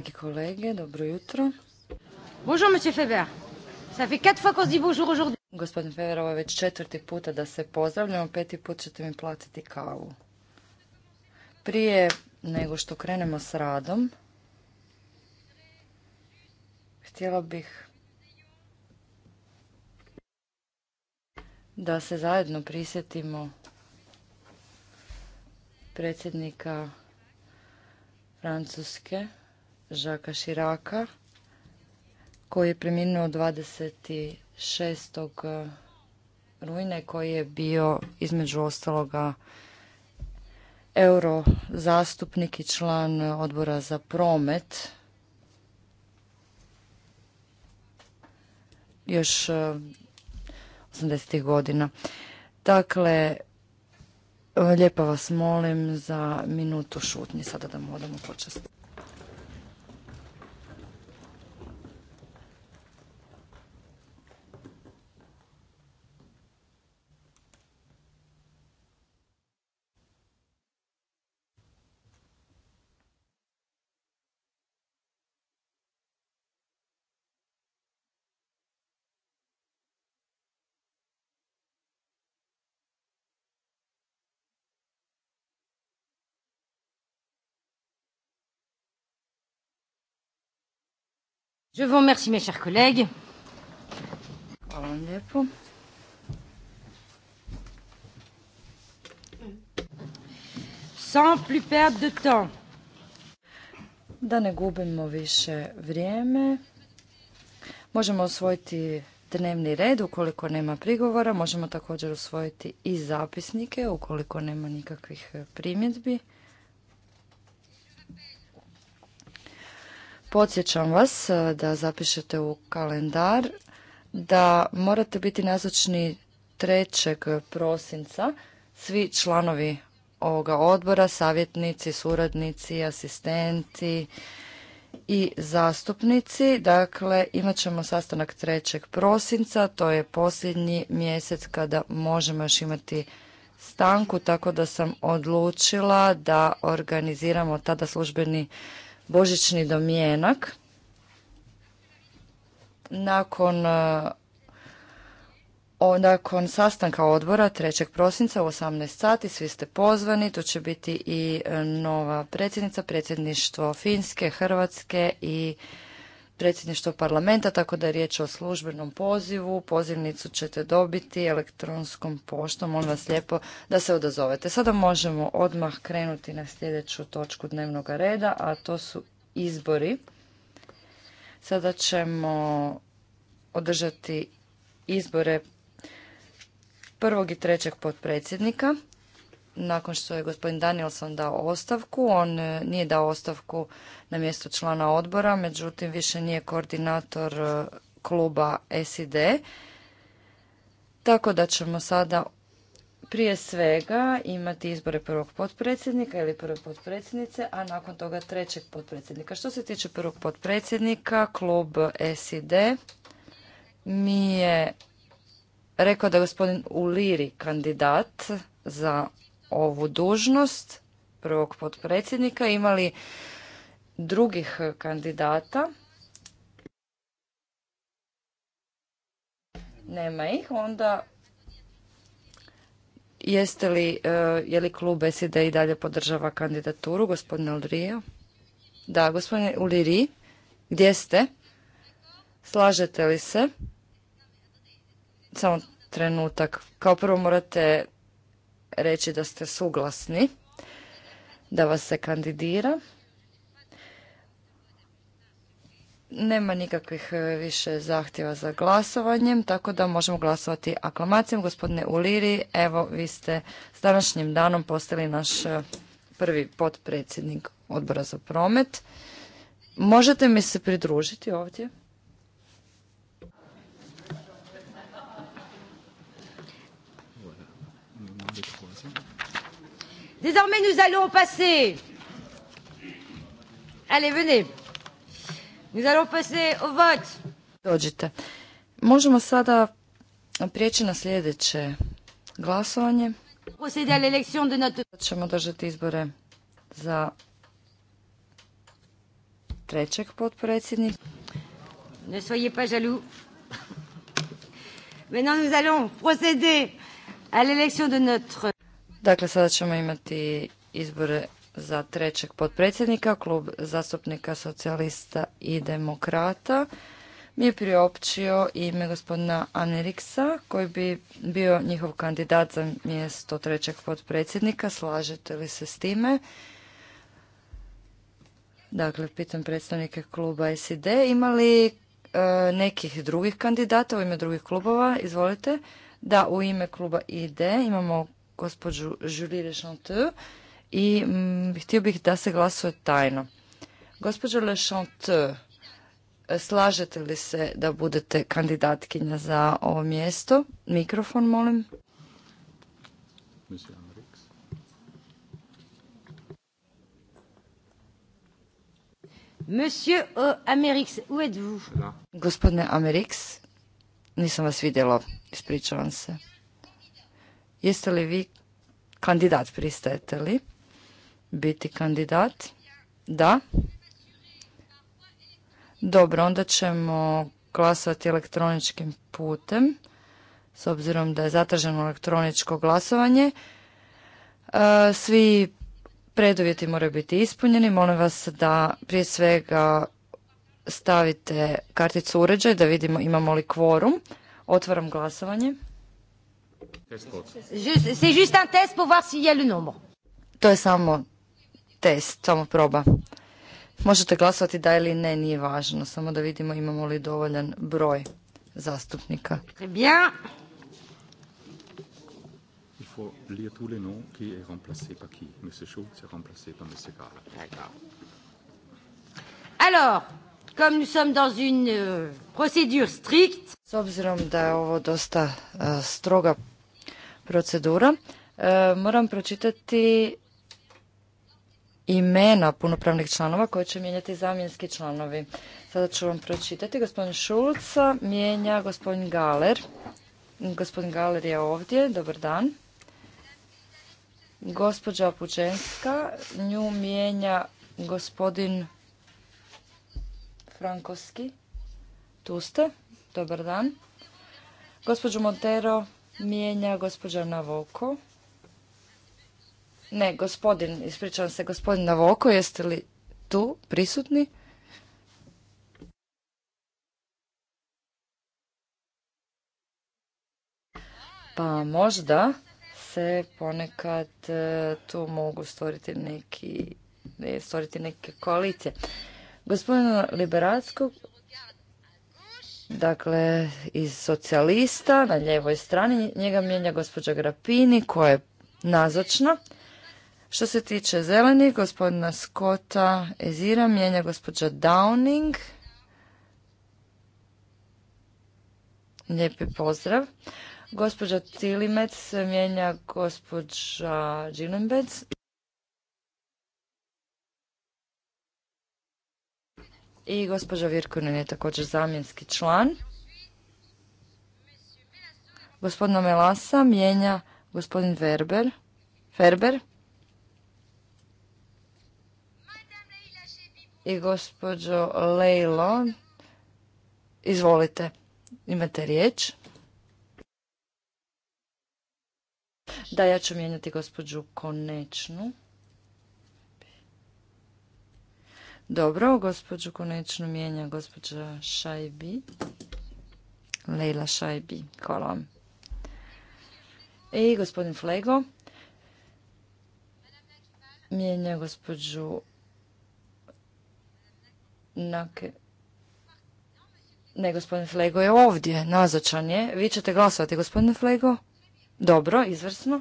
Neki kolege, dobro jutro. Bonjour, monsieur Feber. Ça fait quatre fois qu'on se dit bonjour aujourd'hui. Gospodin Feber, ovo je već četvrti puta da se pozdravljamo, peti put ćete mi platiti kavu. Prije nego što krenemo s radom, htjela bih da se zajedno prisjetimo predsjednika Francuske, Žaka Širaka koji je preminuo 26. Eh, rujne koji je bio između ostaloga euro zastupnik i član odbora za promet još 80. Eh, godina. Dakle, eh, lijepa vas molim za minutu šutnje sada da mu odamo počast. Je vous remercie, mes chers collègues. Hvala Sans plus perdre de temps. Da ne gubimo više vrijeme. Možemo osvojiti dnevni red ukoliko nema prigovora. Možemo također usvojiti i zapisnike ukoliko nema nikakvih primjedbi. Podsjećam vas e, da zapišete u kalendar da morate biti nazočni 3. prosinca svi članovi ovoga odbora, savjetnici, suradnici, asistenti i zastupnici. Dakle, imat ćemo sastanak 3. prosinca, to je posljednji mjesec kada možemo još imati stanku, tako da sam odlučila da organiziramo tada službeni božićni domjenak. Nakon e, nakon sastanka odbora 3. prosinca u 18 sati svi ste pozvani, tu će biti i e, nova predsjednica, predsjedništvo Finske, Hrvatske i predsjedništvo parlamenta, tako da je riječ o službenom pozivu. Pozivnicu ćete dobiti elektronskom poštom. Molim vas lijepo da se odazovete. Sada možemo odmah krenuti na sljedeću točku dnevnog reda, a to su izbori. Sada ćemo održati izbore prvog i trećeg potpredsjednika nakon što je gospodin Danielson dao ostavku. On e, nije dao ostavku na mjesto člana odbora, međutim više nije koordinator e, kluba SID. Tako da ćemo sada prije svega imati izbore prvog potpredsjednika ili prve potpredsjednice, a nakon toga trećeg potpredsjednika. Što se tiče prvog potpredsjednika, klub SID mi je rekao da je gospodin Uliri kandidat za ovu dužnost prvog potpredsjednika imali drugih kandidata. Nema ih, onda jeste li, e, je li klub SID i dalje podržava kandidaturu gospodine Ulirija? Da, gospodine Uliri, gdje ste? Slažete li se? Samo trenutak. Kao prvo morate reći da ste suglasni da vas se kandidira. Nema nikakvih e, više zahtjeva za glasovanjem, tako da možemo glasovati aklamacijom. Gospodine Uliri, evo vi ste s današnjim danom postali naš e, prvi potpredsjednik odbora za promet. Možete mi se pridružiti ovdje? Désormais, nous allons passer. Allez, venez. Nous allons passer au vote. Dođite. Možemo sada prijeći na sljedeće glasovanje. Procéder à l'élection de notre... Ćemo držati izbore za trećeg potpredsjednika. Ne soyez pas jaloux. Maintenant, nous allons procéder à l'élection de notre... Dakle, sada ćemo imati izbore za trećeg potpredsjednika, klub zastupnika socijalista i demokrata mi je priopćio ime gospodina Aneriksa koji bi bio njihov kandidat za mjesto trećeg potpredsjednika. Slažete li se s time? Dakle, pitam predstavnike kluba SID. Ima li e, nekih drugih kandidata u ime drugih klubova? Izvolite. Da, u ime kluba ID imamo gospođu Julie Chanteux i mm, htio bih da se glasuje tajno. Gospođo Le Chanteux, slažete li se da budete kandidatkinja za ovo mjesto? Mikrofon, molim. Monsieur euh, Amerix, où êtes-vous? Gospodine Amerix, nisam vas vidjela, ispričavam se. Jeste li vi kandidat, pristajete li biti kandidat? Da. Dobro, onda ćemo glasovati elektroničkim putem, s obzirom da je zatraženo elektroničko glasovanje. E, svi preduvjeti moraju biti ispunjeni. Molim vas da prije svega stavite karticu uređaj da vidimo imamo li kvorum. Otvaram glasovanje. C'est juste un test pour voir s'il y a le nombre. To je samo test, samo proba. Možete glasovati da ili ne, nije važno, samo da vidimo imamo li dovoljan broj zastupnika. Très bien. Il faut lire tous les noms qui est remplacé par qui. Monsieur Schulz est remplacé par Monsieur Gala. D'accord. Alors, comme nous sommes dans une euh, procédure stricte, s obzirom da je ovo dosta uh, stroga procedura. E, moram pročitati imena punopravnih članova koje će mijenjati zamjenski članovi. Sada ću vam pročitati. Gospodin Šulca mijenja gospodin Galer. Gospodin Galer je ovdje. Dobar dan. Gospođa Puđenska nju mijenja gospodin Frankovski. Tu ste. Dobar dan. Gospođu Montero mijenja gospođa Navoko. Ne, gospodin, ispričavam se, gospodin Navoko, jeste li tu prisutni? Pa možda se ponekad e, tu mogu stvoriti neki e, stvoriti neke koalicije. Gospodina liberalskog dakle iz socijalista na ljevoj strani, njega mijenja gospođa Grapini koja je nazočna. Što se tiče zelenih, gospodina Skota Ezira mijenja gospođa Downing. Lijepi pozdrav. Gospođa Tilimec mijenja gospođa i gospođa Virkunen je također zamjenski član. Gospodina Melasa mijenja gospodin Verber. Ferber. I gospođo Lejlo, izvolite, imate riječ. Da, ja ću mijenjati gospođu Konečnu. Dobro, gospođu konečno mijenja gospođa Šajbi. Leila Šajbi, hvala vam. I gospodin Flego mijenja gospođu Nake. Ne, gospodin Flego je ovdje, nazočan je. Vi ćete glasovati, gospodin Flego? Dobro, izvrsno.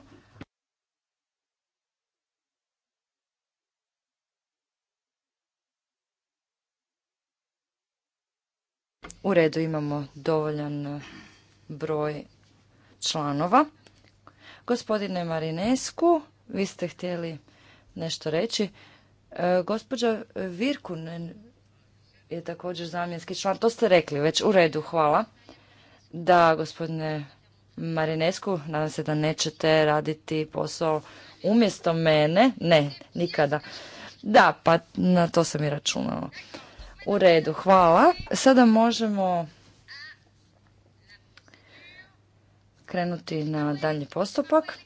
U redu imamo dovoljan eh, broj članova. Gospodine Marinesku, vi ste htjeli nešto reći. Eh, gospođa Virkun je također zamjenski član. To ste rekli već. U redu, hvala. Da, gospodine Marinesku, nadam se da nećete raditi posao umjesto mene. Ne, nikada. Da, pa na to sam i računala. U redu, hvala. Sada možemo krenuti na dalji postupak.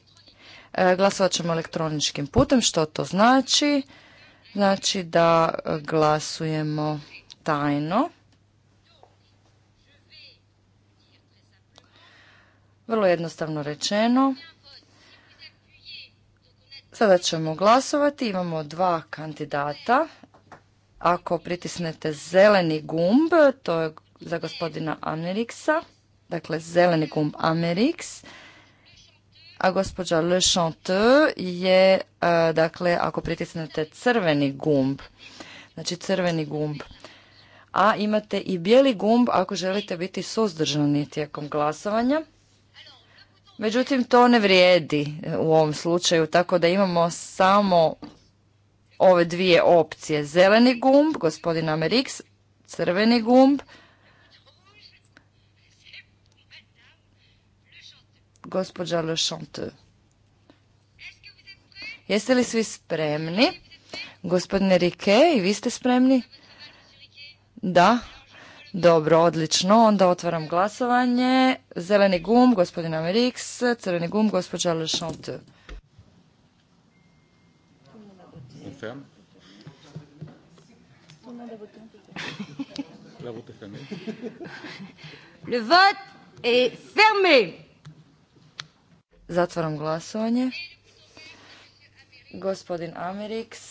E, glasovat ćemo elektroničkim putem. Što to znači? Znači da glasujemo tajno. Vrlo jednostavno rečeno. Sada ćemo glasovati. Imamo dva kandidata ako pritisnete zeleni gumb, to je za gospodina Ameriksa, dakle zeleni gumb Ameriks, a gospođa Le Chanteur je, e, dakle, ako pritisnete crveni gumb, znači crveni gumb, a imate i bijeli gumb ako želite biti suzdržani tijekom glasovanja. Međutim, to ne vrijedi u ovom slučaju, tako da imamo samo ove dvije opcije. Zeleni gumb, gospodin Ameriks, crveni gumb, gospođa Le Chanteux. Jeste li svi spremni? Gospodine Rike, i vi ste spremni? Da. Dobro, odlično. Onda otvaram glasovanje. Zeleni gumb, gospodin Ameriks, crveni gumb, gospođa Le Chanteux. ferme. Le vote est fermé. Le vote est fermé. Zatvaram glasovanje. Gospodin Ameriks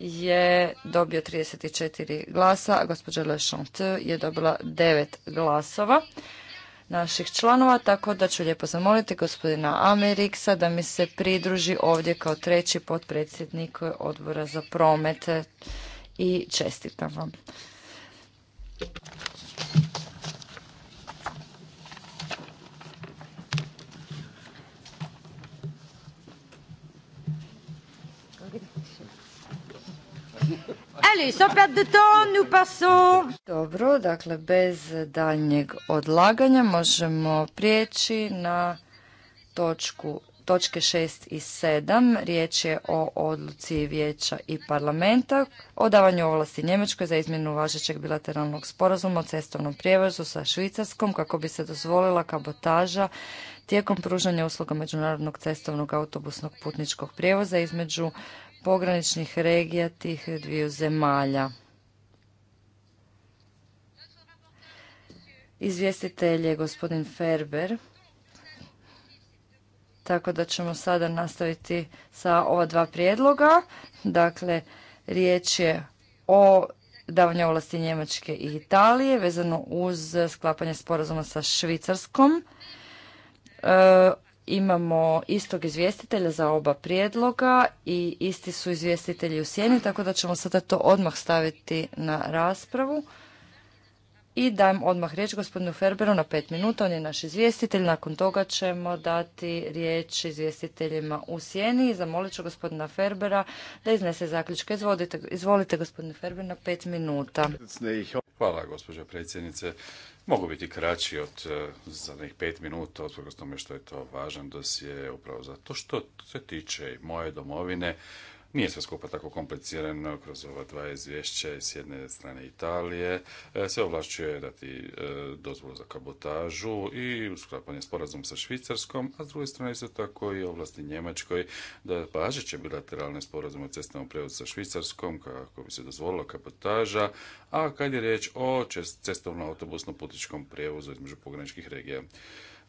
je dobio 34 glasa, a gospođa Le Chanteux je dobila 9 glasova naših članova, tako da ću lijepo zamoliti gospodina Ameriksa da mi se pridruži ovdje kao treći potpredsjednik odbora za promet i čestitam vam. Allez, sans de nous passons. Dobro, dakle bez daljnjeg odlaganja možemo prijeći na točku točke 6 i 7. Riječ je o odluci vijeća i parlamenta o davanju ovlasti Njemačkoj za izmjenu važećeg bilateralnog sporazuma o cestovnom prijevozu sa Švicarskom kako bi se dozvolila kabotaža tijekom pružanja usluga međunarodnog cestovnog autobusnog putničkog prijevoza između pograničnih regija tih dviju zemalja. Izvjestitelj je gospodin Ferber, tako da ćemo sada nastaviti sa ova dva prijedloga. Dakle, riječ je o davanju ovlasti Njemačke i Italije vezano uz sklapanje sporazuma sa Švicarskom. E, imamo istog izvjestitelja za oba prijedloga i isti su izvjestitelji u sjeni, tako da ćemo sada to odmah staviti na raspravu. I dajem odmah riječ gospodinu Ferberu na pet minuta, on je naš izvjestitelj, nakon toga ćemo dati riječ izvjestiteljima u sjeni i zamolit ću gospodina Ferbera da iznese zaključke. Izvolite, izvolite gospodine Ferber na pet minuta. Hvala gospođo predsjednice mogu biti kraći od e, zadnjih pet minuta, s tome što je to važan dosije, upravo zato što se tiče moje domovine, nije sve skupa tako komplicirano kroz ova dva izvješća s jedne strane Italije. Se ovlašćuje dati e, dozvolu za kabotažu i usklapanje sporazum sa Švicarskom, a s druge strane isto tako i ovlasti Njemačkoj da će bilateralne sporazume o cestovnom prevozu sa Švicarskom kako bi se dozvolilo kabotaža, a kad je riječ o cestovno autobusnom putničkom prijevozu između pograničnih regija.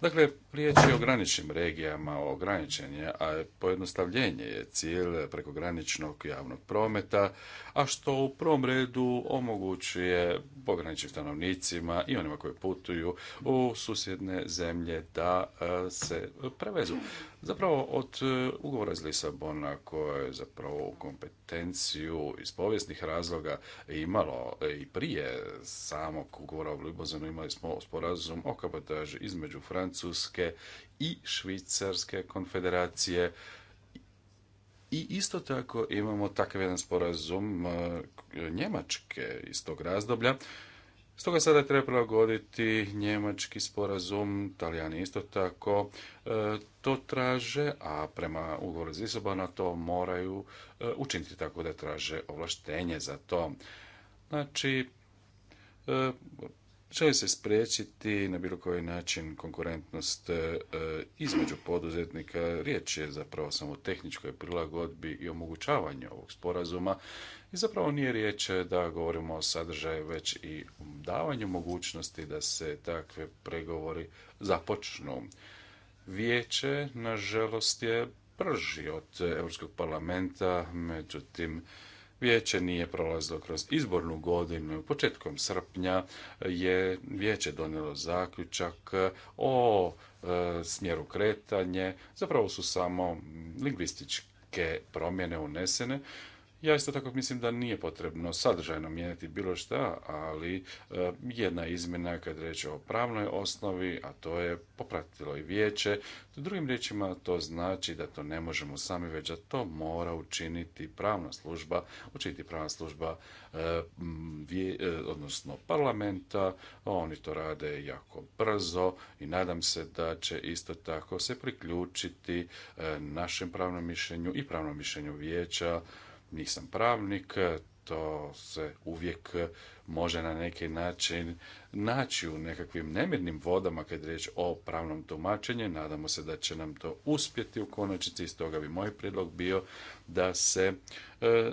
Dakle, riječ je o graničnim regijama, o ograničenje, a pojednostavljenje je cilj prekograničnog javnog prometa, a što u prvom redu omogućuje pograničnim stanovnicima i onima koji putuju u susjedne zemlje da e, se prevezu. Zapravo od e, ugovora iz Lisabona koje je zapravo kompetenciju iz povijesnih razloga imalo e, i prije samog ugovora u Libozanu imali smo sporazum o kabotaži između Francuske i Švicarske konfederacije i isto tako imamo takav jedan sporazum e, Njemačke iz tog razdoblja Stoga sada treba prilagoditi njemački sporazum, Talijani isto tako e, to traže, a prema ugovoru iz na to moraju e, učiniti tako da traže ovlaštenje za to. Znači, e, želi se spriječiti na bilo koji način konkurentnost između poduzetnika. Riječ je zapravo samo o tehničkoj prilagodbi i omogućavanju ovog sporazuma i zapravo nije riječ da govorimo o sadržaju, već i davanju mogućnosti da se takve pregovori započnu. Vijeće, nažalost, je brži od Europskog parlamenta, međutim, Vijeće nije prolazilo kroz izbornu godinu. Početkom srpnja je vijeće donijelo zaključak o e, smjeru kretanje. Zapravo su samo lingvističke promjene unesene, ja isto tako mislim da nije potrebno sadržajno mijenjati bilo šta, ali e, jedna izmjena kad reći o pravnoj osnovi, a to je popratilo i vijeće, drugim riječima to znači da to ne možemo sami, već da to mora učiniti pravna služba, učiniti pravna služba e, e, odnosno parlamenta, oni to rade jako brzo i nadam se da će isto tako se priključiti našem pravnom mišljenju i pravnom mišljenju vijeća nisam pravnik, to se uvijek može na neki način naći u nekakvim nemirnim vodama kad je riječ o pravnom tumačenju. Nadamo se da će nam to uspjeti u konačnici. Stoga bi moj prijedlog bio da se e,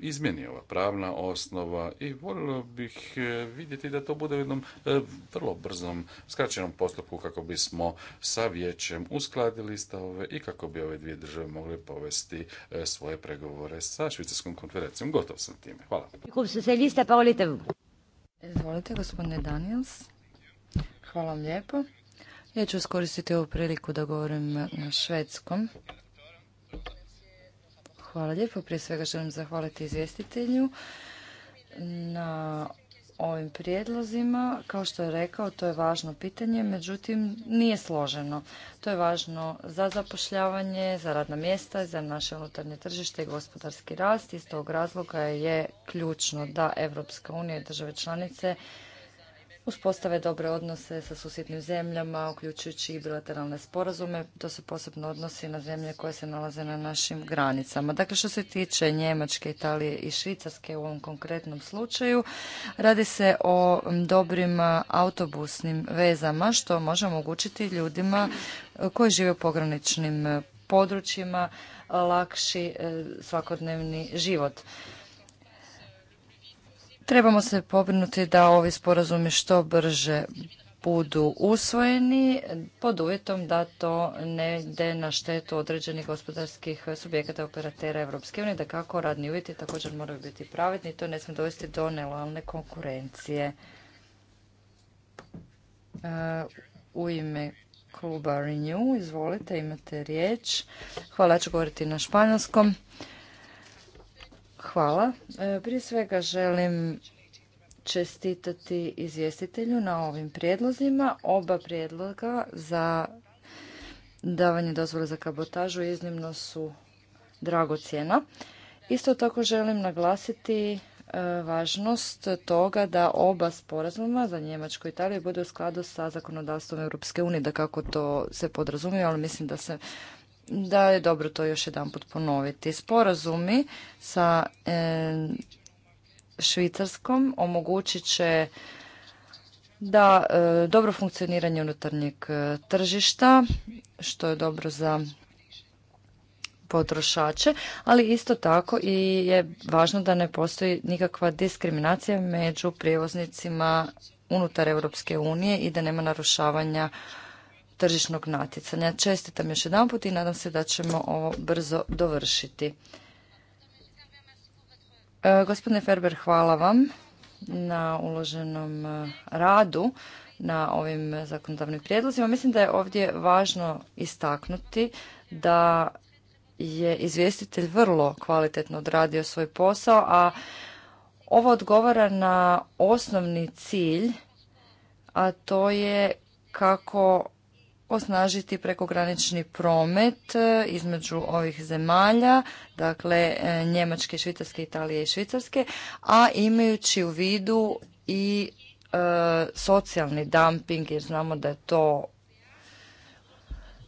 izmjeni ova pravna osnova i volio bih e, vidjeti da to bude u jednom e, vrlo brzom skraćenom postupku kako bismo sa vijećem uskladili stavove i kako bi ove dvije države mogle povesti e, svoje pregovore sa švicarskom konferencijom. Gotov sam time. Hvala. Izvolite, gospodine Daniels. Hvala vam lijepo. Ja ću iskoristiti ovu priliku da govorim na švedskom. Hvala lijepo. Prije svega želim zahvaliti izvjestitelju na ovim prijedlozima. Kao što je rekao, to je važno pitanje, međutim nije složeno. To je važno za zapošljavanje, za radna mjesta, za naše unutarnje tržište i gospodarski rast. Iz tog razloga je ključno da Evropska unija i države članice uspostave dobre odnose sa susjednim zemljama, uključujući i bilateralne sporazume. To se posebno odnosi na zemlje koje se nalaze na našim granicama. Dakle, što se tiče Njemačke, Italije i Švicarske u ovom konkretnom slučaju, radi se o dobrim autobusnim vezama, što može omogućiti ljudima koji žive u pograničnim područjima lakši eh, svakodnevni život. Trebamo se pobrinuti da ovi sporazumi što brže budu usvojeni pod uvjetom da to ne ide na štetu određenih gospodarskih subjekata operatera Europske unije, da kako radni uvjeti također moraju biti pravedni i to ne smije dovesti do nelojalne konkurencije. Uh, u ime kluba Renew, izvolite, imate riječ. Hvala, ću govoriti na španjolskom. Hvala. E, prije svega želim čestitati izvjestitelju na ovim prijedlozima. Oba prijedloga za davanje dozvole za kabotažu iznimno su dragocjena. Isto tako želim naglasiti e, važnost toga da oba sporazuma za Njemačku i Italiju budu u skladu sa zakonodavstvom Europske unije, da kako to se podrazumije, ali mislim da se da je dobro to još jedanput ponoviti. Sporazumi sa e, Švicarskom omogućit će da e, dobro funkcioniranje unutarnjeg e, tržišta, što je dobro za potrošače, ali isto tako i je važno da ne postoji nikakva diskriminacija među prijevoznicima unutar Europske unije i da nema narušavanja tržišnog natjecanja. Čestitam još jedanput i nadam se da ćemo ovo brzo dovršiti. E, gospodine Ferber, hvala vam na uloženom e, radu na ovim zakonodavnim prijedlozima. Mislim da je ovdje važno istaknuti da je izvjestitelj vrlo kvalitetno odradio svoj posao, a ovo odgovara na osnovni cilj, a to je kako osnažiti prekogranični promet e, između ovih zemalja, dakle e, Njemačke, Švicarske, Italije i Švicarske, a imajući u vidu i e, socijalni dumping jer znamo da je to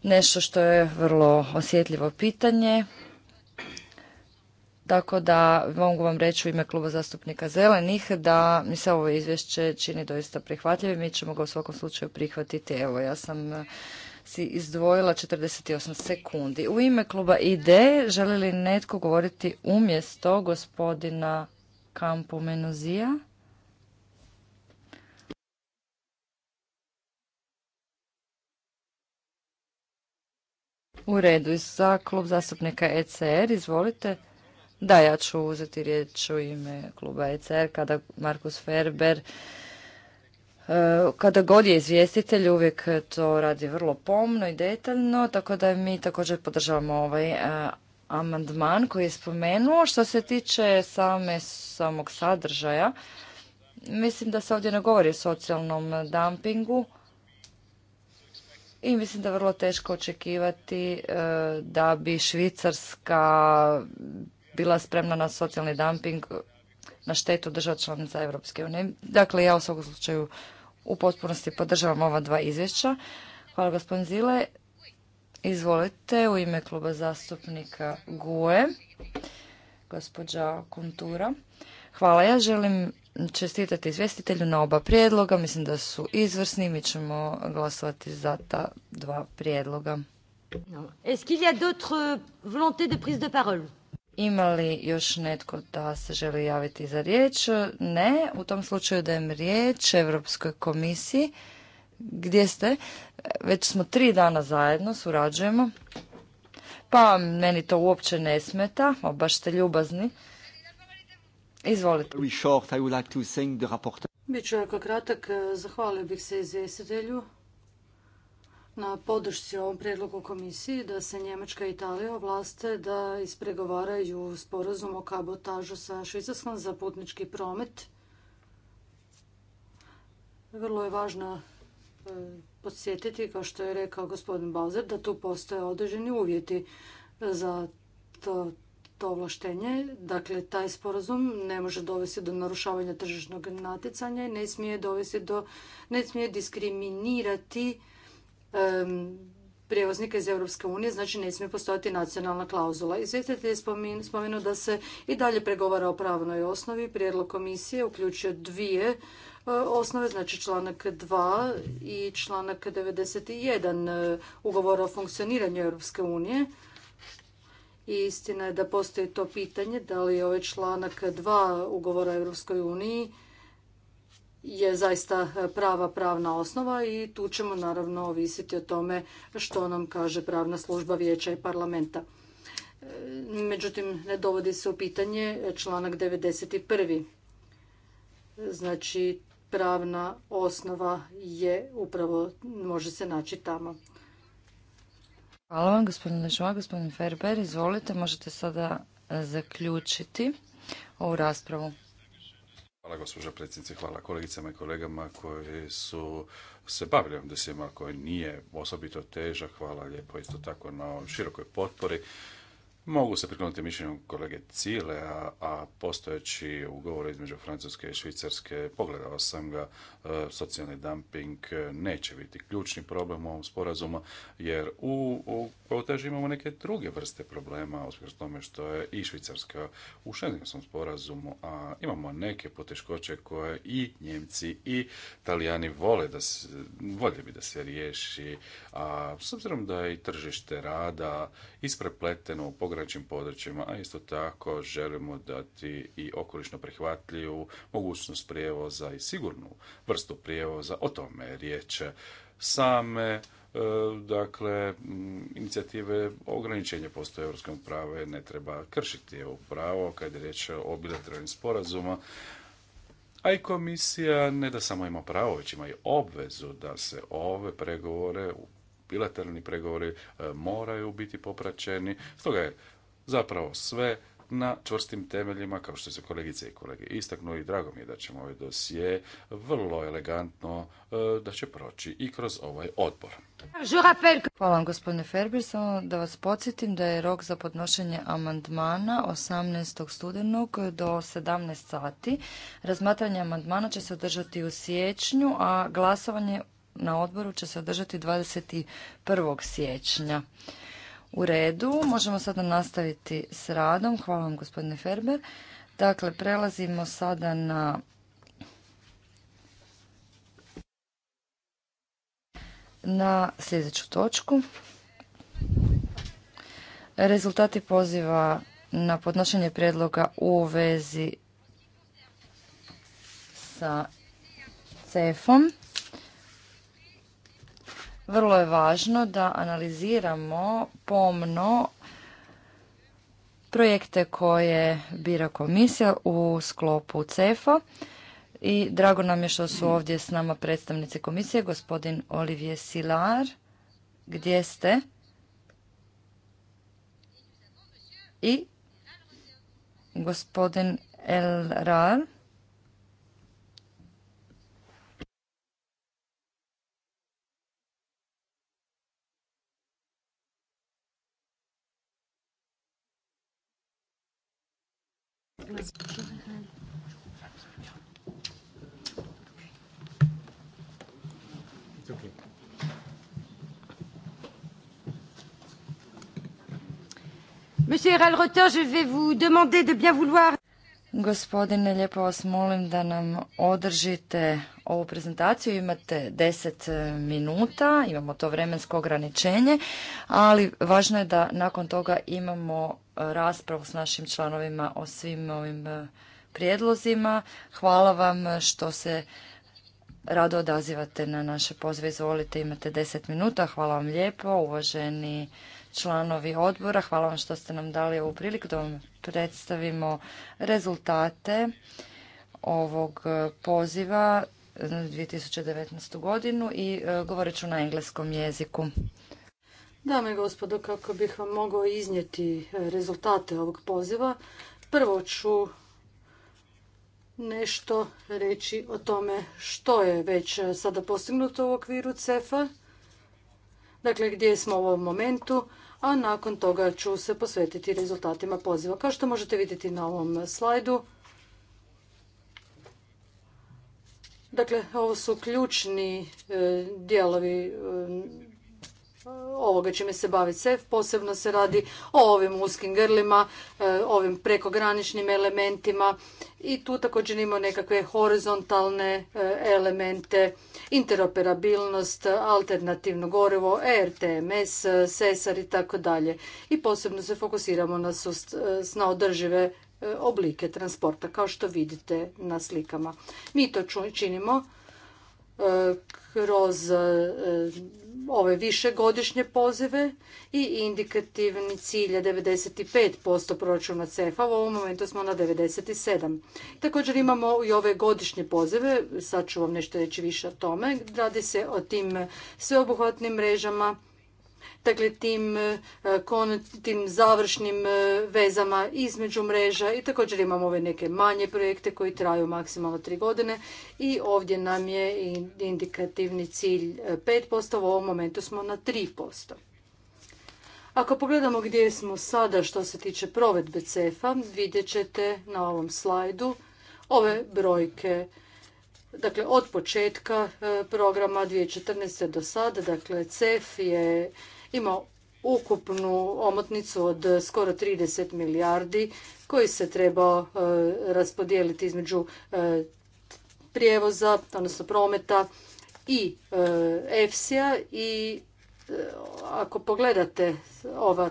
nešto što je vrlo osjetljivo pitanje tako da mogu vam reći u ime kluba zastupnika zelenih da mi se ovo izvješće čini doista prihvatljivim. Mi ćemo ga u svakom slučaju prihvatiti. Evo, ja sam eh, si izdvojila 48 sekundi. U ime kluba IDE želi li netko govoriti umjesto gospodina Kampu Menuzija? U redu, za klub zastupnika ECR, izvolite. Da, ja ću uzeti riječ u ime kluba ECR kada Markus Ferber e, kada god je izvjestitelj, uvijek to radi vrlo pomno i detaljno, tako da mi također podržavamo ovaj e, amandman koji je spomenuo. Što se tiče same, samog sadržaja, mislim da se ovdje ne govori o socijalnom dumpingu i mislim da je vrlo teško očekivati e, da bi Švicarska bila spremna na socijalni dumping na štetu država članica Europske unije. Dakle, ja u svakom slučaju u potpunosti podržavam ova dva izvješća. Hvala gospodin Zile. Izvolite u ime kluba zastupnika GUE, gospođa Kuntura. Hvala, ja želim čestitati izvjestitelju na oba prijedloga. Mislim da su izvrsni, mi ćemo glasovati za ta dva prijedloga. Est-ce qu'il y a d'autres de prise de parole Imali još netko da se želi javiti za riječ? Ne. U tom slučaju dajem riječ Europskoj komisiji. Gdje ste? Već smo tri dana zajedno, surađujemo. Pa meni to uopće ne smeta, baš ste ljubazni. Izvolite. Biću jako kratak, zahvalio bih se izvjestitelju na podršci ovom prijedlogu komisiji da se Njemačka i Italija ovlaste da ispregovaraju sporazum o kabotažu sa Švicarskom za putnički promet. Vrlo je važno e, podsjetiti, kao što je rekao gospodin Bauzer, da tu postoje određeni uvjeti za to, to ovlaštenje. Dakle, taj sporazum ne može dovesti do narušavanja tržišnog natjecanja i ne smije do, ne smije diskriminirati prijevoznika iz Europske unije, znači ne smije postojati nacionalna klauzula. Izvjetitelj je spomenuo da se i dalje pregovara o pravnoj osnovi. Prijedlog komisije uključuje dvije e, osnove, znači članak 2 i članak 91 e, ugovora o funkcioniranju Europske unije. I istina je da postoji to pitanje da li je ovaj članak 2 ugovora o Europskoj uniji je zaista prava pravna osnova i tu ćemo naravno ovisiti o tome što nam kaže pravna služba vijeća i parlamenta. E, međutim, ne dovodi se u pitanje članak 91. Znači, pravna osnova je upravo, može se naći tamo. Hvala vam, gospodin Ležova, gospodin Ferber. Izvolite, možete sada e, zaključiti ovu raspravu. Hvala gospođo predsjednice, hvala kolegicama i kolegama koji su se bavili ovim dosijema koji nije osobito težak. Hvala lijepo isto tako na širokoj potpori. Mogu se priklonuti mišljenju kolege Cile, a, postojeći ugovor između Francuske i Švicarske, pogledao sam ga, e, socijalni dumping neće biti ključni problem u ovom sporazumu, jer u, u imamo neke druge vrste problema, uspješno tome što je i Švicarska u šengenskom sporazumu, a imamo neke poteškoće koje i Njemci i Talijani vole da se, volje bi da se riješi, a s obzirom da je i tržište rada isprepleteno u ograničenim područjima, a isto tako želimo dati i okolišno prihvatljivu mogućnost prijevoza i sigurnu vrstu prijevoza. O tome je riječ same e, dakle, inicijative ograničenja postoje europskom prave ne treba kršiti ovo pravo kad je riječ o bilateralnim sporazuma. A i komisija ne da samo ima pravo, već ima i obvezu da se ove pregovore bilateralni pregovori e, moraju biti popraćeni. Stoga je zapravo sve na čvrstim temeljima, kao što su kolegice i kolege istaknuli. I drago mi je da ćemo ovaj dosije vrlo elegantno e, da će proći i kroz ovaj odbor. Hvala vam gospodine ferbison da vas podsjetim da je rok za podnošenje amandmana 18. studenog do 17. sati. Razmatranje amandmana će se održati u siječnju, a glasovanje na odboru će se održati 21. siječnja. U redu, možemo sada nastaviti s radom. Hvala vam gospodine Ferber. Dakle, prelazimo sada na na sljedeću točku. Rezultati poziva na podnošenje prijedloga u vezi sa CEF-om. Vrlo je važno da analiziramo pomno projekte koje bira komisija u sklopu CEFA i drago nam je što su ovdje s nama predstavnici komisije, gospodin Olivier Silar. Gdje ste? I gospodin El Rar Monsieur Ralrotter, je vais vous demander de bien vouloir... Gospodine, lijepo vas molim da nam održite ovu prezentaciju. Imate deset e, minuta, imamo to vremensko ograničenje, ali važno je da nakon toga imamo raspravu s našim članovima o svim ovim e, prijedlozima. Hvala vam što se rado odazivate na naše pozve. Izvolite, imate 10 minuta. Hvala vam lijepo, uvaženi članovi odbora. Hvala vam što ste nam dali ovu priliku da vam predstavimo rezultate ovog e, poziva 2019. E, godinu i govorit ću na engleskom jeziku. Dame i gospodo, kako bih vam mogao iznijeti e, rezultate ovog poziva, prvo ću nešto reći o tome što je već e, sada postignuto u okviru CEFA, dakle gdje smo u ovom momentu, a nakon toga ću se posvetiti rezultatima poziva. Kao što možete vidjeti na ovom slajdu, dakle ovo su ključni e, dijelovi ovoga čime se bavi SEF, posebno se radi o ovim uskim grlima, e, ovim prekograničnim elementima i tu također imamo nekakve horizontalne e, elemente, interoperabilnost, alternativno gorivo, e RTMS, SESAR i tako dalje. I posebno se fokusiramo na, na održive oblike transporta, kao što vidite na slikama. Mi to činimo kroz ove višegodišnje pozive i indikativni cilj je 95% proračuna CEFA, a u ovom momentu smo na 97%. Također imamo i ove godišnje pozive, sad ću vam nešto reći više o tome. Radi se o tim sveobuhvatnim mrežama dakle tim, e, tim završnim e, vezama između mreža i također imamo ove neke manje projekte koji traju maksimalno tri godine i ovdje nam je indikativni cilj 5%, e, u ovom momentu smo na 3%. Ako pogledamo gdje smo sada što se tiče provedbe CEFA, vidjet ćete na ovom slajdu ove brojke dakle od početka e, programa 2014. do sada, dakle CEF je imao ukupnu omotnicu od skoro 30 milijardi koji se trebao e, raspodijeliti između e, prijevoza, odnosno prometa i EFSI-a i ako pogledate ova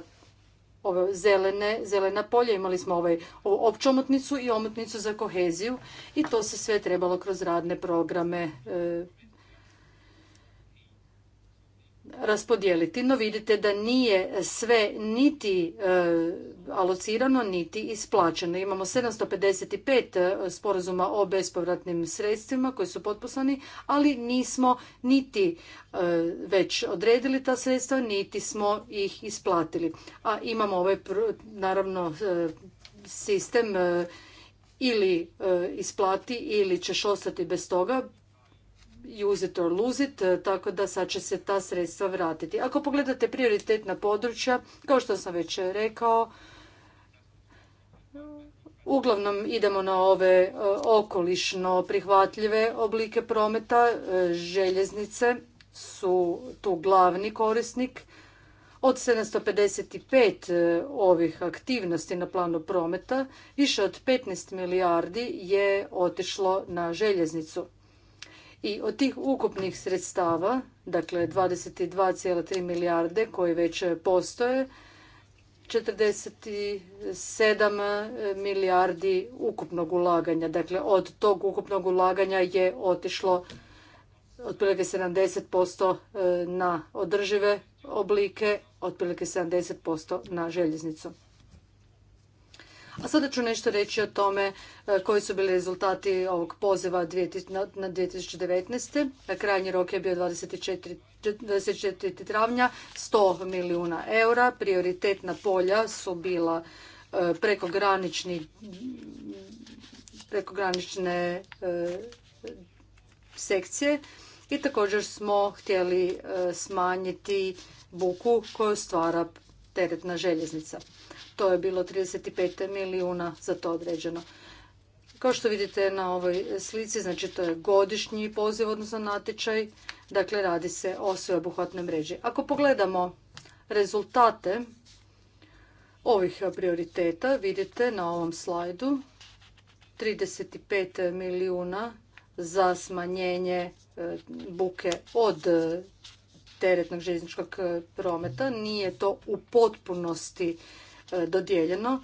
ove zelene, zelena polja, imali smo ovaj, opću omotnicu i omotnicu za koheziju i to se sve trebalo kroz radne programe e, raspodijeliti. No vidite da nije sve niti e, alocirano, niti isplaćeno. Imamo 755 e, sporazuma o bespovratnim sredstvima koji su potpisani, ali nismo niti e, već odredili ta sredstva, niti smo ih isplatili. A imamo ovaj, naravno, sistem ili isplati ili ćeš ostati bez toga use it or lose it, e, tako da sad će se ta sredstva vratiti. Ako pogledate prioritetna područja, kao što sam već rekao, Uglavnom idemo na ove e, okolišno prihvatljive oblike prometa. E, željeznice su tu glavni korisnik. Od 755 ovih aktivnosti na planu prometa, više od 15 milijardi je otišlo na željeznicu. I od tih ukupnih sredstava, dakle 22,3 milijarde koji već postoje, 47 milijardi ukupnog ulaganja. Dakle, od tog ukupnog ulaganja je otišlo otprilike 70% eh, na održive oblike, otprilike 70% na željeznicu. A sada ću nešto reći o tome e, koji su bili rezultati ovog poziva na 2019. E, krajnji rok je bio 24 24. travnja 100 milijuna eura. Prioritetna polja su bila e, prekogranični prekogranične sekcije i također smo htjeli smanjiti buku koju stvara teretna željeznica to je bilo 35 milijuna za to određeno. Kao što vidite na ovoj slici, znači to je godišnji poziv, odnosno natječaj, dakle radi se o sveobuhvatnoj mreži. Ako pogledamo rezultate ovih prioriteta, vidite na ovom slajdu 35 milijuna za smanjenje e, buke od e, teretnog željezničkog e, prometa. Nije to u potpunosti E, dodijeljeno.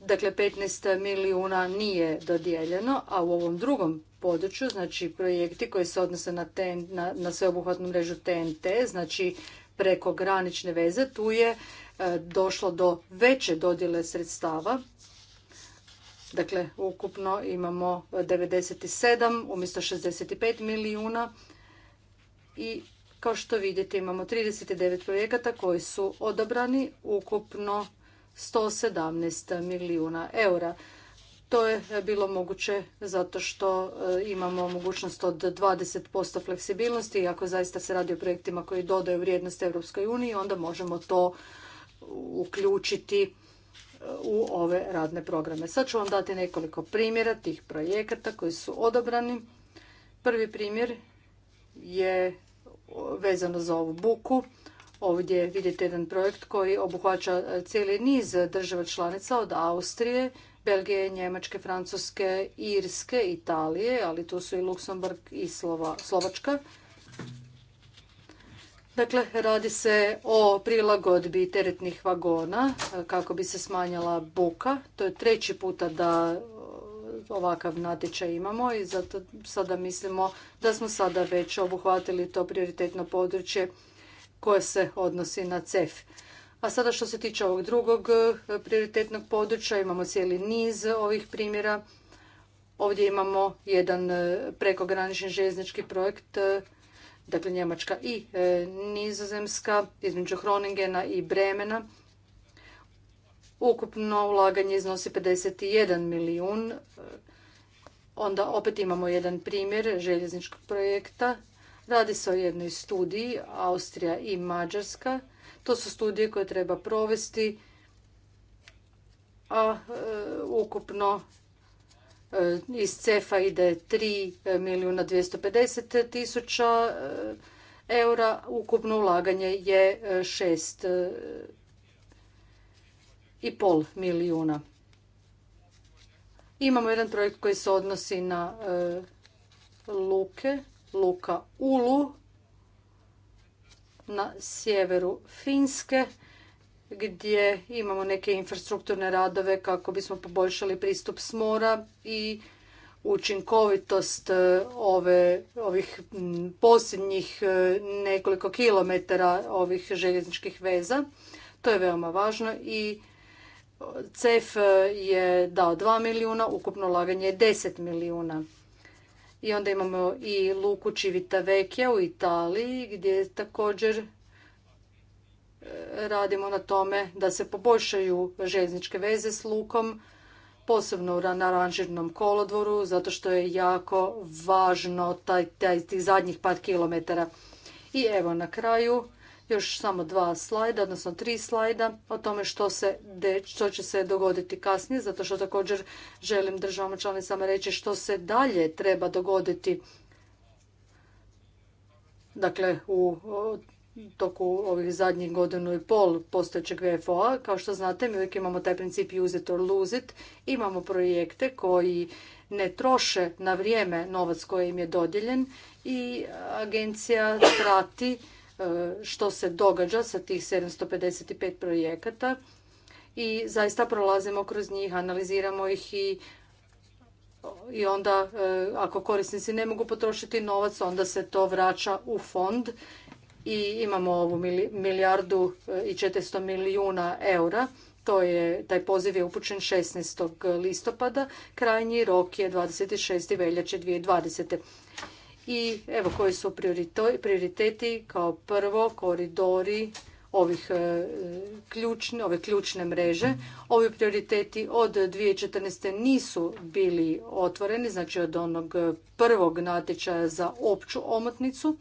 Dakle, 15 milijuna nije dodijeljeno, a u ovom drugom području, znači projekti koji se odnose na, ten, na, na sveobuhvatnu mrežu TNT, znači preko granične veze, tu je e, došlo do veće dodjele sredstava. Dakle, ukupno imamo 97 umjesto 65 milijuna i kao što vidite imamo 39 projekata koji su odabrani, ukupno 117 milijuna eura. To je bilo moguće zato što e, imamo mogućnost od 20% fleksibilnosti i ako zaista se radi o projektima koji dodaju vrijednost Europskoj uniji, onda možemo to uključiti e, u ove radne programe. Sad ću vam dati nekoliko primjera tih projekata koji su odobrani. Prvi primjer je vezano za ovu buku. Ovdje vidite jedan projekt koji obuhvaća e, cijeli niz država članica od Austrije, Belgije, Njemačke, Francuske, Irske, Italije, ali tu su i Luksemburg i Slovačka. Dakle, radi se o prilagodbi teretnih vagona e, kako bi se smanjila buka. To je treći puta da e, ovakav natječaj imamo i zato sada mislimo da smo sada već obuhvatili to prioritetno područje koje se odnosi na CEF. A sada što se tiče ovog drugog e, prioritetnog područja, imamo cijeli niz ovih primjera. Ovdje imamo jedan e, prekogranični željeznički projekt, e, dakle Njemačka i Nizozemska, između Hroningena i Bremena. Ukupno ulaganje iznosi 51 milijun. Onda opet imamo jedan primjer željezničkog projekta Radi se o jednoj studiji, Austrija i Mađarska. To su studije koje treba provesti, a e, ukupno e, iz CEFA ide tri milijuna 250 tisuća e, eura, ukupno ulaganje je 6 i pol milijuna. Imamo jedan projekt koji se odnosi na luke luka Ulu na sjeveru Finske gdje imamo neke infrastrukturne radove kako bismo poboljšali pristup s mora i učinkovitost e, ove, ovih posljednjih e, nekoliko kilometara ovih željezničkih veza. To je veoma važno i CEF e, je dao 2 milijuna, ukupno ulaganje je 10 milijuna. I onda imamo i luku Vekija u Italiji gdje također e, radimo na tome da se poboljšaju željezničke veze s lukom, posebno na naranžirnom kolodvoru, zato što je jako važno taj, tih zadnjih par kilometara. I evo na kraju još samo dva slajda, odnosno tri slajda o tome što, se što će se dogoditi kasnije, zato što također želim državama članicama reći što se dalje treba dogoditi dakle u toku ovih zadnjih godinu i pol postojećeg VFO-a. Kao što znate, mi uvijek imamo taj princip use it or lose it. Imamo projekte koji ne troše na vrijeme novac koji im je dodijeljen i agencija prati E, što se događa sa tih 755 projekata i zaista prolazimo kroz njih, analiziramo ih i i onda e, ako korisnici ne mogu potrošiti novac, onda se to vraća u fond i imamo ovu milijardu e, i 400 milijuna eura. To je, taj poziv je upućen 16. listopada, krajnji rok je 26. veljače 2020 i evo koji su prioriteti kao prvo koridori ovih e, ključne, ove ključne mreže. Ovi prioriteti od 2014. nisu bili otvoreni, znači od onog prvog natječaja za opću omotnicu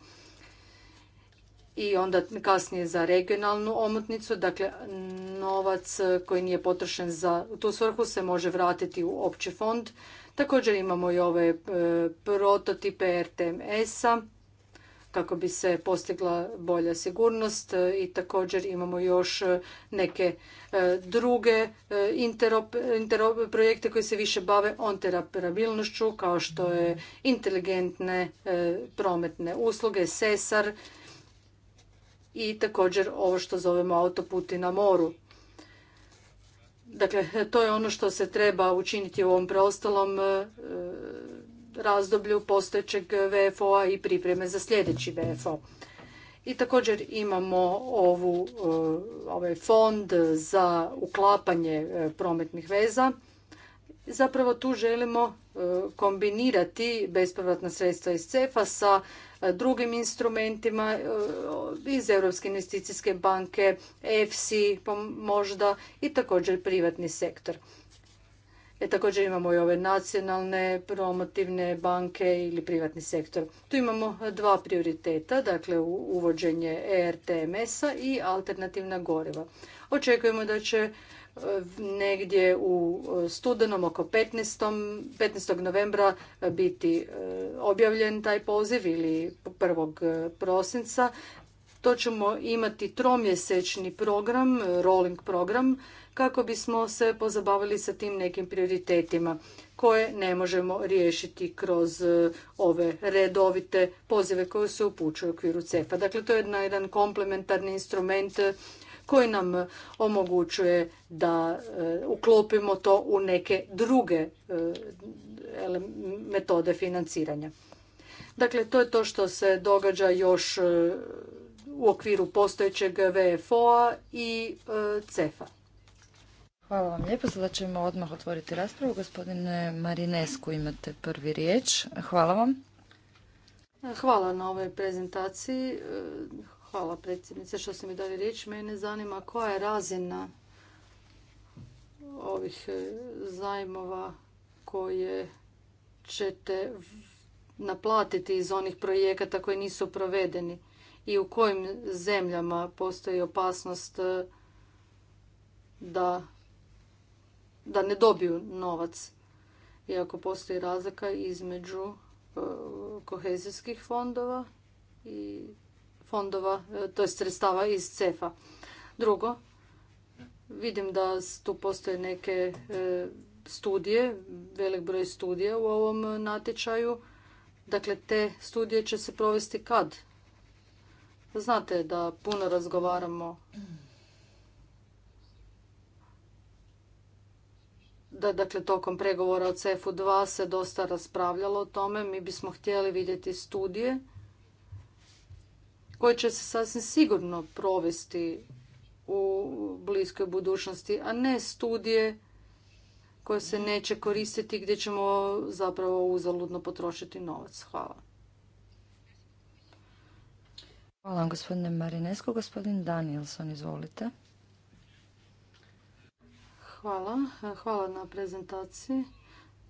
i onda kasnije za regionalnu omotnicu. Dakle, novac koji nije potrošen za tu svrhu se može vratiti u opći fond Također imamo i ove e, prototipe RTMS-a kako bi se postigla bolja sigurnost e, i također imamo još neke e, druge projekte koji se više bave interoperabilnošću kao što je inteligentne prometne usluge, SESAR i također ovo što zovemo autoputi na moru. Dakle, to je ono što se treba učiniti u ovom preostalom e, razdoblju postojećeg VFO-a i pripreme za sljedeći VFO. I također imamo ovu, e, ovaj fond za uklapanje e, prometnih veza Zapravo tu želimo e, kombinirati bespovratna sredstva iz CEF-a sa e, drugim instrumentima e, iz Europske investicijske banke, EFSI pa možda i također privatni sektor. E, također imamo i ove nacionalne promotivne banke ili privatni sektor. Tu imamo dva prioriteta, dakle uvođenje ERTMS-a i alternativna goriva. Očekujemo da će e, negdje u e, studenom oko 15. 15. novembra e, biti objavljen taj poziv ili 1. prosinca. To ćemo imati tromjesečni program, rolling program kako bismo se pozabavili sa tim nekim prioritetima koje ne možemo riješiti kroz e, ove redovite pozive koje se upućuju u okviru CEFA. Dakle, to je jedan komplementarni instrument koji nam omogućuje da e, uklopimo to u neke druge e, metode financiranja. Dakle, to je to što se događa još u okviru postojećeg VFO-a i CEFA. Hvala vam lijepo. Sada ćemo odmah otvoriti raspravu. Gospodine Marinesku, imate prvi riječ. Hvala vam. Hvala na ovoj prezentaciji. E, hvala predsjednice što ste mi dali riječ. Mene zanima koja je razina ovih e, zajmova koje ćete naplatiti iz onih projekata koji nisu provedeni i u kojim zemljama postoji opasnost e, da da ne dobiju novac. Iako postoji razlika između e, kohezijskih fondova i fondova, e, to je sredstava iz CEFA. Drugo, vidim da tu postoje neke e, studije, velik broj studija u ovom natječaju. Dakle, te studije će se provesti kad? Znate da puno razgovaramo da dakle tokom pregovora o CEF-u 2 se dosta raspravljalo o tome. Mi bismo htjeli vidjeti studije koje će se sasvim sigurno provesti u bliskoj budućnosti, a ne studije koje se neće koristiti gdje ćemo zapravo uzaludno potrošiti novac. Hvala. Hvala gospodine Marinesko. Gospodin Danielson, izvolite. Hvala. E, hvala na prezentaciji.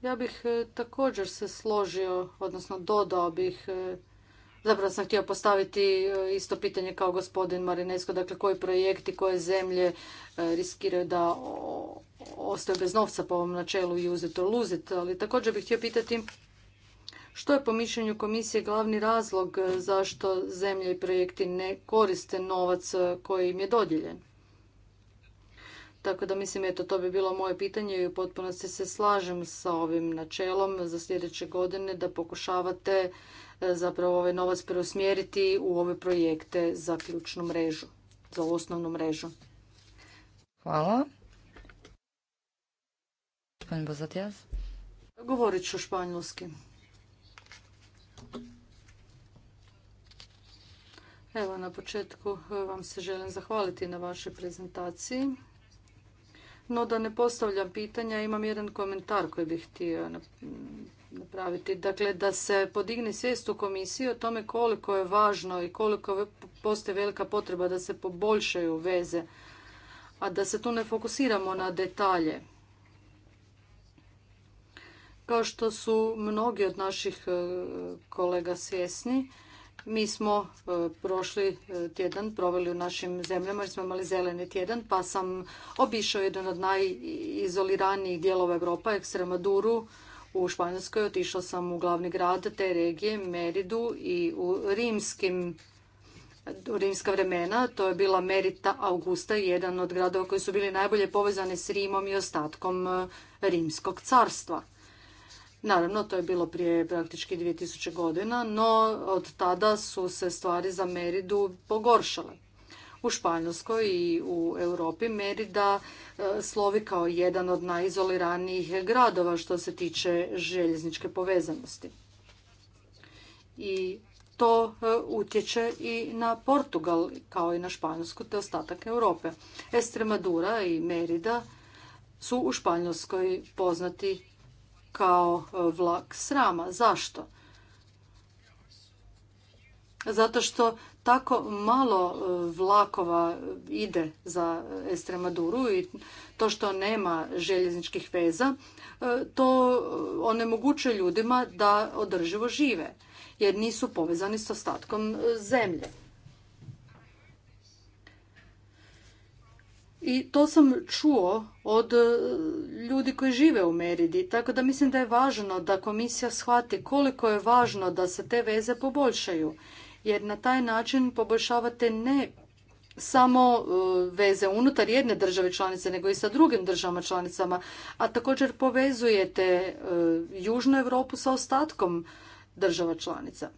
Ja bih e, također se složio, odnosno dodao bih, e, zapravo sam htio postaviti isto pitanje kao gospodin Marinesko, dakle koji projekti, koje zemlje riskiraju da ostaju bez novca po ovom načelu use it or lose it, ali također bih htio pitati što je po mišljenju komisije glavni razlog zašto zemlje i projekti ne koriste novac koji im je dodijeljen? Tako da mislim, eto, to bi bilo moje pitanje i u potpunosti se slažem sa ovim načelom za sljedeće godine da pokušavate e, zapravo ovaj novac preusmjeriti u ove projekte za ključnu mrežu, za osnovnu mrežu. Hvala. Govorit ću španjolski. Evo, na početku e, vam se želim zahvaliti na vašoj prezentaciji. No da ne postavljam pitanja, imam jedan komentar koji bih htio napraviti. Dakle, da se podigne svijest u komisiji o tome koliko je važno i koliko postoji velika potreba da se poboljšaju veze, a da se tu ne fokusiramo na detalje. Kao što su mnogi od naših e, kolega svjesni, mi smo e, prošli e, tjedan proveli u našim zemljama jer smo imali zeleni tjedan pa sam obišao jedan od najizoliranijih dijelova Evropa, Ekstremaduru u Španjolskoj. Otišao sam u glavni grad te regije, Meridu i u rimskim u rimska vremena, to je bila Merita Augusta, jedan od gradova koji su bili najbolje povezani s Rimom i ostatkom e, rimskog carstva. Naravno, to je bilo prije praktički 2000 godina, no od tada su se stvari za Meridu pogoršale. U Španjolskoj i u Europi Merida e, slovi kao jedan od najizoliranijih gradova što se tiče željezničke povezanosti. I to e, utječe i na Portugal kao i na Španjolsku te ostatak Europe. Estremadura i Merida su u Španjolskoj poznati kao e, vlak srama. Zašto? Zato što tako malo e, vlakova ide za Estremaduru i to što nema željezničkih veza, e, to onemogućuje ljudima da održivo žive, jer nisu povezani s ostatkom zemlje. i to sam čuo od e, ljudi koji žive u Meridi, tako da mislim da je važno da komisija shvati koliko je važno da se te veze poboljšaju, jer na taj način poboljšavate ne samo e, veze unutar jedne države članice, nego i sa drugim državama članicama, a također povezujete e, Južnu Europu sa ostatkom država članica.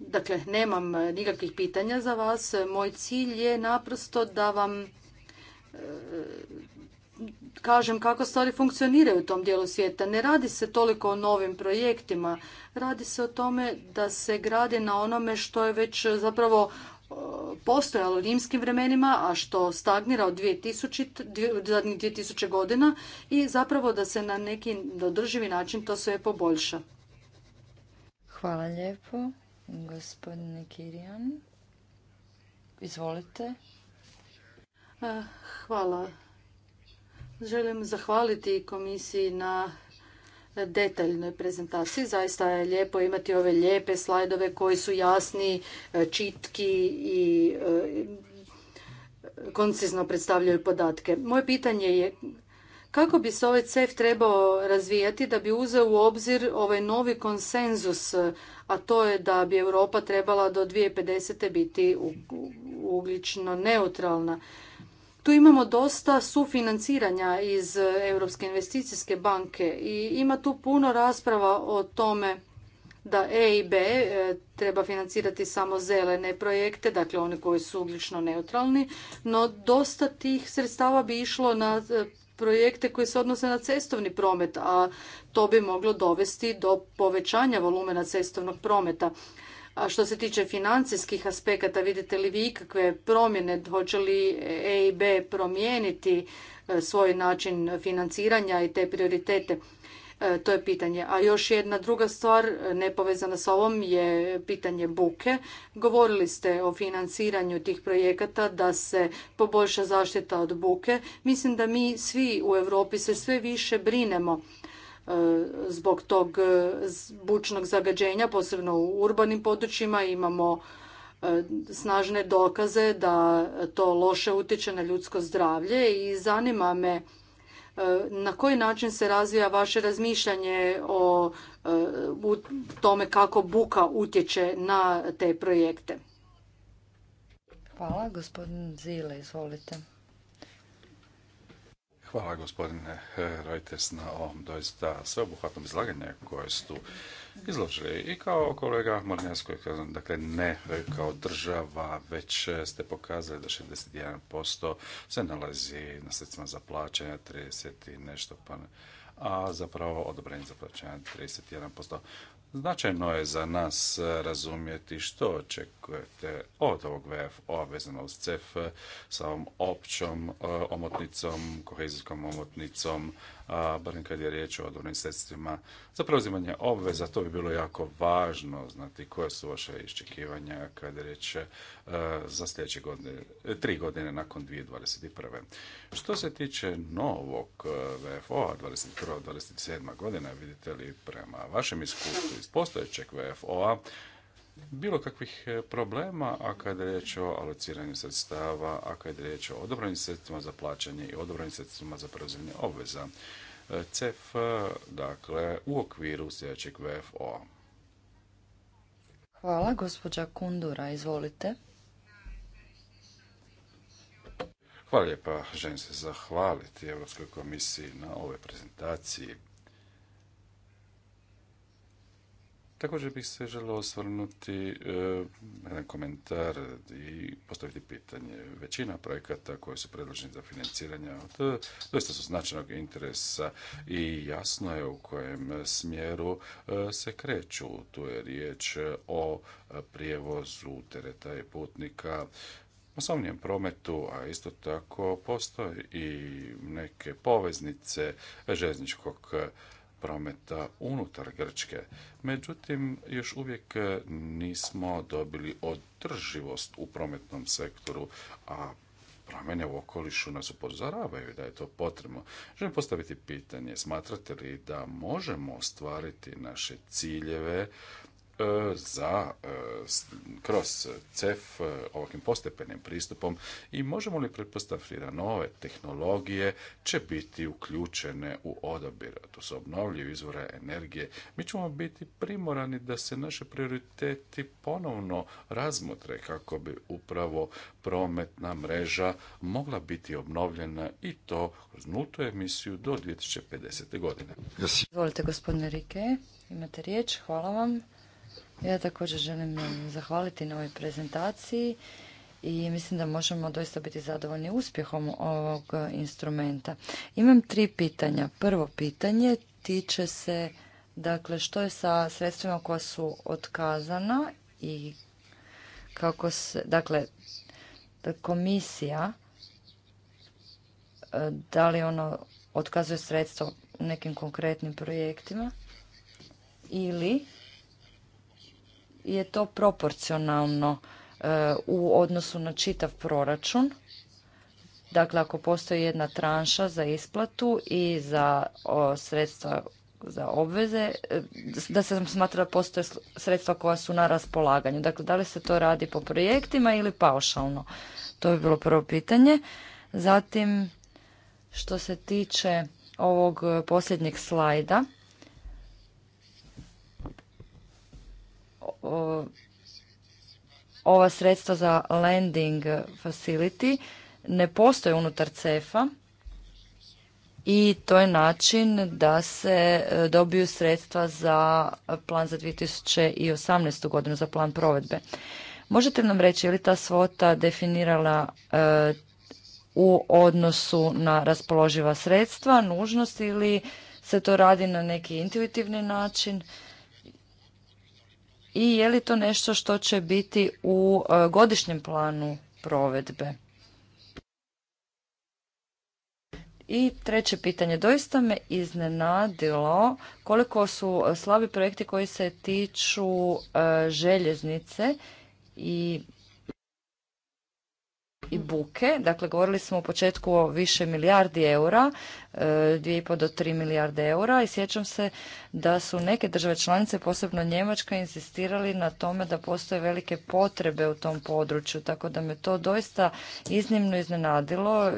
Dakle, nemam e, nikakvih pitanja za vas. Moj cilj je naprosto da vam e, kažem kako stvari funkcioniraju u tom dijelu svijeta. Ne radi se toliko o novim projektima, radi se o tome da se gradi na onome što je već zapravo e, postojalo u rimskim vremenima, a što stagnira od 2000, zadnjih 2000 godina i zapravo da se na neki održivi način to sve poboljša. Hvala lijepo. Gospodine Kirijan, izvolite. Hvala. Želim zahvaliti komisiji na detaljnoj prezentaciji. Zaista je lijepo imati ove lijepe slajdove koji su jasni, e, čitki i e, koncizno predstavljaju podatke. Moje pitanje je kako bi se ovaj CEF trebao razvijati da bi uzeo u obzir ovaj novi konsenzus, a to je da bi Europa trebala do 2050. biti ugljično neutralna? Tu imamo dosta sufinanciranja iz Europske investicijske banke i ima tu puno rasprava o tome da e i B e, treba financirati samo zelene projekte, dakle one koji su ugljično neutralni, no dosta tih sredstava bi išlo na projekte koji se odnose na cestovni promet, a to bi moglo dovesti do povećanja volumena cestovnog prometa. A što se tiče financijskih aspekata, vidite li vi ikakve promjene, hoće li EIB promijeniti e, svoj način financiranja i te prioritete? E, to je pitanje. A još jedna druga stvar, e, nepovezana s ovom, je pitanje buke. Govorili ste o financiranju tih projekata da se poboljša zaštita od buke. Mislim da mi svi u Europi se sve više brinemo e, zbog tog bučnog zagađenja, posebno u urbanim područjima. Imamo snažne dokaze da to loše utječe na ljudsko zdravlje i zanima me E, na koji način se razvija vaše razmišljanje o e, tome kako buka utječe na te projekte? Hvala, gospodin Zile, izvolite. Hvala gospodine Reuters na ovom doista sveobuhvatnom izlaganju koje su izložili. I kao kolega Mornjansko, dakle ne kao država, već ste pokazali da 61% se nalazi na sredstvima za plaćanje, 30 i nešto pa a zapravo odobrenje za plaćanje 31%. Značajno je za nas razumjeti što očekujete od ovog VFO vezano uz CEF sa ovom općom e, omotnicom, kohezijskom omotnicom, a barem kad je riječ o odvornim sredstvima za preuzimanje obveza, to bi bilo jako važno znati koje su vaše iščekivanja kad je riječ e, za sljedeće godine, e, tri godine nakon 2021. Što se tiče novog VFO-a 21. 27. godina, vidite li prema vašem iskustvu iz postojećeg VFO-a, bilo kakvih e, problema, a kada je riječ o alociranju sredstava, a kada je riječ o odobrenim sredstvima za plaćanje i odobranim sredstvima za preuzimanje obveza. E, CEF, dakle, u okviru sljedećeg VFO. Hvala, gospođa Kundura, izvolite. Hvala lijepa, želim se zahvaliti Europskoj komisiji na ovoj prezentaciji. Također bih se želio osvrnuti e, jedan komentar i postaviti pitanje. Većina projekata koji su predloženi za financiranje od e, doista su značajnog interesa i jasno je u kojem smjeru e, se kreću. Tu je riječ o prijevozu tereta i putnika, osnovnijem prometu, a isto tako postoje i neke poveznice željezničkog prometa unutar Grčke. Međutim, još uvijek nismo dobili održivost u prometnom sektoru, a promjene u okolišu nas upozoravaju da je to potrebno. Želim postaviti pitanje, smatrate li da možemo ostvariti naše ciljeve E, za e, kroz CEF e, ovakvim postepenim pristupom i možemo li pretpostaviti da nove tehnologije će biti uključene u odabir, to su obnovljive izvore energije, mi ćemo biti primorani da se naše prioriteti ponovno razmotre kako bi upravo prometna mreža mogla biti obnovljena i to kroz nultu emisiju do 2050. godine. Izvolite gospodine Rike, imate riječ, hvala vam. Ja također želim zahvaliti na ovoj prezentaciji i mislim da možemo doista biti zadovoljni uspjehom ovog e, instrumenta. Imam tri pitanja. Prvo pitanje tiče se dakle što je sa sredstvima koja su otkazana i kako se dakle komisija e, da li ono otkazuje sredstvo nekim konkretnim projektima ili je to proporcionalno e, u odnosu na čitav proračun. Dakle, ako postoji jedna tranša za isplatu i za sredstva za obveze, e, da se smatra da postoje sredstva koja su na raspolaganju. Dakle, da li se to radi po projektima ili paušalno? To bi bilo prvo pitanje. Zatim, što se tiče ovog posljednjeg slajda, ova sredstva za landing facility ne postoje unutar CEFA i to je način da se e, dobiju sredstva za plan za 2018. godinu, za plan provedbe. Možete nam reći je li ta svota definirala e, u odnosu na raspoloživa sredstva, nužnost ili se to radi na neki intuitivni način? i je li to nešto što će biti u e, godišnjem planu provedbe? I treće pitanje, doista me iznenadilo koliko su slabi projekti koji se tiču e, željeznice i i buke. Dakle, govorili smo u početku o više milijardi eura, 2,5 e, do tri milijarde eura i sjećam se da su neke države članice, posebno Njemačka, insistirali na tome da postoje velike potrebe u tom području, tako da me to doista iznimno iznenadilo.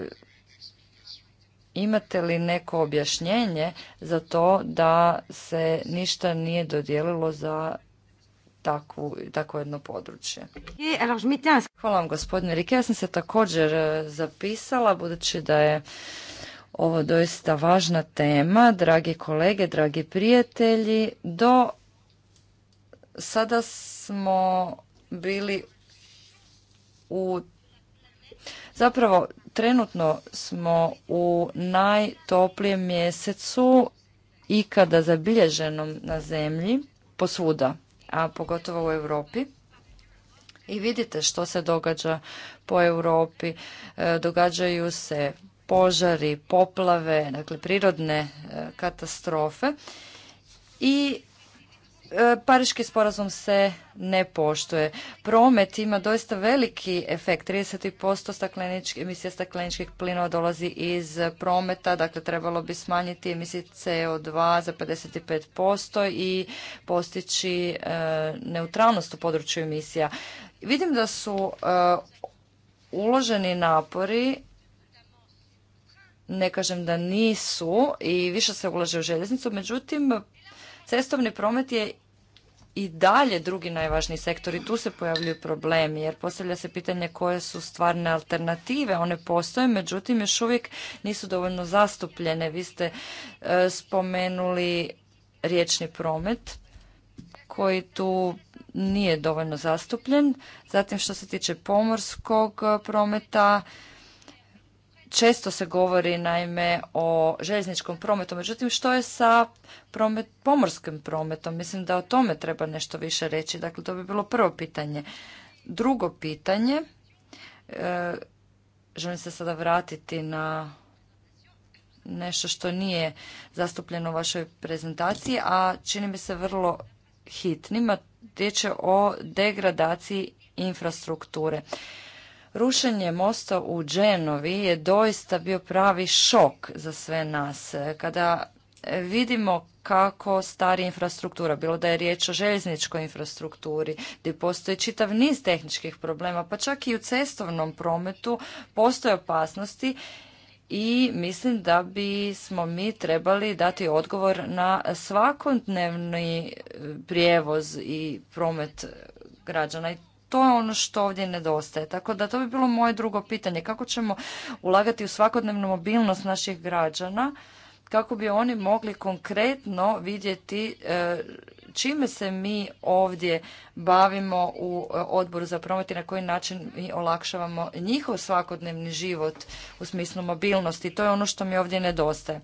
Imate li neko objašnjenje za to da se ništa nije dodijelilo za takvo jedno područje. Hvala vam gospodine Rike. Ja sam se također e, zapisala budući da je ovo doista važna tema. Dragi kolege, dragi prijatelji, do sada smo bili u zapravo trenutno smo u najtoplijem mjesecu ikada zabilježenom na zemlji posvuda a pogotovo u Europi. I vidite što se događa po Europi. E, događaju se požari, poplave, dakle prirodne e, katastrofe. I E, Pariški sporazum se ne poštuje. Promet ima doista veliki efekt. 30% staklenički, emisija stakleničkih plinova dolazi iz prometa, dakle trebalo bi smanjiti emisije CO2 za 55% i postići e, neutralnost u području emisija. Vidim da su e, uloženi napori ne kažem da nisu i više se ulaže u željeznicu, međutim Cestovni promet je i dalje drugi najvažniji sektor i tu se pojavljuju problemi jer postavlja se pitanje koje su stvarne alternative. One postoje, međutim još uvijek nisu dovoljno zastupljene. Vi ste e, spomenuli riječni promet koji tu nije dovoljno zastupljen. Zatim što se tiče pomorskog e, prometa, Često se govori naime o željezničkom prometu, međutim što je sa pomorskim prometom? Mislim da o tome treba nešto više reći. Dakle, to bi bilo prvo pitanje. Drugo pitanje, e, želim se sada vratiti na nešto što nije zastupljeno u vašoj prezentaciji, a čini mi se vrlo hitnim, riječ je o degradaciji infrastrukture. Rušenje mosta u Dženovi je doista bio pravi šok za sve nas. Kada vidimo kako stari infrastruktura, bilo da je riječ o željezničkoj infrastrukturi, gdje postoji čitav niz tehničkih problema, pa čak i u cestovnom prometu postoje opasnosti i mislim da bi smo mi trebali dati odgovor na svakodnevni prijevoz i promet građana i to je ono što ovdje nedostaje. Tako da to bi bilo moje drugo pitanje. Kako ćemo ulagati u svakodnevnu mobilnost naših građana kako bi oni mogli konkretno vidjeti e, čime se mi ovdje bavimo u e, odboru za promet i na koji način mi olakšavamo njihov svakodnevni život u smislu mobilnosti. To je ono što mi ovdje nedostaje.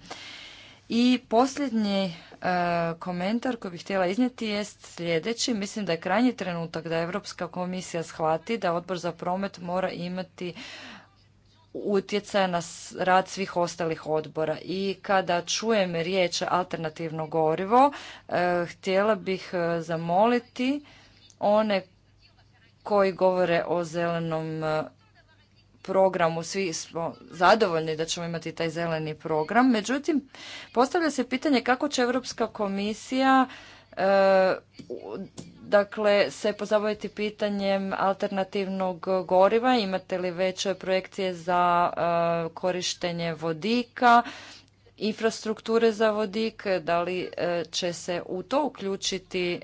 I posljednji E, komentar koji bih htjela iznijeti jest sljedeći. Mislim da je krajnji trenutak da Europska komisija shvati da odbor za promet mora imati utjecaja na rad svih ostalih odbora. I kada čujem riječ alternativno gorivo, e, htjela bih e, zamoliti one koji govore o zelenom programu, svi smo zadovoljni da ćemo imati taj zeleni program. Međutim, postavlja se pitanje kako će Europska komisija e, dakle se pozabaviti pitanjem alternativnog goriva, imate li veće projekcije za e, korištenje vodika, infrastrukture za vodik, da li e, će se u to uključiti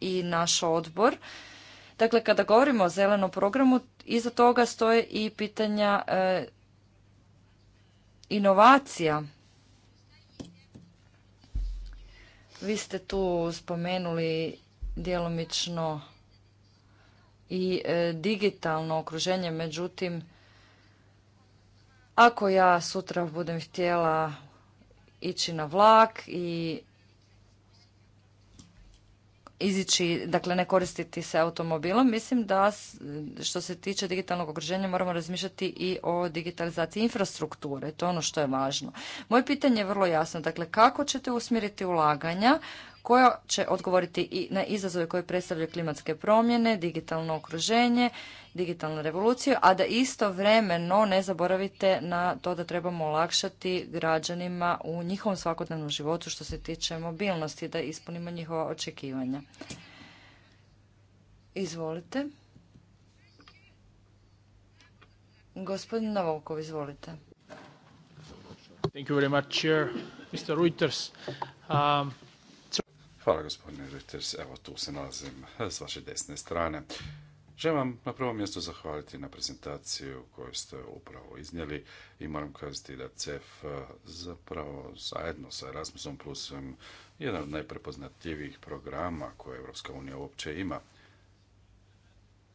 i naš odbor Dakle, kada govorimo o zelenom programu, iza toga stoje i pitanja e, inovacija. Vi ste tu spomenuli djelomično i e, digitalno okruženje, međutim, ako ja sutra budem htjela ići na vlak i izići, dakle ne koristiti se automobilom. Mislim da što se tiče digitalnog okruženja moramo razmišljati i o digitalizaciji infrastrukture. To je ono što je važno. Moje pitanje je vrlo jasno. Dakle, kako ćete usmjeriti ulaganja koja će odgovoriti i na izazove koje predstavljaju klimatske promjene, digitalno okruženje, digitalnu revoluciju, a da istovremeno ne zaboravite na to da trebamo olakšati građanima u njihovom svakodnevnom životu što se tiče mobilnosti, da ispunimo njihova očekivanja. Izvolite. Gospodin Novokov, izvolite. Thank you very Hvala gospodine Reuters, evo tu se nalazim s vaše desne strane. Želim vam na prvom mjestu zahvaliti na prezentaciju koju ste upravo iznijeli i moram kazati da CEF e, zapravo zajedno sa Erasmusom Plusom jedan od najprepoznatljivijih programa koje Europska unija uopće ima.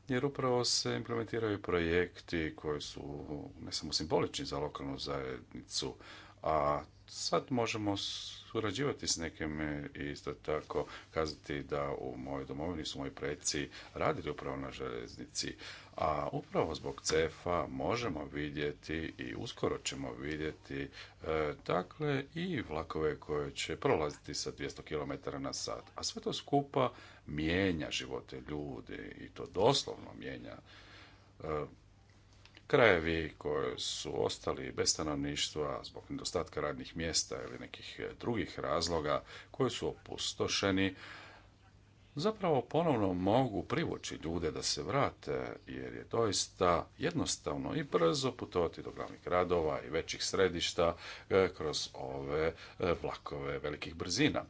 Jer upravo se implementiraju projekti koji su ne samo simbolični za lokalnu zajednicu, a sad možemo surađivati s nekim i isto tako kazati da u mojoj domovini su moji preci radili upravo na željeznici. A upravo zbog CEFA možemo vidjeti i uskoro ćemo vidjeti e, dakle i vlakove koje će prolaziti sa 200 km na sat. A sve to skupa mijenja živote ljudi i to doslovno mijenja. E, krajevi koji su ostali bez stanovništva zbog nedostatka radnih mjesta ili nekih e, drugih razloga koji su opustošeni, zapravo ponovno mogu privući ljude da se vrate, jer je doista jednostavno i brzo putovati do glavnih gradova i većih središta e, kroz ove e, vlakove velikih brzina.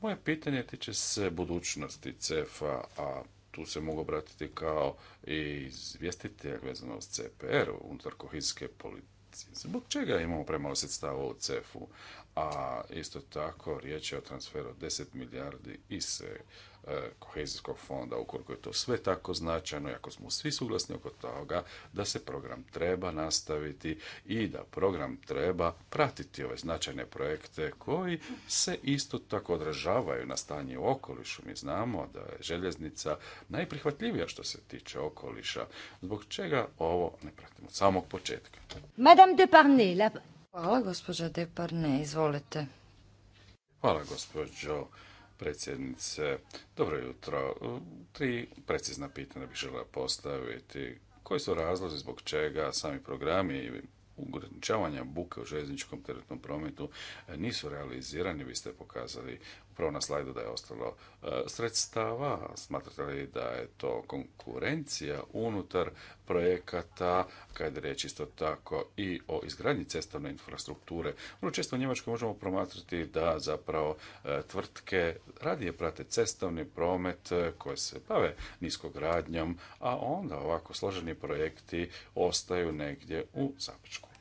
Moje pitanje tiče se budućnosti CEFA, a tu se mogu obratiti kao i izvjestitelj vezano s CPR unutar kohizijske politike Zbog čega imamo premalo sredstava u CEF-u? A isto tako riječ je o transferu 10 milijardi iz E, kohezijskog fonda, ukoliko je to sve tako značajno, ako smo svi suglasni oko toga da se program treba nastaviti i da program treba pratiti ove značajne projekte koji se isto tako odražavaju na stanje u okolišu. Mi znamo da je željeznica najprihvatljivija što se tiče okoliša. Zbog čega ovo ne pratimo od samog početka? Madame la... Hvala, gospođa Deparne, izvolite. Hvala, gospođo predsjednice. Dobro jutro. Tri precizna pitanja bih žela postaviti. Koji su razlozi zbog čega sami programi i ograničavanja buke u željezničkom teretnom prometu nisu realizirani, vi ste pokazali Prvo na slajdu da je ostalo e, sredstava, smatrate li da je to konkurencija unutar projekata, kad je reč isto tako i o izgradnji cestovne infrastrukture. Vrlo često u Njemačkoj možemo promatrati da zapravo e, tvrtke radije prate cestovni promet e, koje se bave niskogradnjom, a onda ovako složeni projekti ostaju negdje u zapičku.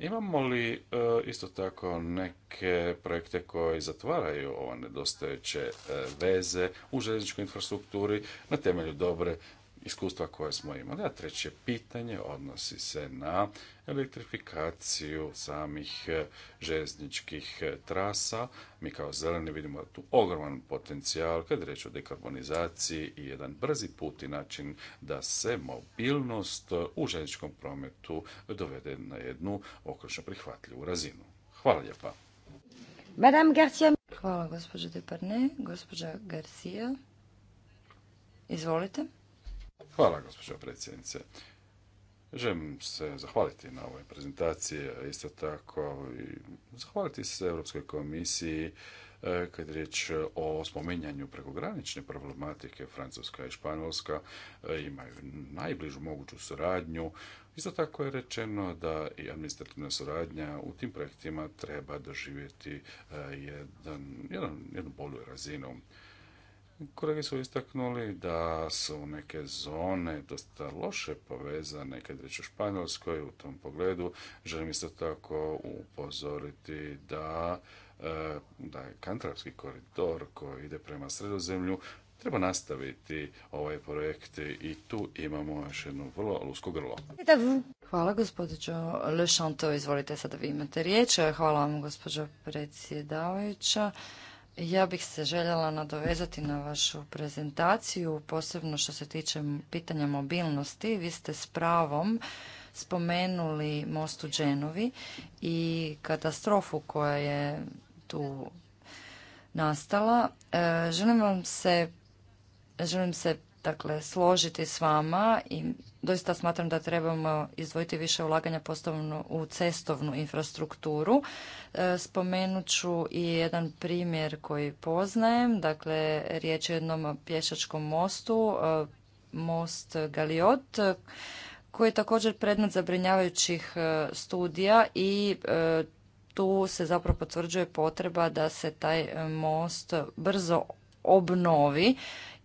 Imamo li e, isto tako neke projekte koji zatvaraju ove nedostajuće e, veze u željezničkoj infrastrukturi na temelju dobre iskustva koje smo imali. A treće pitanje odnosi se na elektrifikaciju samih e, željezničkih e, trasa. Mi kao zeleni vidimo tu ogroman potencijal kad reći o dekarbonizaciji i jedan brzi put i način da se mobilnost e, u željezničkom prometu dovede na jednu okružno prihvatljivu razinu. Hvala lijepa. Madame Garcia. Hvala gospođo Deparne. Gospođa Garcia. Izvolite. Hvala, gospođo predsjednice. Želim se zahvaliti na ovoj prezentaciji, isto tako i zahvaliti se Europskoj komisiji e, kad je riječ o spominjanju prekogranične problematike Francuska i Španjolska e, imaju najbližu moguću suradnju. Isto tako je rečeno da i administrativna suradnja u tim projektima treba doživjeti e, jedan, jednu bolju razinu. Kolege su istaknuli da su neke zone dosta loše povezane kad već o Španjolskoj u tom pogledu. Želim isto tako upozoriti da e, da je kantrapski koridor koji ide prema sredozemlju treba nastaviti ovaj projekt i tu imamo još jednu vrlo lusku grlo. Hvala gospođo Le Chanteau, izvolite sada vi imate riječ. Hvala vam gospođo predsjedavajuća. Ja bih se željela nadovezati na vašu prezentaciju, posebno što se tiče pitanja mobilnosti. Vi ste s pravom spomenuli most u Dženovi i katastrofu koja je tu nastala. E, želim vam se, želim se dakle složiti s vama i doista smatram da trebamo izdvojiti više ulaganja postavno u cestovnu infrastrukturu. E, spomenut ću i jedan primjer koji poznajem, dakle riječ je o jednom pješačkom mostu, e, most Galiot, koji je također predmet zabrinjavajućih e, studija i tu se zapravo potvrđuje potreba da se taj most brzo obnovi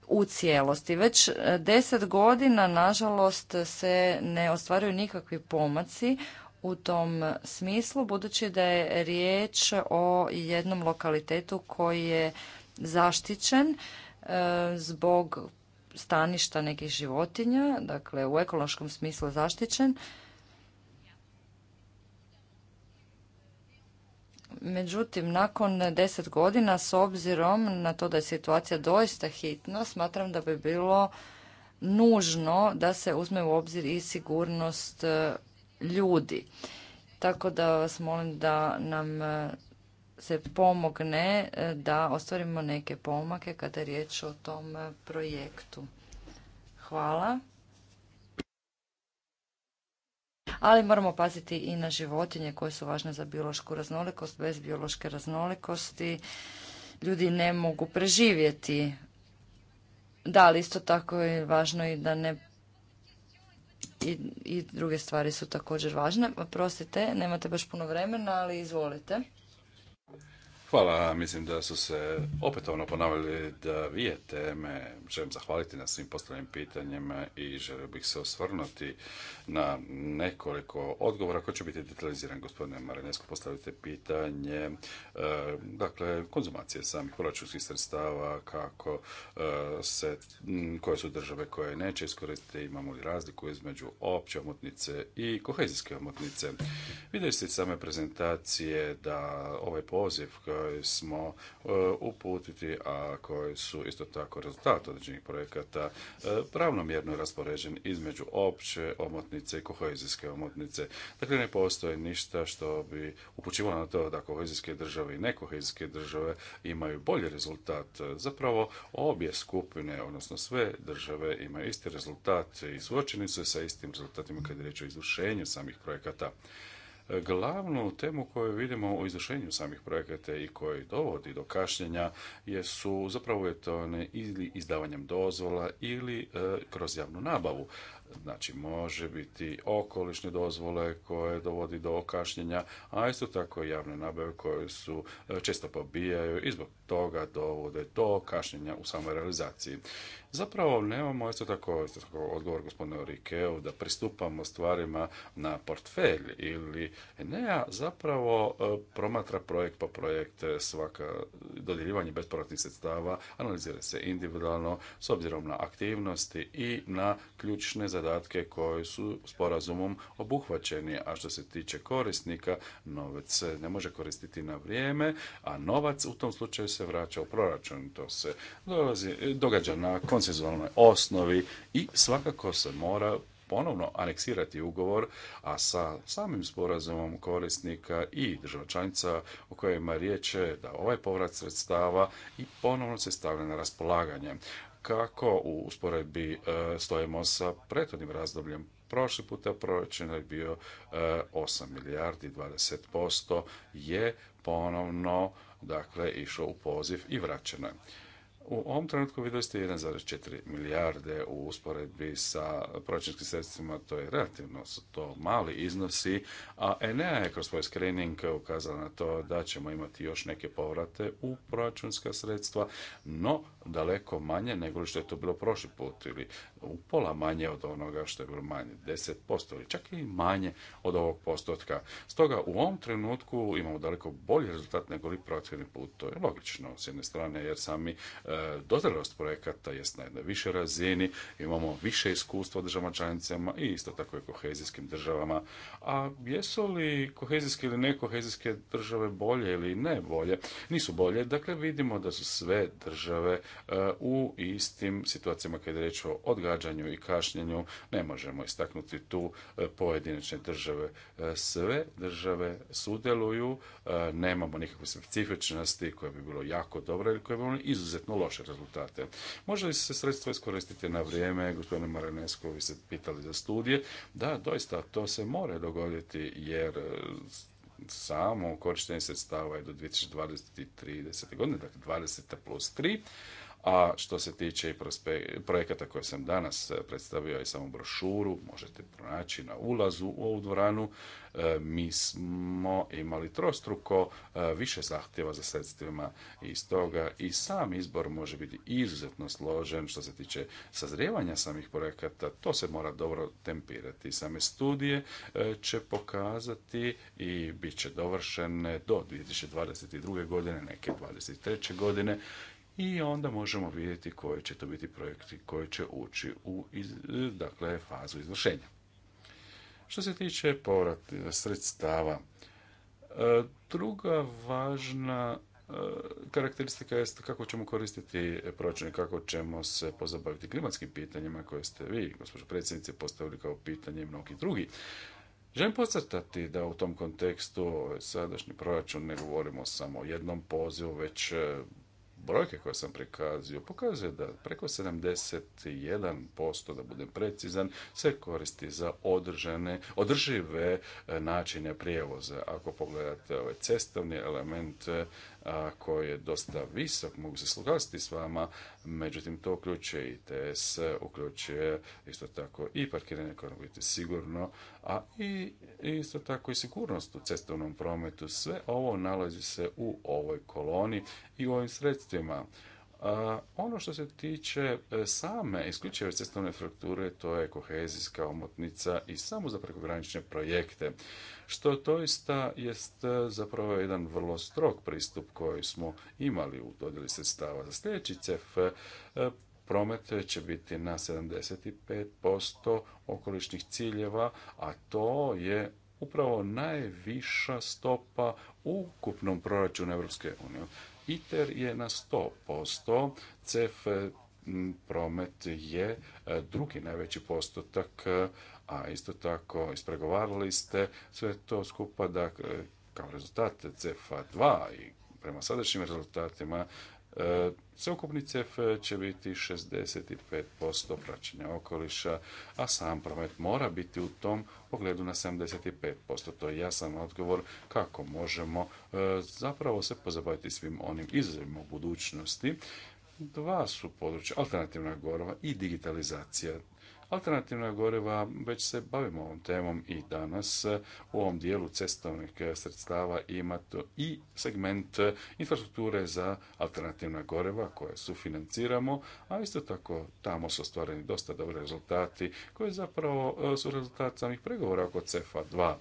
u cijelosti. Već e, deset godina, nažalost, se ne ostvaruju nikakvi pomaci u tom smislu, budući da je riječ o jednom lokalitetu koji je zaštićen e, zbog staništa nekih životinja, dakle u ekološkom smislu zaštićen, Međutim, nakon deset godina, s obzirom na to da je situacija doista hitna, smatram da bi bilo nužno da se uzme u obzir i sigurnost e, ljudi. Tako da vas molim da nam e, se pomogne e, da ostvarimo neke pomake kada je riječ o tom projektu. Hvala. ali moramo paziti i na životinje koje su važne za biološku raznolikost. Bez biološke raznolikosti ljudi ne mogu preživjeti. Da, ali isto tako je važno i da ne i, i druge stvari su također važne. Prostite, nemate baš puno vremena, ali izvolite. Hvala, mislim da su se opetovno ponavljali dvije teme. Želim zahvaliti na svim postavljenim pitanjima i želio bih se osvrnuti na nekoliko odgovora koji će biti detaliziran. Gospodine Marinesko, postavite pitanje, e, dakle, konzumacije samih proračunskih sredstava, kako e, se, koje su države koje neće iskoristiti, imamo li razliku između opće omotnice i kohezijske omotnice. Vidjeli ste same prezentacije da ovaj poziv e, koje smo e, uputiti, a koje su isto tako rezultat određenih projekata pravnomjerno e, raspoređen između opće omotnice i kohezijske omotnice. Dakle, ne postoji ništa što bi upućivalo na to da kohezijske države i nekohezijske države imaju bolji rezultat. Zapravo, obje skupine, odnosno sve države imaju isti rezultat i suočeni su sa istim rezultatima kad je reč o izvršenju samih projekata. Glavnu temu koju vidimo u izvršenju samih projekata i koji dovodi do kašnjenja jesu zapravo je ne ili izdavanjem dozvola ili e, kroz javnu nabavu znači može biti okolišne dozvole koje dovodi do okašnjenja, a isto tako i javne nabave koje su e, često pobijaju i zbog toga dovode do kašnjenja u samoj realizaciji. Zapravo nemamo isto tako, isto tako odgovor gospodine Rikeu da pristupamo stvarima na portfelj ili ne, zapravo e, promatra projekt po projekt e, svaka dodjeljivanje bespovratnih sredstava analizira se individualno s obzirom na aktivnosti i na ključne zadatke zadatke koji su sporazumom obuhvaćeni, a što se tiče korisnika, novac se ne može koristiti na vrijeme, a novac u tom slučaju se vraća u proračun. To se dolazi, događa na konsenzualnoj osnovi i svakako se mora ponovno aneksirati ugovor, a sa samim sporazumom korisnika i država članica o kojima riječ da ovaj povrat sredstava i ponovno se stavlja na raspolaganje kako u usporedbi e, stojimo sa prethodnim razdobljem. Prošli puta proračun je bio 8 e, milijardi, 20% je ponovno dakle, išao u poziv i vraćeno je. U ovom trenutku vidjeli ste 1,4 milijarde u usporedbi sa proračunskim sredstvima, to je relativno su to mali iznosi, a ENEA je kroz svoj screening ukazala na to da ćemo imati još neke povrate u proračunska sredstva, no daleko manje nego što je to bilo prošli put ili pola manje od onoga što je bilo manje, 10% ili čak i manje od ovog postotka. Stoga u ovom trenutku imamo daleko bolji rezultat nego li put. To je logično s jedne strane jer sami e, projekata jest na jednoj višoj razini, imamo više iskustva u državama članicama i isto tako i kohezijskim državama. A jesu li kohezijske ili nekohezijske države bolje ili ne bolje? Nisu bolje, dakle vidimo da su sve države E, u istim situacijama kada je reč o odgađanju i kašnjenju ne možemo istaknuti tu e, pojedinačne države. E, sve države sudjeluju, nemamo nikakve specifičnosti koje bi bilo jako dobro ili koje bi bilo izuzetno loše rezultate. Može li se sredstvo iskoristiti na vrijeme? Gospodine Maranesko, vi ste pitali za studije. Da, doista, to se mora dogoditi jer samo korištenje sredstava je do 2023. godine, dakle 20. plus 3, a što se tiče i projekata koje sam danas e, predstavio i samo brošuru, možete pronaći na ulazu u ovu dvoranu. E, mi smo imali trostruko e, više zahtjeva za sredstvima i stoga i sam izbor može biti izuzetno složen što se tiče sazrijevanja samih projekata. To se mora dobro tempirati. Same studije će pokazati i bit će dovršene do 2022. godine, neke 2023. godine i onda možemo vidjeti koji će to biti projekti koji će ući u dakle, fazu izvršenja. Što se tiče povrat e, sredstava, e, druga važna e, karakteristika je kako ćemo koristiti proračun i kako ćemo se pozabaviti klimatskim pitanjima koje ste vi, gospođo predsjednice, postavili kao pitanje i mnogi drugi. Želim podcrtati da u tom kontekstu ovaj, sadašnji proračun ne govorimo samo o jednom pozivu, već brojke koje sam prikazio pokazuje da preko 71%, da budem precizan, se koristi za održane, održive e, načine prijevoza. Ako pogledate ovaj cestovni element, e, koji je dosta visok, mogu se slugasti s vama, međutim to uključuje i TS, uključuje isto tako i parkiranje koje sigurno, a i isto tako i sigurnost u cestovnom prometu. Sve ovo nalazi se u ovoj koloni i u ovim sredstvima. Ono što se tiče e, same isključive cestovne frakture, to je kohezijska omotnica i samo za prekogranične projekte, što toista jest e, zapravo jedan vrlo strog pristup koji smo imali u dodjeli sredstava za sljedeći CEF e, promet će biti na 75% okolišnih ciljeva, a to je upravo najviša stopa u ukupnom proračunu Europske unije. ITER je na 100%, CEF promet je e, drugi najveći postotak, e, a isto tako ispregovarali ste sve to skupa da e, kao rezultat CEFA 2 i prema sadašnjim rezultatima E, sveukupni CEF će biti 65% praćenja okoliša, a sam promet mora biti u tom pogledu na 75%. To je jasan odgovor kako možemo e, zapravo se pozabaviti svim onim izazovima u budućnosti. Dva su područja alternativna goriva i digitalizacija. Alternativna goreva, već se bavimo ovom temom i danas u ovom dijelu cestovnih eh, sredstava imate i segment eh, infrastrukture za alternativna goreva koje sufinanciramo, a isto tako tamo su ostvareni dosta dobri rezultati koji zapravo eh, su rezultat samih pregovora oko CEFA 2.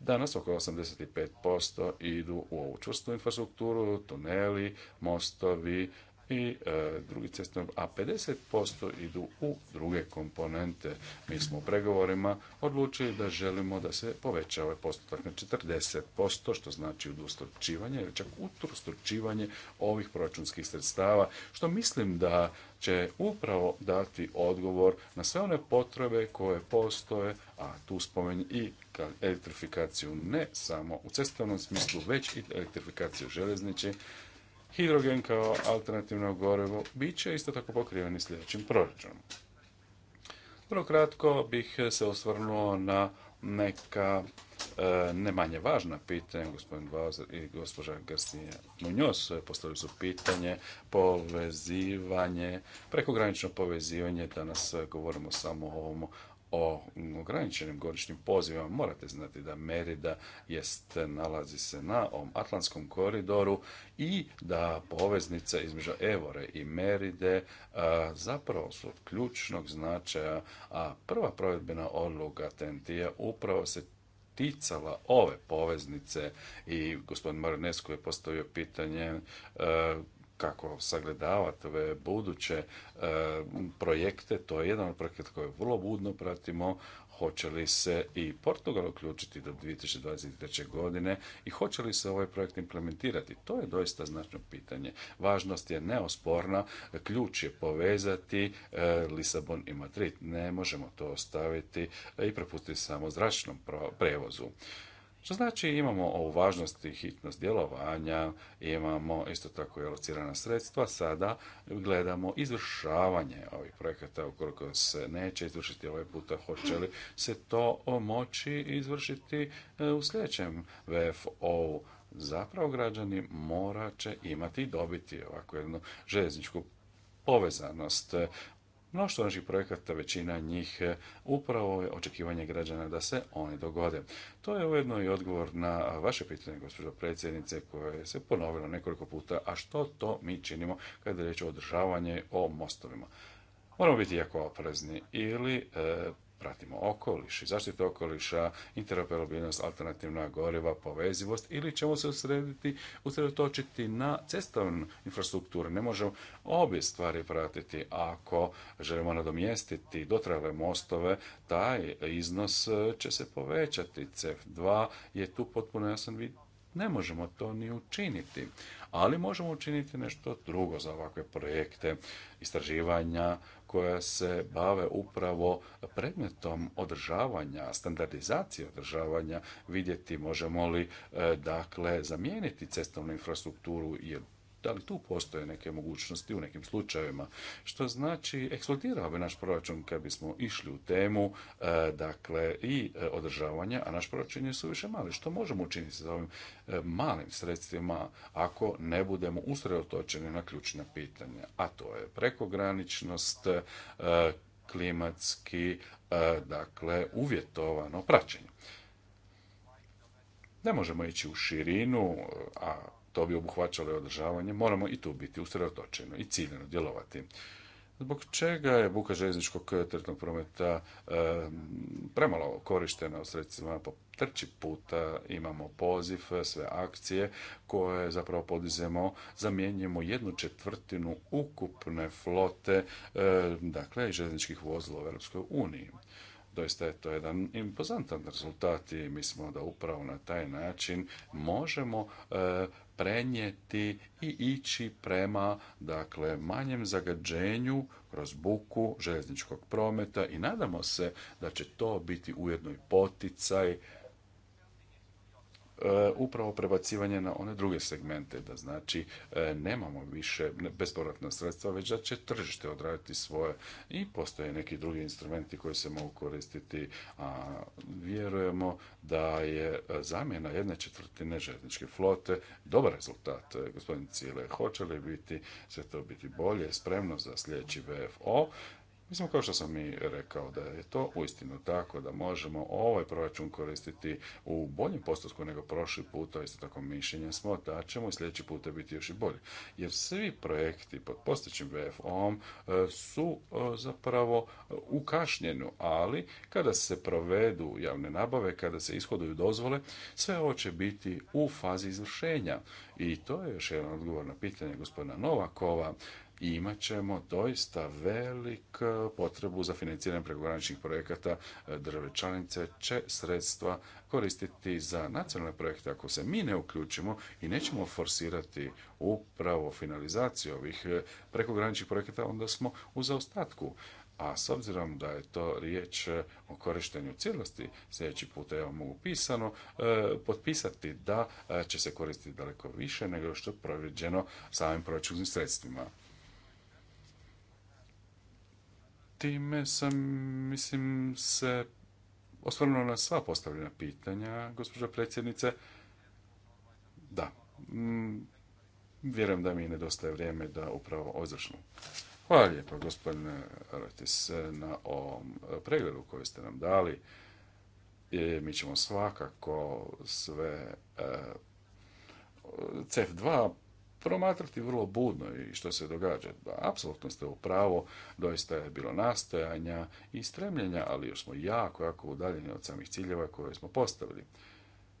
Danas oko 85% idu u ovu čvrstu infrastrukturu, tuneli, mostovi, i e, drugi cestovni, a 50% idu u druge komponente. Mi smo u pregovorima odlučili da želimo da se poveća ovaj postotak na 40%, što znači udostručivanje, ili čak utrostručivanje ovih proračunskih sredstava, što mislim da će upravo dati odgovor na sve one potrebe koje postoje, a tu spomeni i elektrifikaciju ne samo u cestovnom smislu, već i elektrifikaciju željezničke hidrogen kao alternativno gorivo bit će isto tako pokriveni sljedećim proračunom. Vrlo kratko bih se osvrnuo na neka e, ne manje važna pitanja, gospodin Bauzer i gospođa Grstinja Munjos postavili su pitanje povezivanje, prekogranično povezivanje, danas govorimo samo o ovom o ograničenim godišnjim pozivima, morate znati da Merida jest, nalazi se na ovom Atlantskom koridoru i da poveznice između Evore i Meride zapravo su ključnog značaja, a prva provedbena odluka tnt upravo se ticala ove poveznice i gospodin Marinesko je postavio pitanje kako sagledavati ove buduće e, projekte. To je jedan od projekata koje vrlo budno pratimo. Hoće li se i Portugal uključiti do 2023. godine i hoće li se ovaj projekt implementirati? To je doista značno pitanje. Važnost je neosporna, ključ je povezati e, Lisabon i Madrid. Ne možemo to ostaviti e, i prepustiti samo zračnom prevozu. Što znači imamo ovu važnost i hitnost djelovanja, imamo isto tako i alocirana sredstva, sada gledamo izvršavanje ovih projekata ukoliko se neće izvršiti ovaj puta, hoće li se to moći izvršiti e, u sljedećem VFO-u. Zapravo građani morat će imati i dobiti ovakvu jednu željezničku povezanost Mnoštvo naših projekata, većina njih, e, upravo je očekivanje građana da se oni dogode. To je ujedno i odgovor na vaše pitanje, gospođo predsjednice, koje se ponovilo nekoliko puta, a što to mi činimo kada je riječ o održavanje o mostovima. Moramo biti jako oprezni ili e, pratimo okoliš i zaštitu okoliša, interoperabilnost, alternativna goriva, povezivost ili ćemo se usrediti, usredotočiti na cestovnu infrastrukturu. Ne možemo obje stvari pratiti ako želimo nadomjestiti dotrajale mostove, taj iznos e, će se povećati. CEF2 je tu potpuno jasan ne možemo to ni učiniti, ali možemo učiniti nešto drugo za ovakve projekte istraživanja, koja se bave upravo predmetom održavanja, standardizacije održavanja, vidjeti možemo li e, dakle zamijeniti cestovnu infrastrukturu jer da li tu postoje neke mogućnosti u nekim slučajevima, što znači eksplodirao bi naš proračun kad bismo išli u temu e, dakle i e, održavanja, a naš proračun je suviše mali. Što možemo učiniti sa ovim e, malim sredstvima ako ne budemo usredotočeni na ključna pitanja, a to je prekograničnost, klimatski, dakle, uvjetovano praćenje. Ne možemo ići u širinu, a to bi obuhvaćalo i održavanje, moramo i tu biti usredotočeno i ciljeno djelovati. Zbog čega je buka željezničkog teretnog prometa premalo korištena u sredstvima po trči puta imamo poziv, sve akcije koje zapravo podizemo, zamjenjujemo jednu četvrtinu ukupne flote, dakle, željezničkih vozila u Europskoj uniji doista je to jedan impozantan rezultat i mislimo da upravo na taj način možemo prenijeti i ići prema dakle, manjem zagađenju kroz buku željezničkog prometa i nadamo se da će to biti ujedno i poticaj E, upravo prebacivanje na one druge segmente, da znači e, nemamo više bespovratna sredstva, već da će tržište odraditi svoje i postoje neki drugi instrumenti koji se mogu koristiti, a vjerujemo da je e, zamjena jedne četvrtine željezničke flote dobar rezultat. Gospodin Cile, hoće li biti sve to biti bolje, spremno za sljedeći VFO? Mislim, kao što sam i rekao, da je to uistinu tako, da možemo ovaj proračun koristiti u boljem postotku nego prošli puta, isto tako mišljenje smo da ćemo i sljedeći puta biti još i bolji. Jer svi projekti pod postojećim VFO-om e, su e, zapravo e, u ali kada se provedu javne nabave, kada se ishoduju dozvole, sve ovo će biti u fazi izvršenja. I to je još jedan odgovor na pitanje gospodina Novakova i imat ćemo doista velik e, potrebu za financiranje prekograničnih projekata. E, države članice će sredstva koristiti za nacionalne projekte. Ako se mi ne uključimo i nećemo forsirati upravo finalizaciju ovih e, prekograničnih projekata, onda smo u zaostatku a s obzirom da je to riječ o korištenju cijelosti, sljedeći put evo mogu pisano potpisati da će se koristiti daleko više nego što je provjeđeno samim proračunskim sredstvima. Time sam, mislim, se osvrnuo na sva postavljena pitanja, gospođa predsjednice. Da, mm, vjerujem da mi nedostaje vrijeme da upravo ozračnu. Hvala lijepa, gospodine Rotis, na ovom pregledu koji ste nam dali. I mi ćemo svakako sve eh, cf 2 promatrati vrlo budno i što se događa. apsolutno ste u pravu, doista je bilo nastojanja i stremljenja, ali još smo jako, jako udaljeni od samih ciljeva koje smo postavili.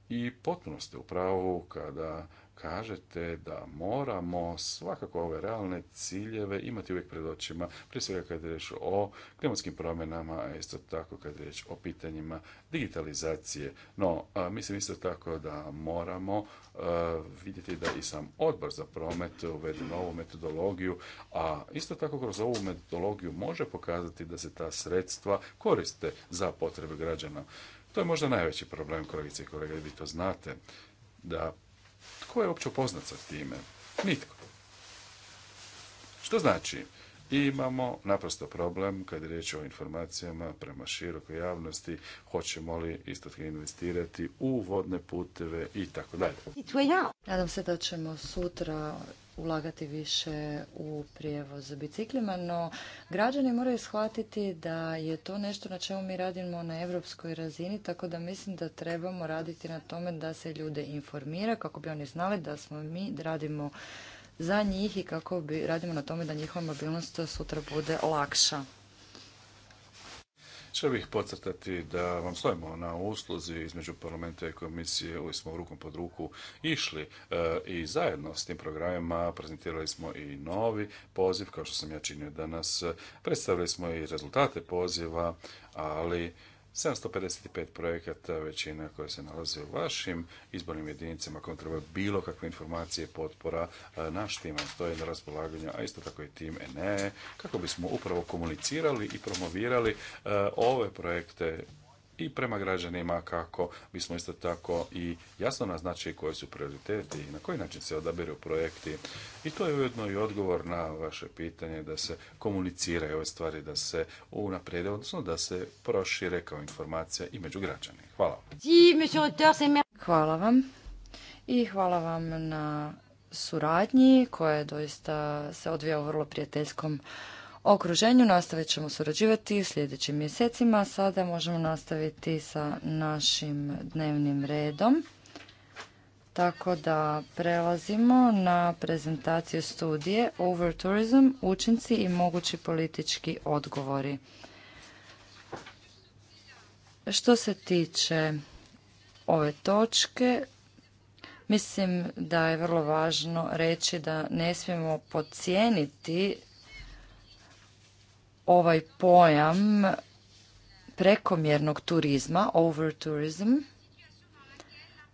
I potpuno ste u pravu kada kažete da moramo svakako ove realne ciljeve imati uvijek pred očima, prije svega kad je riječ o klimatskim promjenama, a isto tako kad je riječ o pitanjima digitalizacije. No, mislim isto tako da moramo vidjeti da i sam odbor za promet uvede novu metodologiju, a isto tako kroz ovu metodologiju može pokazati da se ta sredstva koriste za potrebe građana. To je možda najveći problem, kolegice i kolege, vi to znate da tko je uopće upoznat sa time? Nitko. Što znači? Imamo naprosto problem kad je riječ o informacijama prema širokoj javnosti, hoćemo li isto investirati u vodne puteve i tako dalje. Nadam se da ćemo sutra ulagati više u prijevoz biciklima, no građani moraju shvatiti da je to nešto na čemu mi radimo na europskoj razini, tako da mislim da trebamo raditi na tome da se ljude informira kako bi oni znali da smo mi radimo za njih i kako bi radimo na tome da njihova mobilnost sutra bude lakša. Što bih podcrtati da vam stojimo na usluzi između parlamenta i komisije, uvijek smo rukom pod ruku išli e, i zajedno s tim programima prezentirali smo i novi poziv, kao što sam ja činio danas, predstavili smo i rezultate poziva, ali 755 projekata, većina koja se nalazi u vašim izbornim jedinicama, kojom treba bilo kakve informacije, potpora, naš tim stoje na raspolaganju, a isto tako i tim ENE, e, kako bismo upravo komunicirali i promovirali ove projekte i prema građanima kako bismo isto tako i jasno naznačili koji su prioriteti i na koji način se odabiru projekti. I to je ujedno i odgovor na vaše pitanje da se komuniciraju ove stvari, da se unaprijede, odnosno da se prošire kao informacija i među građani. Hvala. Hvala vam i hvala vam na suradnji koja je doista se odvija u vrlo prijateljskom okruženju. Nastavit ćemo surađivati u sljedećim mjesecima. Sada možemo nastaviti sa našim dnevnim redom. Tako da prelazimo na prezentaciju studije Over Tourism, učinci i mogući politički odgovori. Što se tiče ove točke, mislim da je vrlo važno reći da ne smijemo podcijeniti ovaj pojam prekomjernog turizma, over tourism,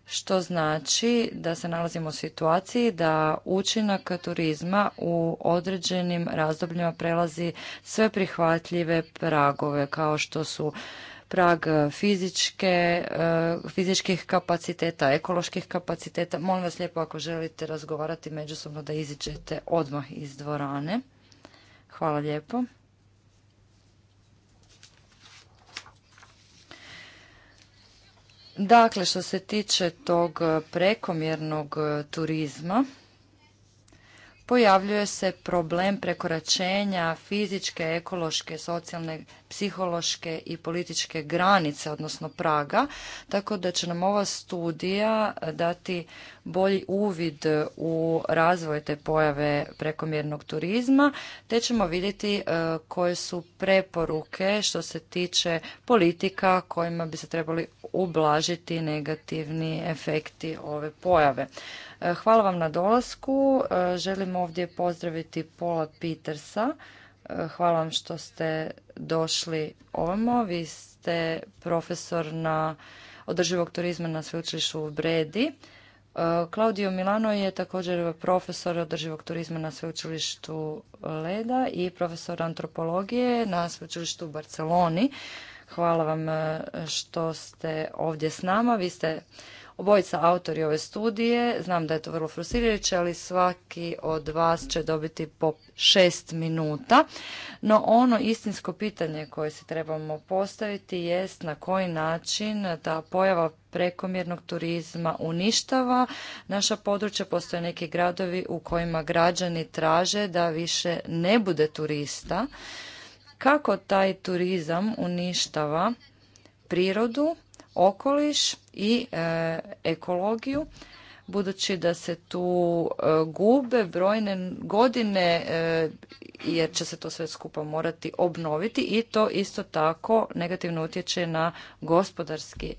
što znači da se nalazimo u situaciji da učinak turizma u određenim razdobljima prelazi sve prihvatljive pragove kao što su prag fizičke, e, fizičkih kapaciteta, ekoloških kapaciteta. Molim vas lijepo ako želite razgovarati međusobno da iziđete odmah iz dvorane. Hvala lijepo. Dakle, što se tiče tog e, prekomjernog e, turizma, pojavljuje se problem prekoračenja fizičke, ekološke, socijalne psihološke i političke granice, odnosno praga, tako da će nam ova studija dati bolji uvid u razvoj te pojave prekomjernog turizma, te ćemo vidjeti e, koje su preporuke što se tiče politika kojima bi se trebali ublažiti negativni efekti ove pojave. E, hvala vam na dolasku. E, želim ovdje pozdraviti Pola Petersa, Hvala vam što ste došli ovamo. Vi ste profesor na održivog turizma na sveučilištu u Bredi. E, Claudio Milano je također profesor održivog turizma na sveučilištu Leda i profesor antropologije na sveučilištu u Barceloni. Hvala vam e, što ste ovdje s nama. Vi ste obojica autori ove studije. Znam da je to vrlo frustrirajuće, ali svaki od vas će dobiti po šest minuta. No ono istinsko pitanje koje se trebamo postaviti jest na koji način ta pojava prekomjernog turizma uništava naša područja. Postoje neki gradovi u kojima građani traže da više ne bude turista. Kako taj turizam uništava prirodu, okoliš i e, ekologiju budući da se tu e, gube brojne godine e, jer će se to sve skupa morati obnoviti i to isto tako negativno utječe na gospodarski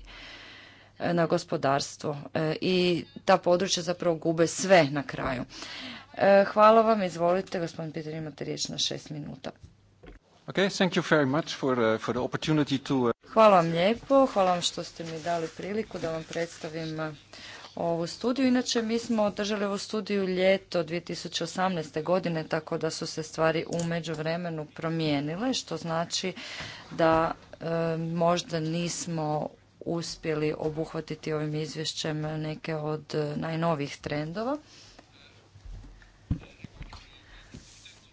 na gospodarstvo i ta područja zapravo gube sve na kraju. Hvala vam, izvolite, gospodin Peter, imate riječ na šest minuta. Hvala vam lijepo, hvala vam što ste mi dali priliku da vam predstavim uh, ovu studiju. Inače, mi smo održali ovu studiju ljeto 2018. godine, tako da su se stvari u međuvremenu promijenile, što znači da um, možda nismo uspjeli obuhvatiti ovim izvješćem neke od uh, najnovijih trendova.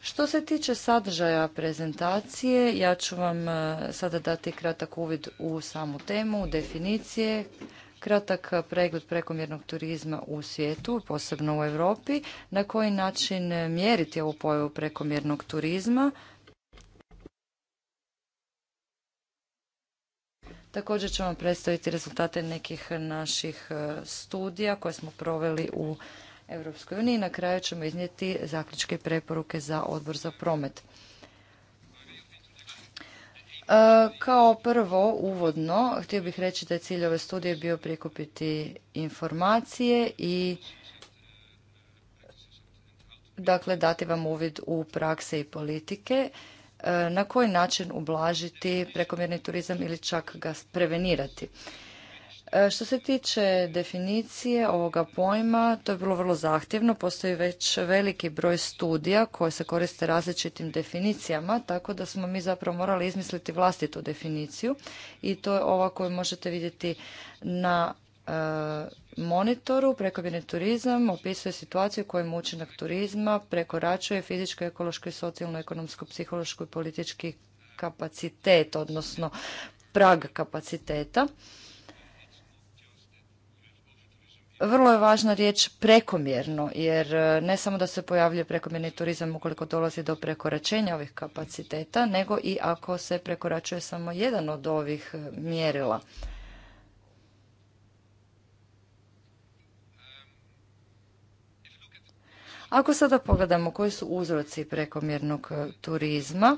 Što se tiče sadržaja prezentacije, ja ću vam e, sada dati kratak uvid u samu temu, definicije, kratak pregled prekomjernog turizma u svijetu, posebno u Europi, na koji način mjeriti ovu pojavu prekomjernog turizma. Također ću vam predstaviti rezultate nekih naših e, studija koje smo proveli u Europskoj uniji. Na kraju ćemo iznijeti zaključke i preporuke za odbor za promet. E, kao prvo, uvodno, htio bih reći da je cilj ove studije bio prikupiti informacije i dakle dati vam uvid u prakse i politike e, na koji način ublažiti prekomjerni turizam ili čak ga prevenirati. E, što se tiče definicije ovoga pojma, to je bilo vrlo zahtjevno. Postoji već veliki broj studija koje se koriste različitim definicijama, tako da smo mi zapravo morali izmisliti vlastitu definiciju i to je ova koju možete vidjeti na e, monitoru. Prekomjerni turizam opisuje situaciju u kojoj učinak turizma prekoračuje fizičko, ekološko i socijalno, ekonomsko, psihološko i politički kapacitet, odnosno prag kapaciteta vrlo je važna riječ prekomjerno, jer e, ne samo da se pojavljuje prekomjerni turizam ukoliko dolazi do prekoračenja ovih kapaciteta, nego i ako se prekoračuje samo jedan od ovih e, mjerila. Ako sada pogledamo koji su uzroci prekomjernog e, turizma,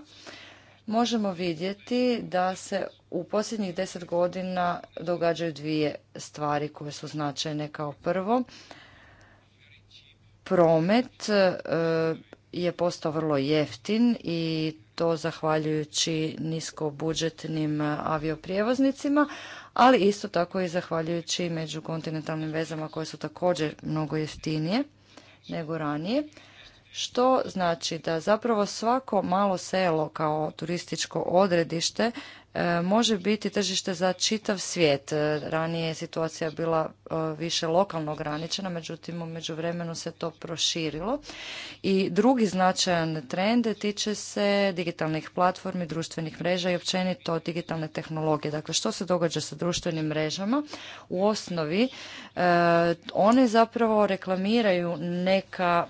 možemo vidjeti da se u posljednjih deset godina događaju dvije stvari koje su značajne. Kao prvo, promet e, je postao vrlo jeftin i to zahvaljujući niskobudžetnim avioprijevoznicima, ali isto tako i zahvaljujući kontinentalnim vezama koje su također mnogo jeftinije nego ranije što znači da zapravo svako malo selo kao turističko odredište e, može biti tržište za čitav svijet. E, ranije je situacija bila e, više lokalno ograničena, međutim u međuvremenu se to proširilo. I drugi značajan trend tiče se digitalnih platformi, društvenih mreža i općenito digitalne tehnologije. Dakle, što se događa sa društvenim mrežama? U osnovi one zapravo reklamiraju neka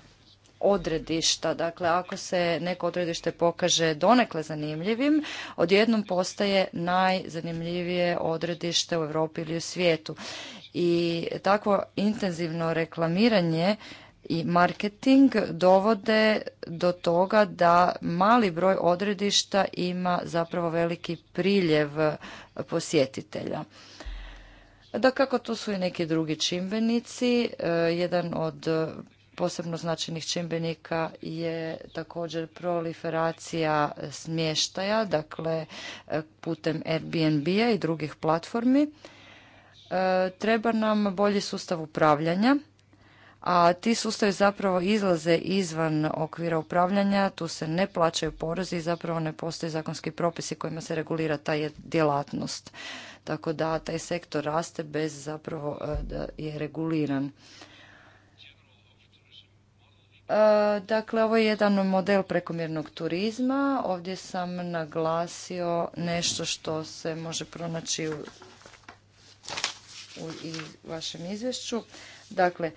odredišta. Dakle, ako se neko odredište pokaže donekle zanimljivim, odjednom postaje najzanimljivije odredište u Europi ili u svijetu. I takvo intenzivno reklamiranje i marketing dovode do toga da mali broj odredišta ima zapravo veliki priljev posjetitelja. Da kako tu su i neki drugi čimbenici, e, jedan od posebno značajnih čimbenika je također proliferacija smještaja, dakle e, putem Airbnb-a i drugih platformi. E, treba nam bolji sustav upravljanja, a ti sustavi zapravo izlaze izvan okvira upravljanja, tu se ne plaćaju porezi i zapravo ne postoje zakonski propisi kojima se regulira ta djelatnost. Tako da taj sektor raste bez zapravo e, da je reguliran. E, dakle, ovo je jedan model prekomjernog turizma. Ovdje sam naglasio nešto što se može pronaći u, vašem izvješću. Dakle,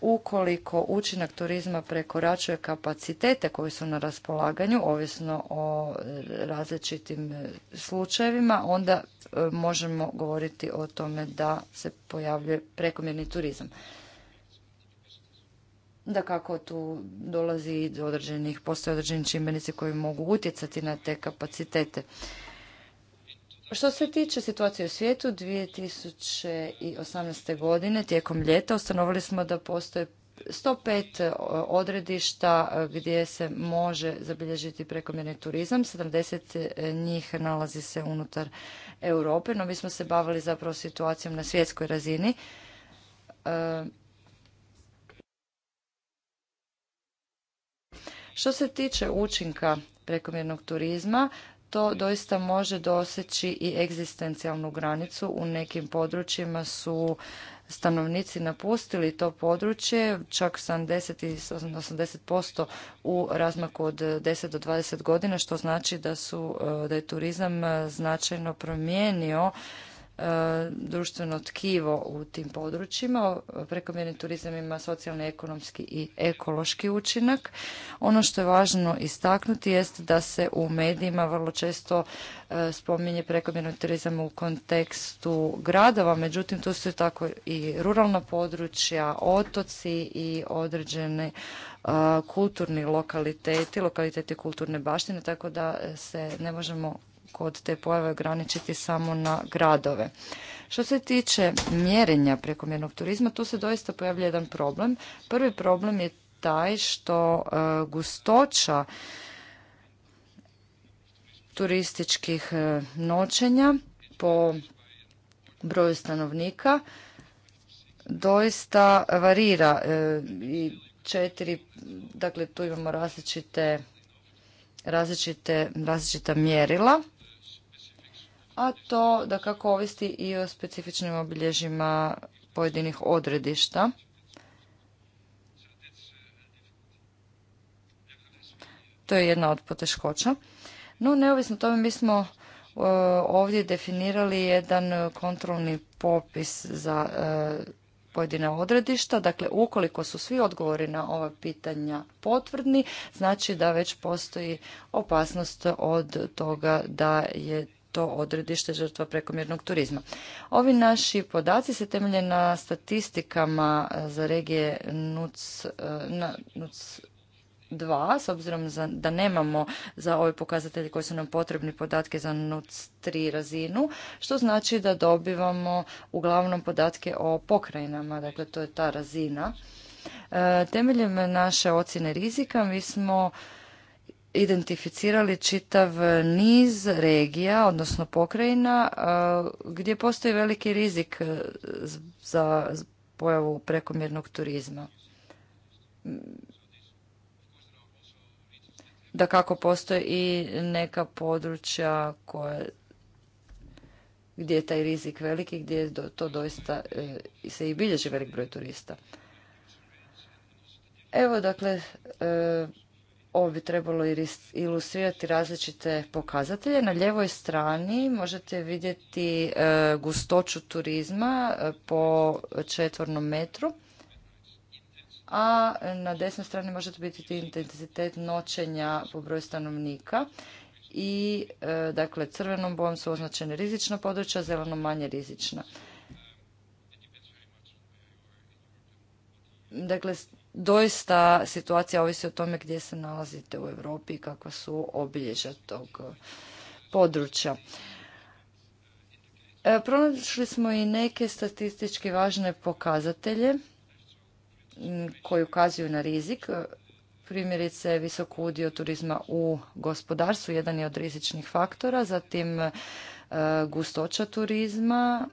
ukoliko učinak turizma prekoračuje kapacitete koji su na raspolaganju, ovisno o različitim slučajevima, onda e, možemo govoriti o tome da se pojavljuje prekomjerni turizam da kako tu dolazi do određenih, postoje određeni čimbenici koji mogu utjecati na te kapacitete. Što se tiče situacije u svijetu, 2018. godine tijekom ljeta ustanovili smo da postoje 105 e, odredišta e, gdje se može zabilježiti prekomjerni turizam, 70 e, njih nalazi se unutar Europe, no mi smo se bavili zapravo situacijom na svjetskoj razini. Što se tiče učinka prekomjernog turizma, to doista može doseći i egzistencijalnu granicu. U nekim područjima su stanovnici napustili to područje, čak 70 i 80% u razmaku od 10 do 20 godina, što znači da, da je turizam značajno promijenio E, društveno tkivo u tim područjima. Prekomjerni turizam ima socijalni, ekonomski i ekološki učinak. Ono što je važno istaknuti jest da se u medijima vrlo često e, spominje prekomjerni turizam u kontekstu gradova, međutim tu su tako i ruralna područja, otoci i određene e, kulturni lokaliteti, lokaliteti kulturne baštine, tako da se ne možemo kod te pojave ograničiti samo na gradove. Što se tiče mjerenja prekomjernog turizma, tu se doista pojavlja jedan problem. Prvi problem je taj što e, gustoća turističkih e, noćenja po broju stanovnika doista varira e, četiri, dakle tu imamo različite različite, različita mjerila a to da kako ovisti i o specifičnim obilježjima pojedinih odredišta. To je jedna od poteškoća. No, neovisno tome, mi smo e, ovdje definirali jedan kontrolni popis za e, pojedina odredišta. Dakle, ukoliko su svi odgovori na ova pitanja potvrdni, znači da već postoji opasnost od toga da je to odredište žrtva prekomjernog turizma. Ovi naši podaci se temelje na statistikama eh, za regije NUC, eh, na, NUC 2, s obzirom da nemamo za ove pokazatelje koji su nam potrebni podatke za NUC 3 razinu, što znači da dobivamo uglavnom podatke o pokrajinama, dakle to je ta razina. Eh, temeljem naše ocjene rizika mi smo identificirali čitav niz regija, odnosno pokrajina, gdje postoji veliki rizik e, za pojavu prekomjernog turizma. Da kako postoje i neka područja koje gdje je taj rizik veliki, gdje je to doista e, se i bilježi velik broj turista. Evo dakle, e, ovo bi trebalo ilustrirati različite pokazatelje. Na ljevoj strani možete vidjeti e, gustoću turizma e, po četvornom metru, a na desnoj strani možete vidjeti intenzitet noćenja po broju stanovnika i e, dakle crvenom bojom su označene rizična područja, zeleno manje rizična. Dakle, doista situacija ovisi o tome gdje se nalazite u Europi i kakva su obilježja tog eh, područja. Eh, pronašli smo i neke statistički važne pokazatelje mm, koji ukazuju na rizik. Primjerice, visok udio turizma u gospodarstvu jedan je od rizičnih faktora, zatim eh, gustoća turizma,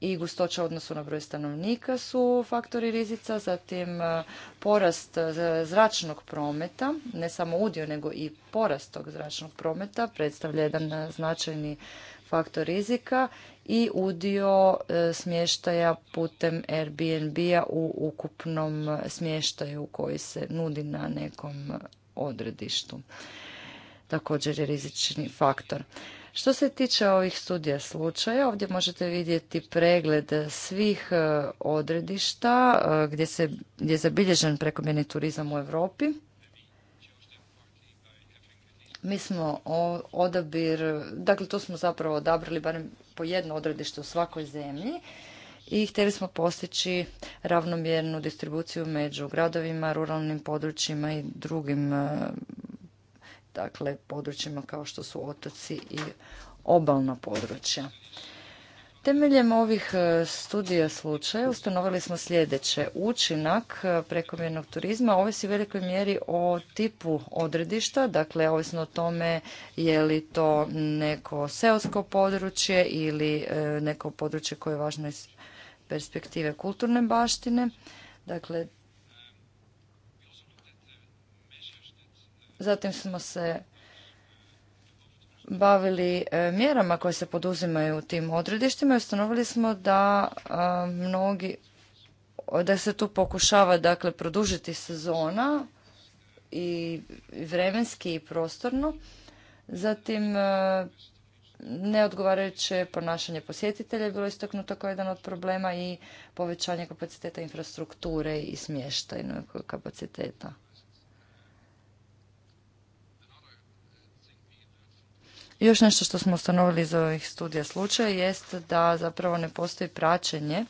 i gustoća odnosu na broj stanovnika su faktori rizica, zatim e, porast e, zračnog prometa, ne samo udio nego i porast tog zračnog prometa predstavlja jedan e, značajni faktor rizika i udio smještaja putem Airbnb-a u ukupnom smještaju koji se nudi na nekom odredištu. Također je rizični faktor. Što se tiče ovih studija slučaja, ovdje možete vidjeti pregled svih e, odredišta e, gdje, se, gdje je zabilježen prekomjerni turizam u Europi. Mi smo odabir, dakle tu smo zapravo odabrali barem po jedno odredište u svakoj zemlji i htjeli smo postići ravnomjernu distribuciju među gradovima, ruralnim područjima i drugim e, dakle područjima kao što su otoci i obalna područja. Temeljem ovih e, studija slučaja ustanovili smo sljedeće. Učinak e, prekomjernog turizma ovisi u velikoj mjeri o tipu odredišta, dakle ovisno o tome je li to neko seosko područje ili e, neko područje koje je važno iz perspektive kulturne baštine. Dakle, Zatim smo se bavili e, mjerama koje se poduzimaju u tim odredištima i ustanovili smo da e, mnogi da se tu pokušava dakle produžiti sezona i vremenski i prostorno. Zatim e, neodgovarajuće ponašanje posjetitelja je bilo istaknuto kao jedan od problema i povećanje kapaciteta infrastrukture i smještajnog kapaciteta. Još nešto što smo ustanovili iz ovih studija slučaja jest da zapravo ne postoji praćenje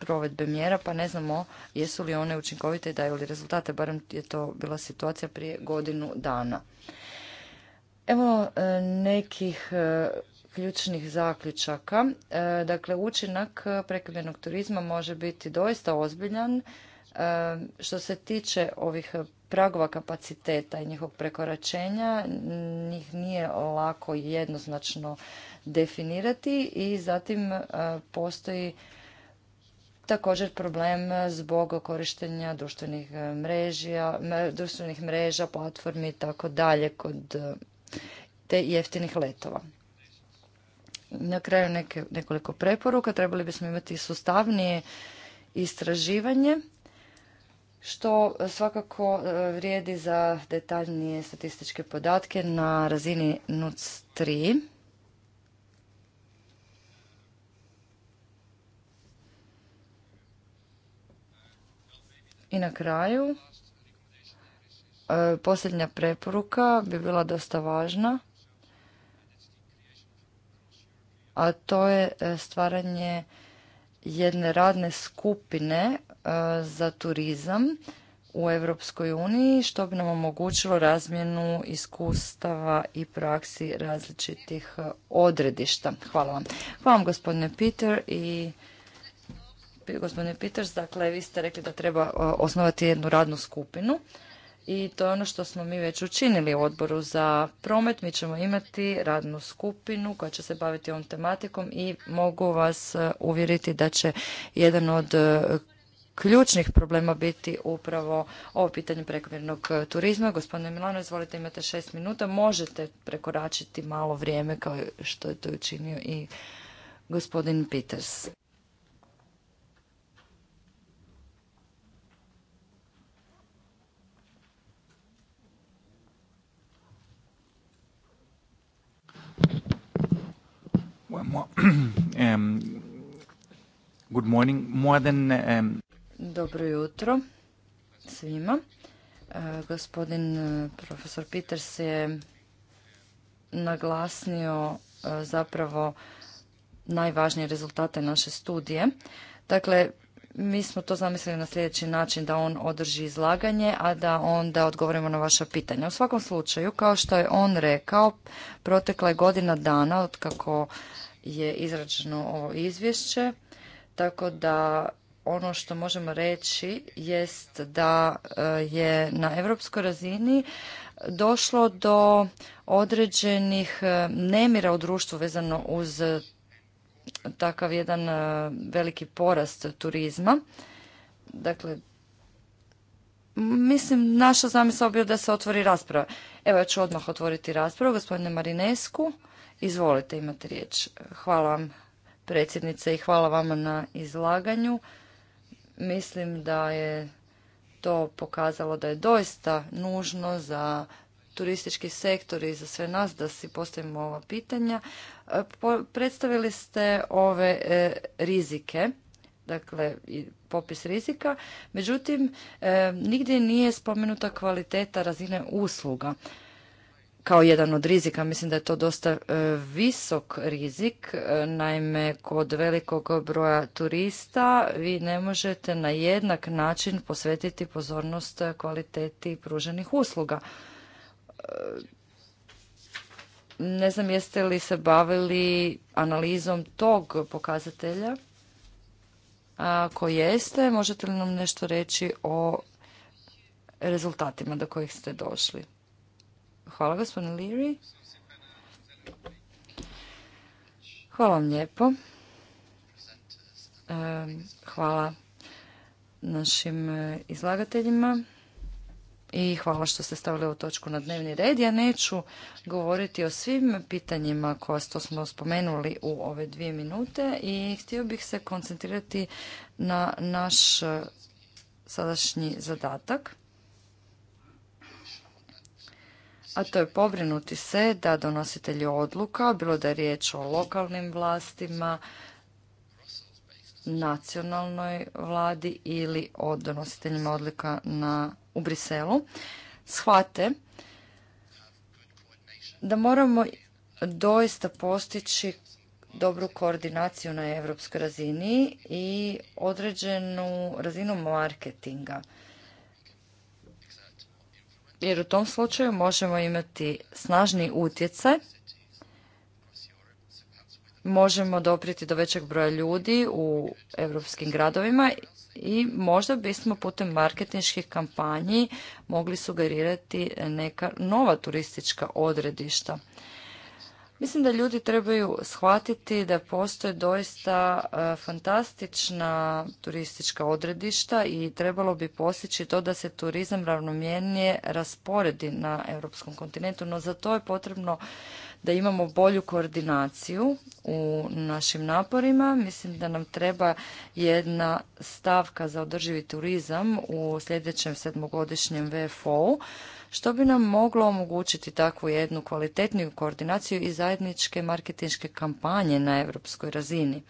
provedbe mjera, pa ne znamo jesu li one učinkovite i daju li rezultate, barem je to bila situacija prije godinu dana. Evo e, nekih e, ključnih zaključaka. E, dakle, učinak prekomjernog turizma može biti doista ozbiljan. Što se tiče ovih pragova kapaciteta i njihovog prekoračenja njih nije lako jednoznačno definirati i zatim e, postoji također problem zbog korištenja društvenih e, mreža, društvenih mreža, platformi i tako dalje kod e, te jeftinih letova. Na kraju neke, nekoliko preporuka. Trebali bismo imati sustavnije istraživanje što e, svakako e, vrijedi za detaljnije statističke podatke na razini NUC 3. I na kraju, e, posljednja preporuka bi bila dosta važna, a to je stvaranje jedne radne skupine za turizam u Europskoj uniji što bi nam omogućilo razmjenu iskustava i praksi različitih e, odredišta. Hvala vam. Hvala vam gospodine Peter i gospodine Peters, dakle vi ste rekli da treba e, osnovati jednu radnu skupinu i to je ono što smo mi već učinili u odboru za promet. Mi ćemo imati radnu skupinu koja će se baviti ovom tematikom i mogu vas e, uvjeriti da će jedan od ključnih problema biti upravo ovo pitanje prekomjernog e, turizma. Gospodine Milano, izvolite, imate šest minuta. Možete prekoračiti malo vrijeme kao što je to učinio i gospodin Peters. Um, good morning. More than, um, dobro jutro svima. E, gospodin e, profesor Peters je naglasnio e, zapravo najvažnije rezultate naše studije. Dakle, mi smo to zamislili na sljedeći način da on održi izlaganje, a da onda odgovorimo na vaša pitanja. U svakom slučaju, kao što je on rekao, protekla je godina dana od kako je izrađeno ovo izvješće, tako da ono što možemo reći jest da e, je na europskoj razini došlo do određenih e, nemira u društvu vezano uz takav jedan e, veliki porast turizma. Dakle, mislim, naša zamisla bio da se otvori rasprava. Evo, ja ću odmah otvoriti raspravu. Gospodine Marinesku, izvolite, imate riječ. Hvala vam predsjednice i hvala vama na izlaganju. Mislim da je to pokazalo da je doista nužno za turistički sektor i za sve nas da si postavimo ova pitanja. E, predstavili ste ove e, rizike, dakle popis rizika, međutim e, nigdje nije spomenuta kvaliteta razine usluga kao jedan od rizika. Mislim da je to dosta e, visok rizik. E, naime, kod velikog broja turista vi ne možete na jednak način posvetiti pozornost kvaliteti pruženih usluga. E, ne znam jeste li se bavili analizom tog pokazatelja. Ako jeste, možete li nam nešto reći o rezultatima do kojih ste došli? Hvala gospodine Liri. Hvala vam lijepo. E, hvala našim e, izlagateljima i hvala što ste stavili ovu točku na dnevni red. Ja neću govoriti o svim pitanjima koja smo spomenuli u ove dvije minute i htio bih se koncentrirati na naš e, sadašnji zadatak. a to je pobrinuti se da donositelji odluka, bilo da je riječ o lokalnim vlastima, nacionalnoj vladi ili o donositeljima odluka na, u Briselu, shvate da moramo doista postići dobru koordinaciju na europskoj razini i određenu razinu marketinga jer u tom slučaju možemo imati snažni utjecaj, možemo doprijeti do većeg broja ljudi u europskim gradovima i možda bismo putem marketinških kampanji mogli sugerirati neka nova turistička odredišta. Mislim da ljudi trebaju shvatiti da postoje doista e, fantastična turistička odredišta i trebalo bi postići to da se turizam ravnomjernije rasporedi na europskom kontinentu, no za to je potrebno da imamo bolju koordinaciju u našim naporima. Mislim da nam treba jedna stavka za održivi turizam u sljedećem sedmogodišnjem VFO-u što bi nam moglo omogućiti takvu jednu kvalitetniju koordinaciju i zajedničke marketinške kampanje na europskoj razini.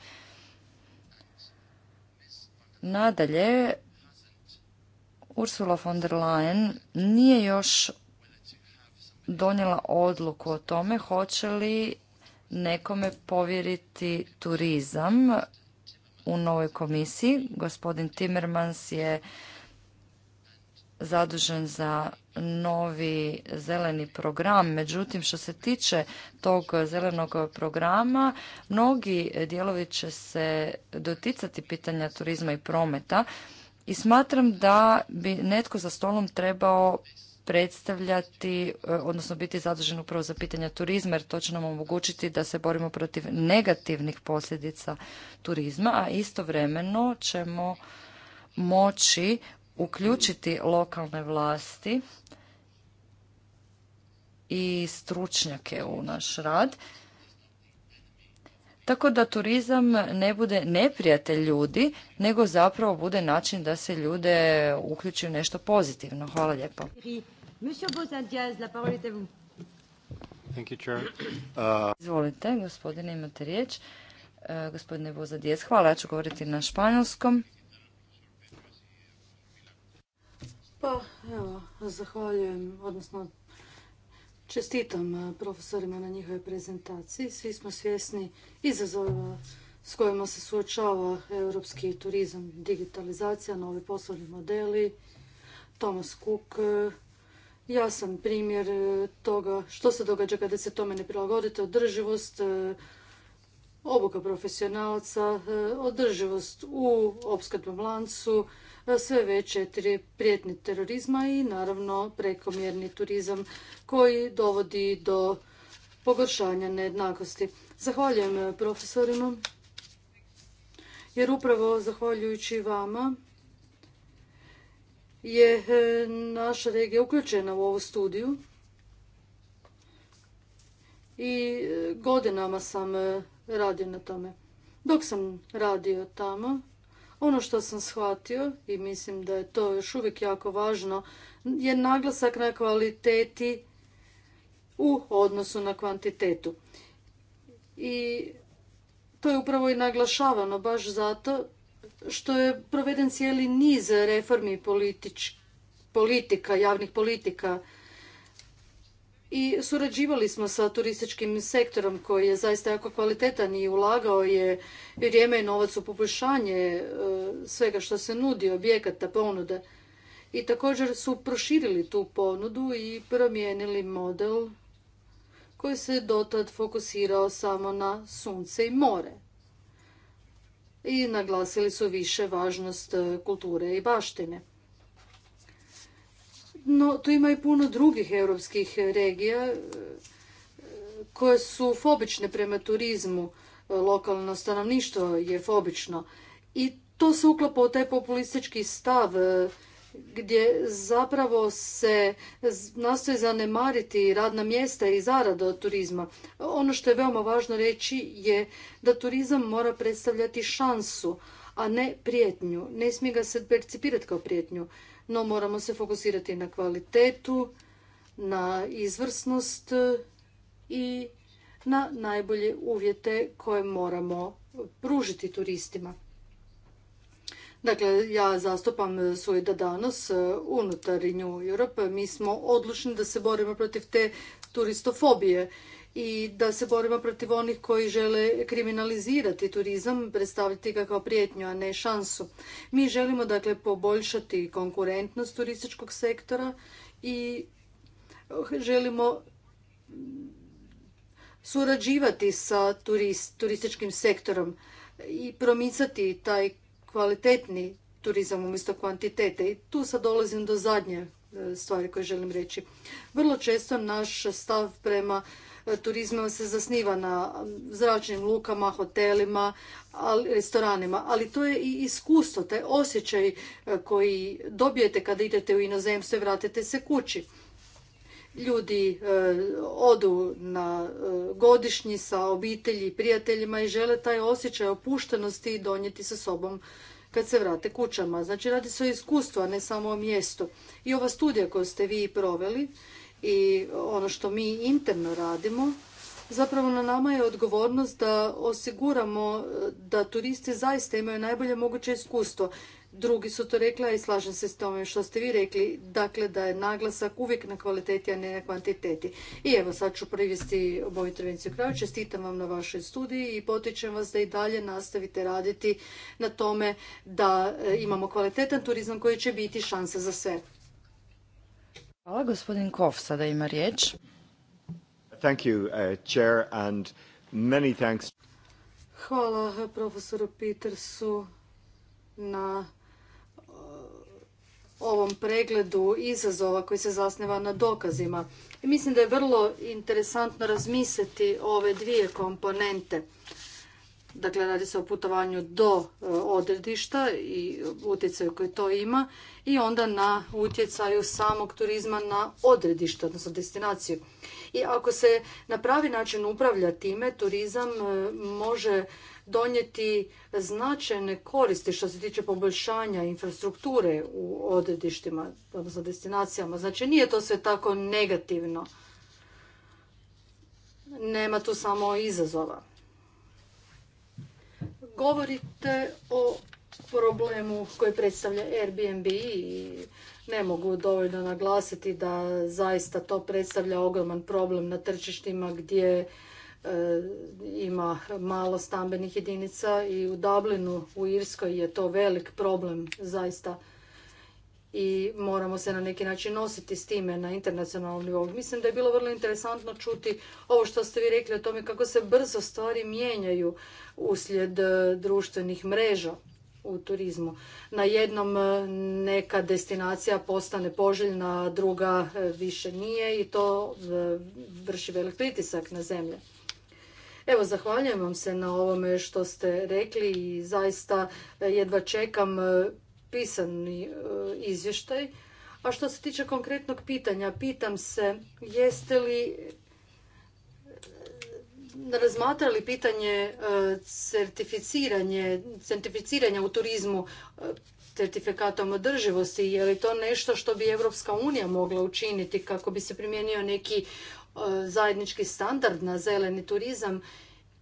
Nadalje, Ursula von der Leyen nije još donijela odluku o tome hoće li nekome povjeriti turizam u novoj komisiji. Gospodin Timmermans je zadužen za novi zeleni program. Međutim, što se tiče tog zelenog programa, mnogi dijelovi će se doticati pitanja turizma i prometa i smatram da bi netko za stolom trebao predstavljati, e, odnosno biti zadužen upravo za pitanja turizma, jer to će nam omogućiti da se borimo protiv negativnih posljedica turizma, a istovremeno ćemo moći uključiti lokalne vlasti i stručnjake u naš rad. Tako da turizam ne bude neprijatelj ljudi, nego zapravo bude način da se ljude uključi u nešto pozitivno. Hvala lijepo. Uh, Izvolite, gospodine, imate riječ. Uh, gospodine Bozadijez, hvala, ja ću govoriti na španjolskom. Pa, evo, zahvaljujem, odnosno čestitam eh, profesorima na njihovoj prezentaciji. Svi smo svjesni izazova s kojima se suočava europski turizam, digitalizacija, novi poslovni modeli, Thomas Cook, eh, jasan primjer eh, toga što se događa kada se tome ne prilagodite, održivost, obuka profesionalca, održivost u opskrbnom lancu, sve veće prijetnje terorizma i naravno prekomjerni turizam koji dovodi do pogoršanja nejednakosti. Zahvaljujem eh, profesorima jer upravo zahvaljujući vama je eh, naša regija uključena u ovu studiju i eh, godinama sam radio na tome. Dok sam radio tamo, ono što sam shvatio i mislim da je to još uvijek jako važno je naglasak na kvaliteti u odnosu na kvantitetu. I to je upravo i naglašavano baš zato što je proveden cijeli niz reformi politič, politika, javnih politika i surađivali smo sa turističkim sektorom koji je zaista jako kvalitetan i ulagao je vrijeme i novac u poboljšanje e, svega što se nudi, objekata, ponuda. I također su proširili tu ponudu i promijenili model koji se dotad fokusirao samo na sunce i more. I naglasili su više važnost e, kulture i baštine. No, tu ima i puno drugih europskih eh, regija eh, koje su fobične prema turizmu. Eh, lokalno stanovništvo je fobično. I to se uklapa u taj populistički stav gdje zapravo se nastoji zanemariti radna mjesta i zarada od turizma. Ono što je veoma važno reći je da turizam mora predstavljati šansu, a ne prijetnju. Ne smije ga se percipirati kao prijetnju no moramo se fokusirati na kvalitetu, na izvrsnost e, i na najbolje uvjete koje moramo pružiti turistima. Dakle, ja zastupam svoj da danas e, unutar New Europe. Mi smo odlučni da se borimo protiv te turistofobije i da se borimo protiv onih koji žele kriminalizirati turizam, predstaviti ga kao prijetnju, a ne šansu. Mi želimo dakle poboljšati konkurentnost turističkog sektora i želimo surađivati sa turističkim sektorom i promicati taj kvalitetni turizam umjesto kvantitete. I tu sad dolazim do zadnje e, stvari koje želim reći. Vrlo često naš stav prema turizma se zasniva na zračnim lukama, hotelima, restoranima, ali to je i iskustvo, taj osjećaj e, koji dobijete kada idete u inozemstvo i vratite se kući ljudi e, odu na e, godišnji sa obitelji i prijateljima i žele taj osjećaj opuštenosti donijeti sa sobom kad se vrate kućama. Znači radi se o iskustvu, a ne samo o mjestu. I ova studija koju ste vi proveli i ono što mi interno radimo, zapravo na nama je odgovornost da osiguramo e, da turisti zaista imaju najbolje moguće iskustvo. Drugi su to rekli, a i slažem se s tome što ste vi rekli, dakle da je naglasak uvijek na kvaliteti, a ne na kvantiteti. I evo sad ću privesti moju intervenciju kraju. Čestitam vam na vašoj studiji i potičem vas da i dalje nastavite raditi na tome da e, imamo kvalitetan turizam koji će biti šansa za sve. Hvala, gospodin Kov sada ima riječ. Uh, Hvala uh, profesoru Petersu na uh, ovom pregledu izazova koji se zasneva na dokazima. I mislim da je vrlo interesantno razmisliti ove dvije komponente dakle radi se o putovanju do e, odredišta i utjecaju koji to ima i onda na utjecaju samog turizma na odredište, odnosno destinaciju. I ako se na pravi način upravlja time, turizam e, može donijeti značajne koristi što se tiče poboljšanja infrastrukture u odredištima, odnosno destinacijama. Znači nije to sve tako negativno. Nema tu samo izazova. Govorite o problemu koji predstavlja Airbnb i ne mogu dovoljno naglasiti da zaista to predstavlja ogroman problem na tržištima gdje e, ima malo stambenih jedinica i u Dublinu u Irskoj je to velik problem zaista i moramo se na neki način nositi s time na internacionalnom nivou. Mislim da je bilo vrlo interesantno čuti ovo što ste vi rekli o tome kako se brzo stvari mijenjaju uslijed e, društvenih mreža u turizmu. Na jednom e, neka destinacija postane poželjna, druga e, više nije i to vrši velik pritisak na zemlje. Evo, zahvaljujem vam se na ovome što ste rekli i zaista jedva čekam pisani e, izvještaj. A što se tiče konkretnog pitanja, pitam se jeste li e, razmatrali pitanje e, certificiranje, certificiranja u turizmu certifikatom održivosti? Je li to nešto što bi Europska unija mogla učiniti kako bi se primijenio neki zajednički standard na zeleni turizam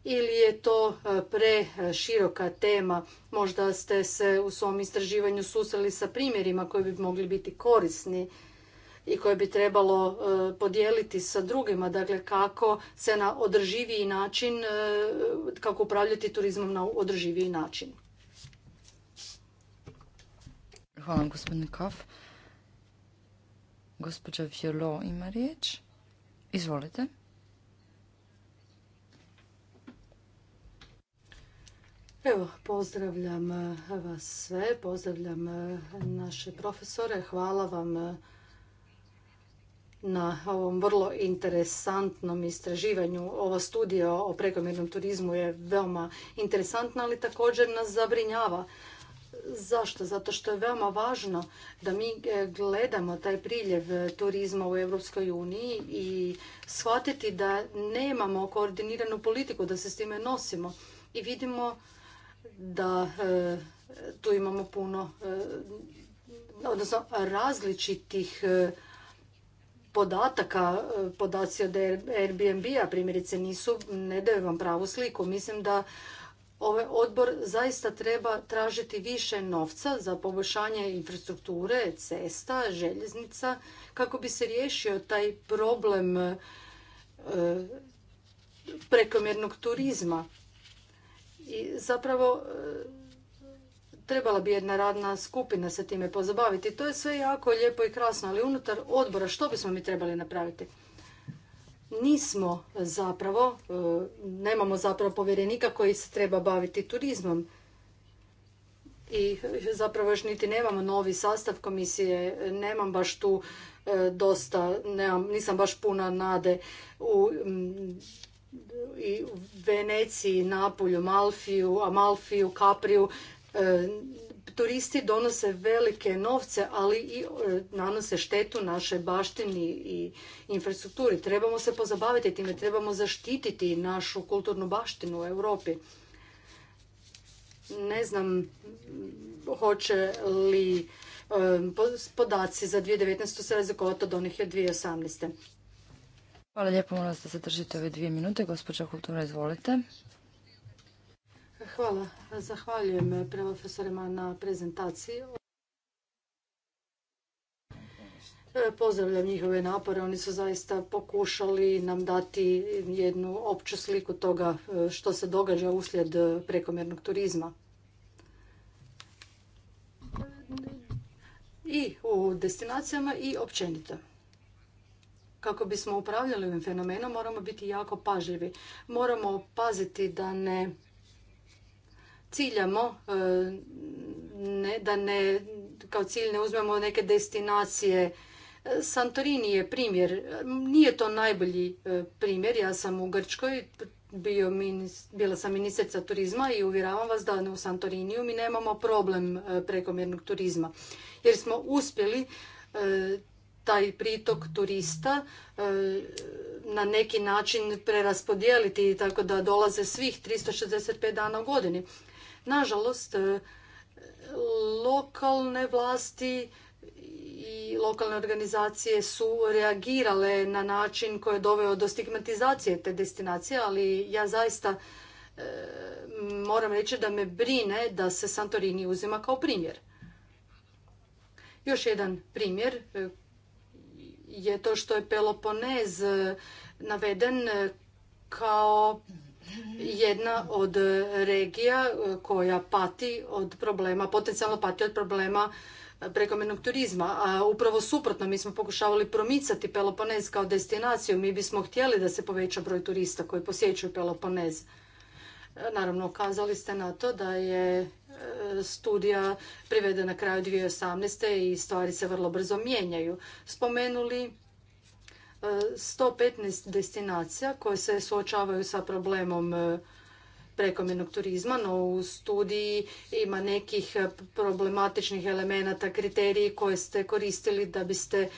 ili je to e, preširoka tema? Možda ste se u svom istraživanju susreli sa primjerima koji bi mogli biti korisni i koje bi trebalo e, podijeliti sa drugima, dakle kako se na održiviji način, e, kako upravljati turizmom na održiviji način. Hvala gospodine Kaf. Gospođa Vjelo ima riječ. Izvolite. Evo, pozdravljam eh, vas sve, pozdravljam eh, naše profesore, hvala vam eh, na ovom vrlo interesantnom istraživanju. Ova studija o prekomjernom turizmu je veoma interesantna, ali također nas zabrinjava. Zašto? Zato što je veoma važno da mi gledamo taj priljev turizma u Europskoj uniji i shvatiti da nemamo koordiniranu politiku, da se s time nosimo. I vidimo da e, tu imamo puno, e, odnosno različitih e, podataka, podaci od Airbnb-a primjerice nisu, ne daju vam pravu sliku. Mislim da ovaj odbor zaista treba tražiti više novca za poboljšanje infrastrukture, cesta, željeznica, kako bi se riješio taj problem prekomjernog turizma. I zapravo e, trebala bi jedna radna skupina se time pozabaviti. To je sve jako lijepo i krasno, ali unutar odbora što bismo mi trebali napraviti? Nismo zapravo, e, nemamo zapravo povjerenika koji se treba baviti turizmom. I zapravo još niti nemamo novi sastav komisije, nemam baš tu e, dosta, nisam baš puna nade u i Veneciji, Napolju, Malfiju, Amalfiju, Kapriju. E, turisti donose velike novce, ali i e, nanose štetu našoj baštini i infrastrukturi. Trebamo se pozabaviti time, trebamo zaštititi našu kulturnu baštinu u Europi. Ne znam hoće li e, podaci za 2019. se razlikovati od onih tisuće 2018. Hvala lijepo, molim vas da se držite ove dvije minute. Gospođa Kultura, izvolite. Hvala. Zahvaljujem eh, profesorima na prezentaciji. Eh, pozdravljam njihove napore, oni su zaista pokušali nam dati jednu opću sliku toga eh, što se događa uslijed prekomjernog turizma. I u destinacijama i općenito kako bismo upravljali ovim fenomenom moramo biti jako pažljivi. Moramo paziti da ne ciljamo, e, ne, da ne kao cilj ne uzmemo neke destinacije. E, Santorini je primjer, nije to najbolji e, primjer, ja sam u Grčkoj, bio bila sam ministrica turizma i uvjeravam vas da u Santoriniju mi nemamo problem prekomjernog turizma. Jer smo uspjeli taj pritok turista e, na neki način preraspodijeliti tako da dolaze svih 365 dana u godini. Nažalost, e, lokalne vlasti i lokalne organizacije su reagirale na način koji je doveo do stigmatizacije te destinacije, ali ja zaista e, moram reći da me brine da se Santorini uzima kao primjer. Još jedan primjer je to što je Peloponez e, naveden e, kao jedna od regija e, koja pati od problema, potencijalno pati od problema prekomjernog turizma. A upravo suprotno, mi smo pokušavali promicati Peloponez kao destinaciju. Mi bismo htjeli da se poveća broj turista koji posjećuju Peloponez. Naravno, ukazali ste na to da je e, studija privedena kraju 2018. i stvari se vrlo brzo mijenjaju. Spomenuli 115 e, destinacija koje se suočavaju sa problemom e, prekomjernog turizma, no u studiji ima nekih problematičnih elemenata, kriteriji koje ste koristili da biste e,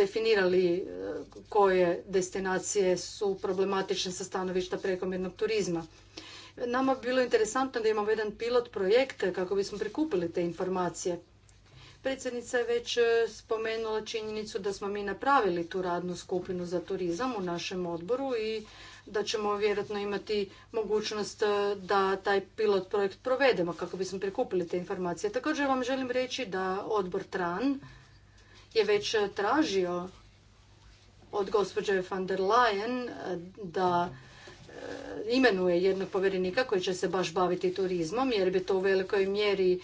definirali e, koje destinacije su problematične sa stanovišta prekomjernog turizma. Nama bi bilo interesantno da imamo jedan pilot projekt kako bismo prikupili te informacije. Predsjednica je već e, spomenula činjenicu da smo mi napravili tu radnu skupinu za turizam u našem odboru i da ćemo vjerojatno imati mogućnost e, da taj pilot projekt provedemo kako bismo prikupili te informacije. Također vam želim reći da odbor TRAN je već tražio od gospođe van der Leyen e, da e, imenuje jednog povjerenika koji će se baš baviti turizmom jer bi to u velikoj mjeri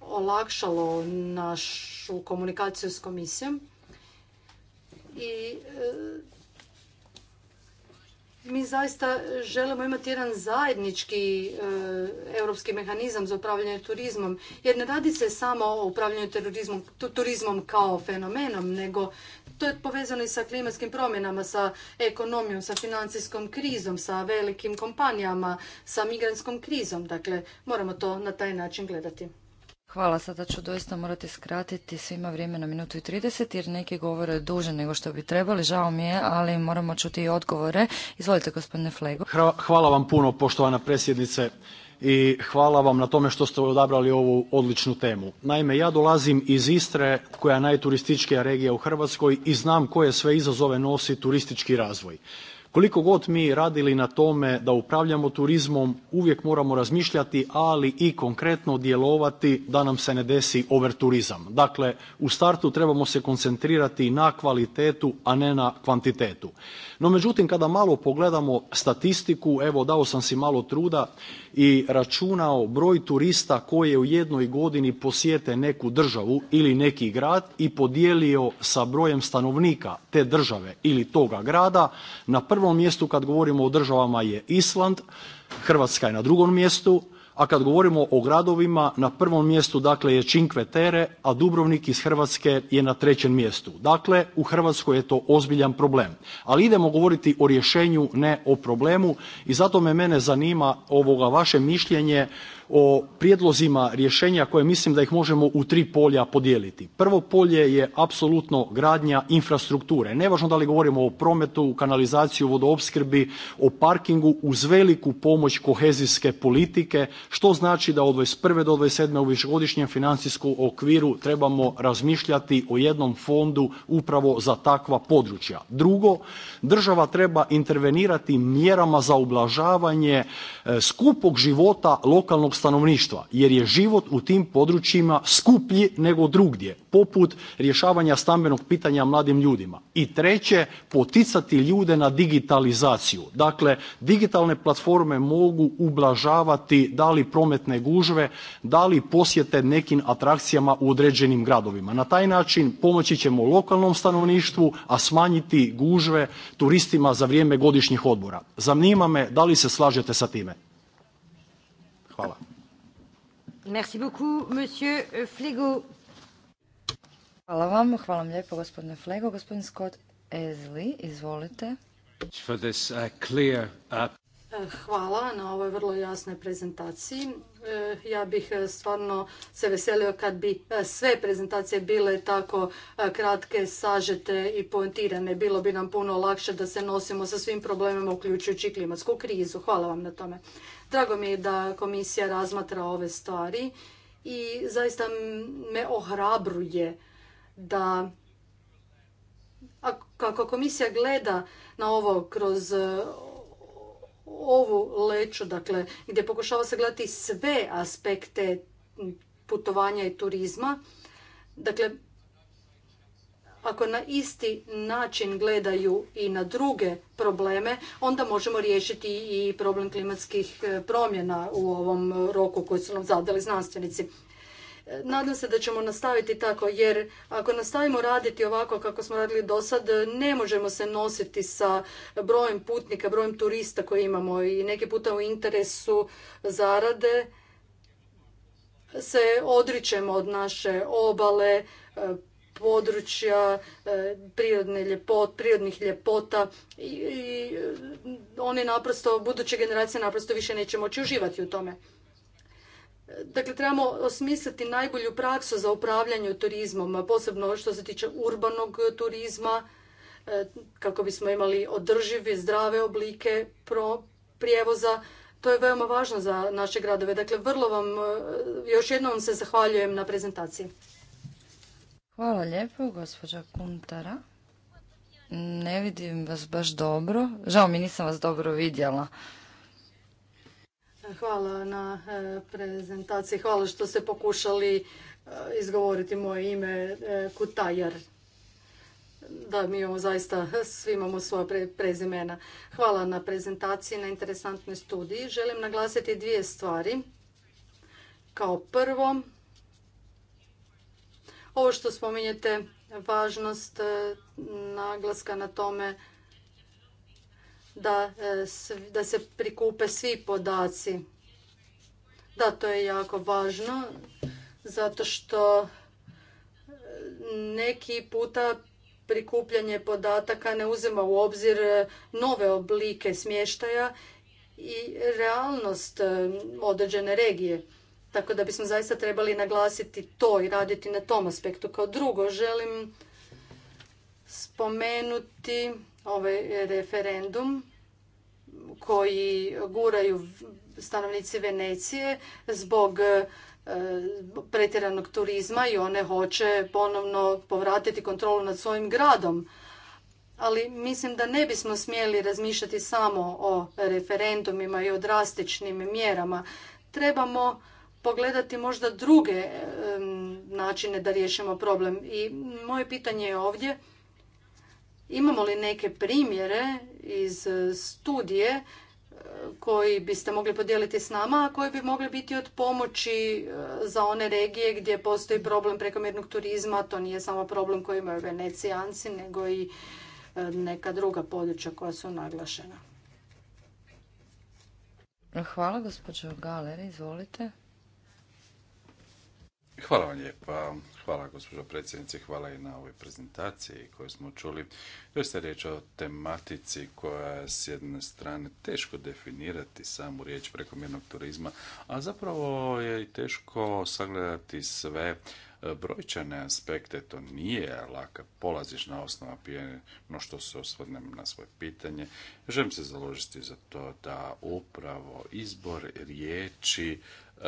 olakšalo našu komunikaciju s komisijom i mi zaista želimo imati jedan zajednički e, europski mehanizam za upravljanje turizmom jer ne radi se samo o upravljanju terorizmom, turizmom kao fenomenom nego to je povezano i sa klimatskim promjenama sa ekonomijom sa financijskom krizom sa velikim kompanijama sa migrantskom krizom dakle moramo to na taj način gledati Hvala, sada ću doista morati skratiti svima vrijeme na minutu i 30 jer neki govore duže nego što bi trebali, žao mi je, ali moramo čuti i odgovore. Izvolite gospodine Flego. Hvala vam puno poštovana predsjednice i hvala vam na tome što ste odabrali ovu odličnu temu. Naime, ja dolazim iz Istre koja je najturističkija regija u Hrvatskoj i znam koje sve izazove nosi turistički razvoj. Koliko god mi radili na tome da upravljamo turizmom, uvijek moramo razmišljati, ali i konkretno djelovati da nam se ne desi overturizam. Dakle, u startu trebamo se koncentrirati na kvalitetu, a ne na kvantitetu. No međutim, kada malo pogledamo statistiku, evo dao sam si malo truda, i računao broj turista koji u jednoj godini posjete neku državu ili neki grad i podijelio sa brojem stanovnika te države ili toga grada, na prvom mjestu kad govorimo o državama je Island, Hrvatska je na drugom mjestu, a kad govorimo o gradovima na prvom mjestu dakle je Činkve Terre, a Dubrovnik iz Hrvatske je na trećem mjestu. Dakle, u Hrvatskoj je to ozbiljan problem. Ali idemo govoriti o rješenju, ne o problemu i zato me mene zanima ovoga vaše mišljenje o prijedlozima rješenja koje mislim da ih možemo u tri polja podijeliti. Prvo polje je apsolutno gradnja infrastrukture, nevažno da li govorimo o prometu, kanalizaciji, vodoopskrbi, o parkingu uz veliku pomoć kohezijske politike što znači da od 21. do 27. u višegodišnjem financijskom okviru trebamo razmišljati o jednom fondu upravo za takva područja. Drugo, država treba intervenirati mjerama za ublažavanje e, skupog života lokalnog stanovništva jer je život u tim područjima skuplji nego drugdje poput rješavanja stambenog pitanja mladim ljudima. I treće, poticati ljude na digitalizaciju. Dakle, digitalne platforme mogu ublažavati da li prometne gužve, da li posjete nekim atrakcijama u određenim gradovima. Na taj način pomoći ćemo lokalnom stanovništvu, a smanjiti gužve turistima za vrijeme godišnjih odbora. Zanima me da li se slažete sa time? Hvala. Merci beaucoup, monsieur euh, Flego. Hvala vam, hvala vam lijepo gospodine Flego. Gospodin Scott Ezli, izvolite. Uh, clear eh, Hvala na ovoj vrlo jasnoj prezentaciji. Eh, ja bih eh, stvarno se veselio kad bi eh, sve prezentacije bile tako kratke, sažete i poentirane. Bilo bi nam puno lakše da se nosimo sa svim problemima, uključujući klimatsku krizu. Hvala vam na tome. Drago mi je da komisija razmatra ove stvari i zaista me ohrabruje da kako komisija gleda na ovo kroz ovu leću, dakle, gdje pokušava se gledati sve aspekte putovanja i turizma. Dakle, ako na isti način gledaju i na druge probleme, onda možemo riješiti i problem klimatskih e, promjena u ovom roku koji su nam zadali znanstvenici. E, nadam se da ćemo nastaviti tako jer ako nastavimo raditi ovako kako smo radili do sad ne možemo se nositi sa brojem putnika, brojem turista koje imamo i neki puta u interesu zarade se odričemo od naše obale, e, područja, e, prirodne prirodnih ljepota i, i oni naprosto, buduće generacije naprosto više neće moći uživati u tome. Dakle, trebamo osmisliti najbolju praksu za upravljanje turizmom, posebno što se tiče urbanog turizma, e, kako bismo imali održive, zdrave oblike prijevoza. To je veoma važno za naše gradove. Dakle, vrlo vam, e, još jednom se zahvaljujem na prezentaciji. Hvala lijepo, gospođa Kuntara. Ne vidim vas baš dobro. Žao mi nisam vas dobro vidjela. Hvala na e, prezentaciji. Hvala što ste pokušali e, izgovoriti moje ime e, Kutajar. Da, mi imamo zaista, svi imamo svoja prezimena. Hvala na prezentaciji, na interesantnoj studiji. Želim naglasiti dvije stvari. Kao prvo, ovo što spominjete, važnost naglaska na tome da, e, da se prikupe svi podaci. Da, to je jako važno zato što e, neki puta prikupljanje podataka ne uzima u obzir e, nove oblike smještaja i realnost određene regije. Tako da bismo zaista trebali naglasiti to i raditi na tom aspektu. Kao drugo, želim spomenuti ovaj e, referendum koji guraju stanovnici Venecije zbog e, pretjeranog turizma i one hoće ponovno povratiti kontrolu nad svojim gradom. Ali mislim da ne bismo smjeli razmišljati samo o referendumima i o drastičnim mjerama. Trebamo pogledati možda druge načine da riješimo problem. I moje pitanje je ovdje Imamo li neke primjere iz e, studije e, koji biste mogli podijeliti s nama, a koji bi mogli biti od pomoći e, za one regije gdje postoji problem prekomjernog turizma. To nije samo problem koji imaju venecijanci, nego i neka druga područja koja su naglašena. Hvala, gospođo Galer, izvolite. Hvala vam lijepa. Hvala gospođo predsjednice, hvala i na ovoj prezentaciji koju smo čuli. Još ste riječ o tematici koja je s jedne strane teško definirati samu riječ prekomjernog turizma, a zapravo je i teško sagledati sve brojčane aspekte, to nije laka polazišna osnova prije no što se osvrnem na svoje pitanje. Želim se založiti za to da upravo izbor riječi e,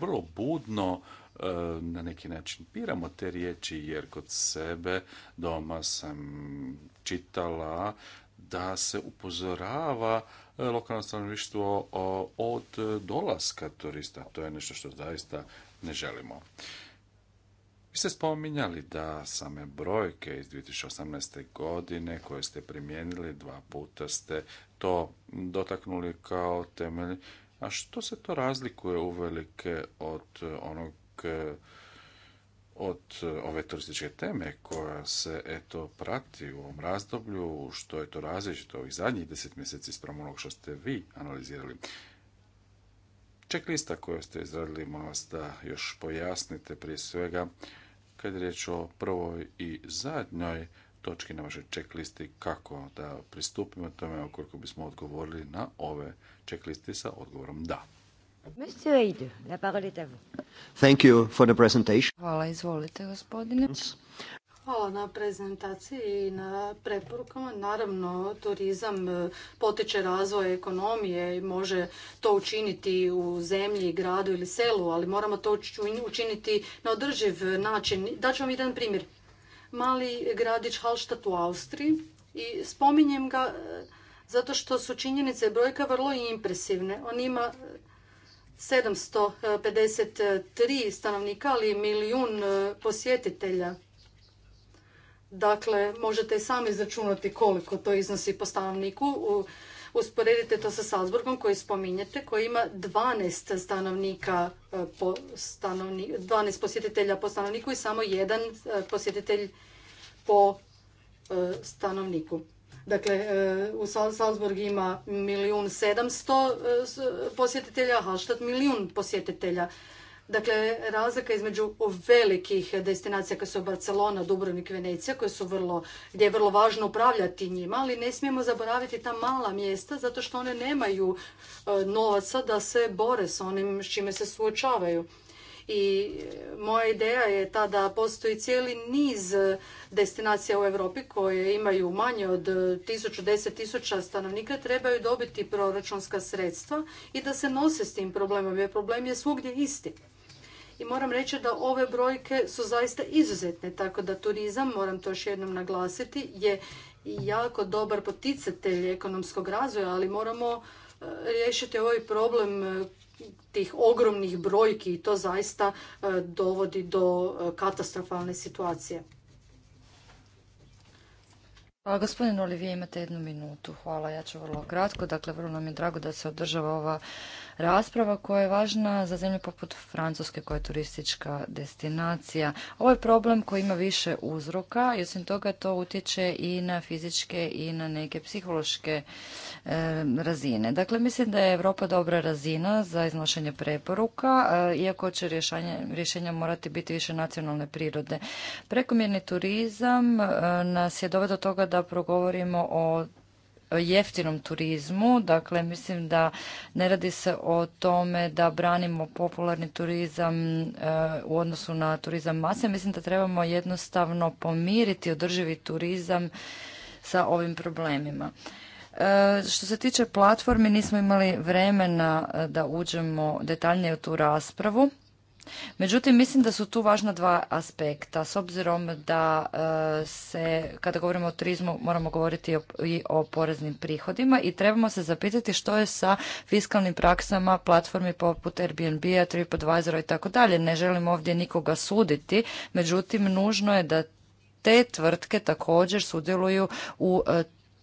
vrlo budno e, na neki način piramo te riječi jer kod sebe doma sam čitala da se upozorava e, lokalno stanovništvo od dolaska turista. To je nešto što zaista ne želimo. Vi ste spominjali da same brojke iz 2018. godine koje ste primijenili, dva puta ste to dotaknuli kao temelj. A što se to razlikuje uvelike od onog od ove turističke teme koja se eto prati u ovom razdoblju, što je to različito ovih zadnjih deset mjeseci spram onog što ste vi analizirali. Ček lista koju ste izradili, molim vas da još pojasnite prije svega kad je riječ o prvoj i zadnjoj točki na vašoj čeklisti kako da pristupimo tome ukoliko bismo odgovorili na ove čeklisti sa odgovorom da. Hvala, izvolite gospodine. Hvala na prezentaciji i na preporukama. Naravno, turizam e, potiče razvoj ekonomije i može to učiniti u zemlji, gradu ili selu, ali moramo to učiniti na održiv način. Daću vam jedan primjer. Mali gradić Halštat u Austriji i spominjem ga e, zato što su činjenice brojka vrlo impresivne. On ima 753 e, stanovnika, ali milijun posjetitelja. Dakle, možete i sami izračunati koliko to iznosi po stanovniku. Usporedite to sa Salzburgom koji spominjete, koji ima 12 stanovnika e, po stanovni, 12 posjetitelja po stanovniku i samo jedan e, posjetitelj po e, stanovniku. Dakle, u Salzburg ima milijun sedamsto posjetitelja, a Hallstatt milijun posjetitelja. Dakle, razlika između velikih destinacija kao su Barcelona, Dubrovnik, Venecija, koje su vrlo, gdje je vrlo važno upravljati njima, ali ne smijemo zaboraviti ta mala mjesta zato što one nemaju e, novaca da se bore s onim s čime se suočavaju. I moja ideja je ta da postoji cijeli niz destinacija u Europi koje imaju manje od 1000, 10.000 stanovnika, trebaju dobiti proračunska sredstva i da se nose s tim problemom, jer problem je svugdje isti. I moram reći da ove brojke su zaista izuzetne, tako da turizam, moram to još jednom naglasiti, je jako dobar poticatelj ekonomskog razvoja, ali moramo e, riješiti ovaj problem e, tih ogromnih brojki i to zaista e, dovodi do katastrofalne situacije. gospodin Olivije, imate jednu minutu. Hvala, ja ću vrlo kratko. Dakle, vrlo nam je drago da se održava ova rasprava koja je važna za zemlje poput Francuske koja je turistička destinacija. Ovo je problem koji ima više uzroka i osim toga to utječe i na fizičke i na neke psihološke e, razine. Dakle, mislim da je Europa dobra razina za iznošenje preporuka, e, iako će rješenja morati biti više nacionalne prirode. Prekomjerni turizam e, nas je doveo do toga da progovorimo o jeftinom turizmu. Dakle, mislim da ne radi se o tome da branimo popularni turizam eh, u odnosu na turizam mase. Mislim da trebamo jednostavno pomiriti održivi turizam sa ovim problemima. Eh, što se tiče platformi, nismo imali vremena eh, da uđemo detaljnije u tu raspravu. Međutim, mislim da su tu važna dva aspekta. S obzirom da e, se, kada govorimo o turizmu, moramo govoriti i o poreznim prihodima i trebamo se zapitati što je sa fiskalnim praksama platformi poput Airbnb-a, TripAdvisora i tako dalje. Ne želim ovdje nikoga suditi, međutim, nužno je da te tvrtke također sudjeluju u e,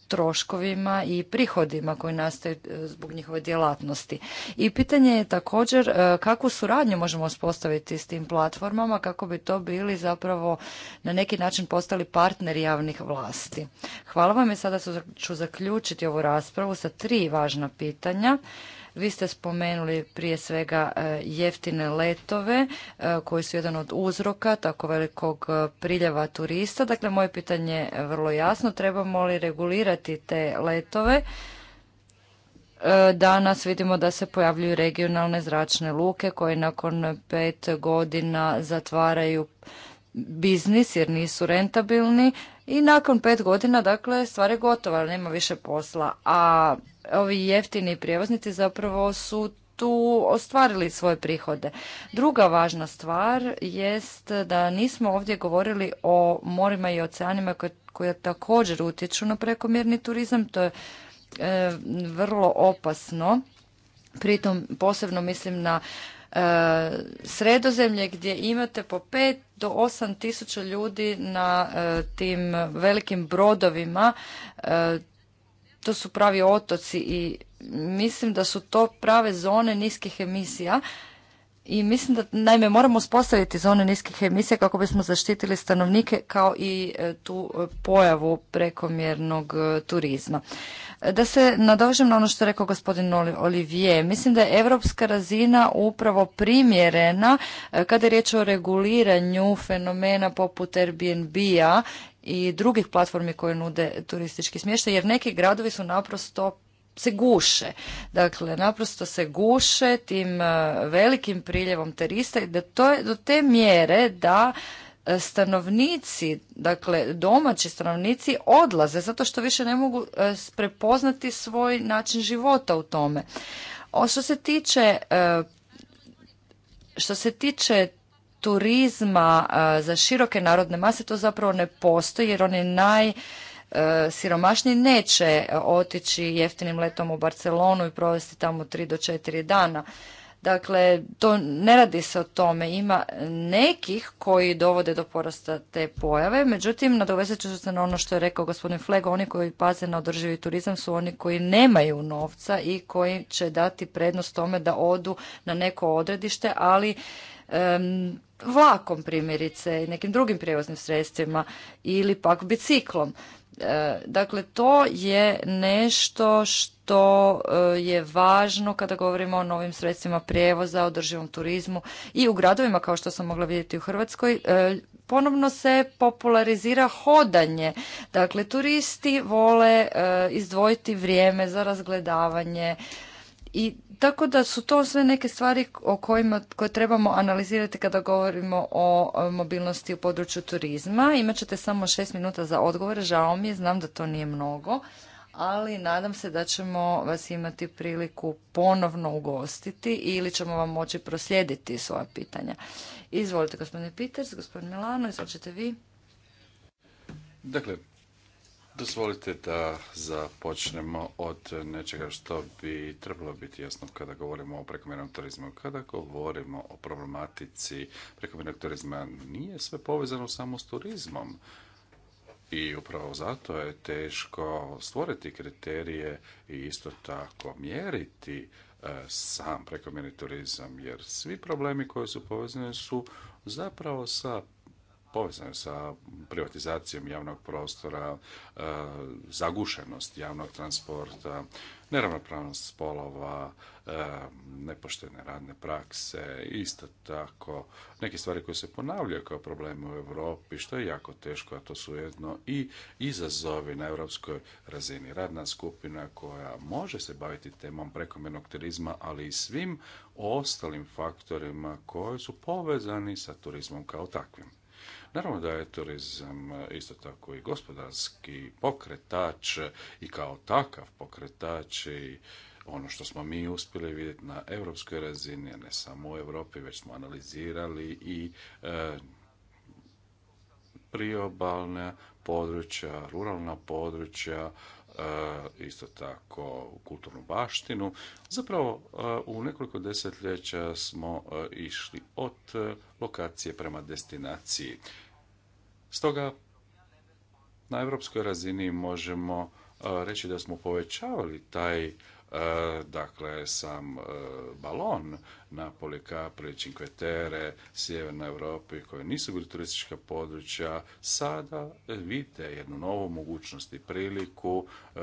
troškovima i prihodima koji nastaju e, zbog njihove djelatnosti. I pitanje je također e, kakvu suradnju možemo uspostaviti s tim platformama kako bi to bili zapravo na neki način postali partneri javnih vlasti. Hvala vam i sada ću zaključiti ovu raspravu sa tri važna pitanja vi ste spomenuli prije svega e, jeftine letove e, koji su jedan od uzroka tako velikog e, priljeva turista. Dakle, moje pitanje je vrlo jasno. Trebamo li regulirati te letove? Danas vidimo da se pojavljuju regionalne zračne luke koje nakon pet godina zatvaraju biznis jer nisu rentabilni i nakon pet godina dakle stvar je gotova, nema više posla. A ovi jeftini prijevoznici zapravo su tu ostvarili svoje prihode. Druga važna stvar jest da nismo ovdje govorili o morima i oceanima koje, također utječu na prekomjerni turizam. To je e, vrlo opasno. Pritom posebno mislim na e, sredozemlje gdje imate po 5 do 8 tisuća ljudi na e, tim velikim brodovima su pravi otoci i mislim da su to prave zone niskih emisija i mislim da, naime, moramo uspostaviti zone niskih emisija kako bismo zaštitili stanovnike kao i e, tu e, pojavu prekomjernog e, turizma. Da se nadovežem na ono što je rekao gospodin Olivier, mislim da je evropska razina upravo primjerena kada je riječ o reguliranju fenomena poput Airbnb-a i drugih platformi koje nude turistički smještaj, jer neki gradovi su naprosto se guše. Dakle, naprosto se guše tim e, velikim priljevom terista i da to je do te mjere da e, stanovnici, dakle domaći stanovnici odlaze zato što više ne mogu e, prepoznati svoj način života u tome. O što se tiče što se tiče turizma za široke narodne mase to zapravo ne postoji jer on je naj E, siromašni neće otići jeftinim letom u Barcelonu i provesti tamo 3 do 4 dana. Dakle, to ne radi se o tome. Ima nekih koji dovode do porasta te pojave. Međutim, nadovezat ću se na ono što je rekao gospodin Fleg, Oni koji paze na održivi turizam su oni koji nemaju novca i koji će dati prednost tome da odu na neko odredište, ali um, vlakom primjerice i nekim drugim prijevoznim sredstvima ili pak biciklom. E, dakle, to je nešto što e, je važno kada govorimo o novim sredstvima prijevoza, održivom turizmu i u gradovima, kao što sam mogla vidjeti u Hrvatskoj, e, ponovno se popularizira hodanje. Dakle, turisti vole izdvojiti vrijeme za razgledavanje i tako da su to sve neke stvari o kojima koje trebamo analizirati kada govorimo o mobilnosti u području turizma. Imaćete samo šest minuta za odgovore, žao mi je, znam da to nije mnogo, ali nadam se da ćemo vas imati priliku ponovno ugostiti ili ćemo vam moći proslijediti svoja pitanja. Izvolite gospodine Peters, gospodin Milano, izvolite vi. Dakle, Dozvolite da započnemo od nečega što bi trebalo biti jasno kada govorimo o prekomjernom turizmu. Kada govorimo o problematici prekomjernog turizma, nije sve povezano samo s turizmom. I upravo zato je teško stvoriti kriterije i isto tako mjeriti e, sam prekomjerni turizam, jer svi problemi koji su povezani su zapravo sa povezano sa privatizacijom javnog prostora, e, zagušenost javnog transporta, neravnopravnost spolova, e, nepoštene radne prakse, isto tako neke stvari koje se ponavljaju kao probleme u Europi, što je jako teško, a to su jedno i izazovi na europskoj razini. Radna skupina koja može se baviti temom prekomjernog turizma, ali i svim ostalim faktorima koji su povezani sa turizmom kao takvim. Naravno da je turizam e, isto tako i gospodarski pokretač i kao takav pokretač i ono što smo mi uspjeli vidjeti na europskoj razini, a ne samo u Europi, već smo analizirali i e, priobalna područja, ruralna područja, E, isto tako kulturnu baštinu. Zapravo e, u nekoliko desetljeća smo e, išli od lokacije prema destinaciji. Stoga na europskoj razini možemo reći da smo povećavali taj E, dakle sam e, balon na Polikapri, sjeverna Sjevernoj Europi koje nisu bili turistička područja, sada vidite jednu novu mogućnost i priliku, e,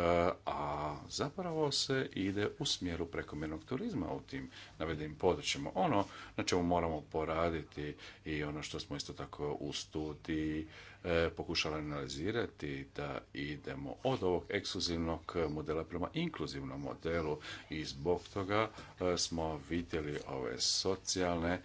a zapravo se ide u smjeru prekomjernog turizma u tim navedenim područjima. Ono na čemu moramo poraditi i ono što smo isto tako u studiji E, pokušali analizirati da idemo od ovog ekskluzivnog modela prema inkluzivnom modelu i zbog toga e, smo vidjeli ove socijalne e,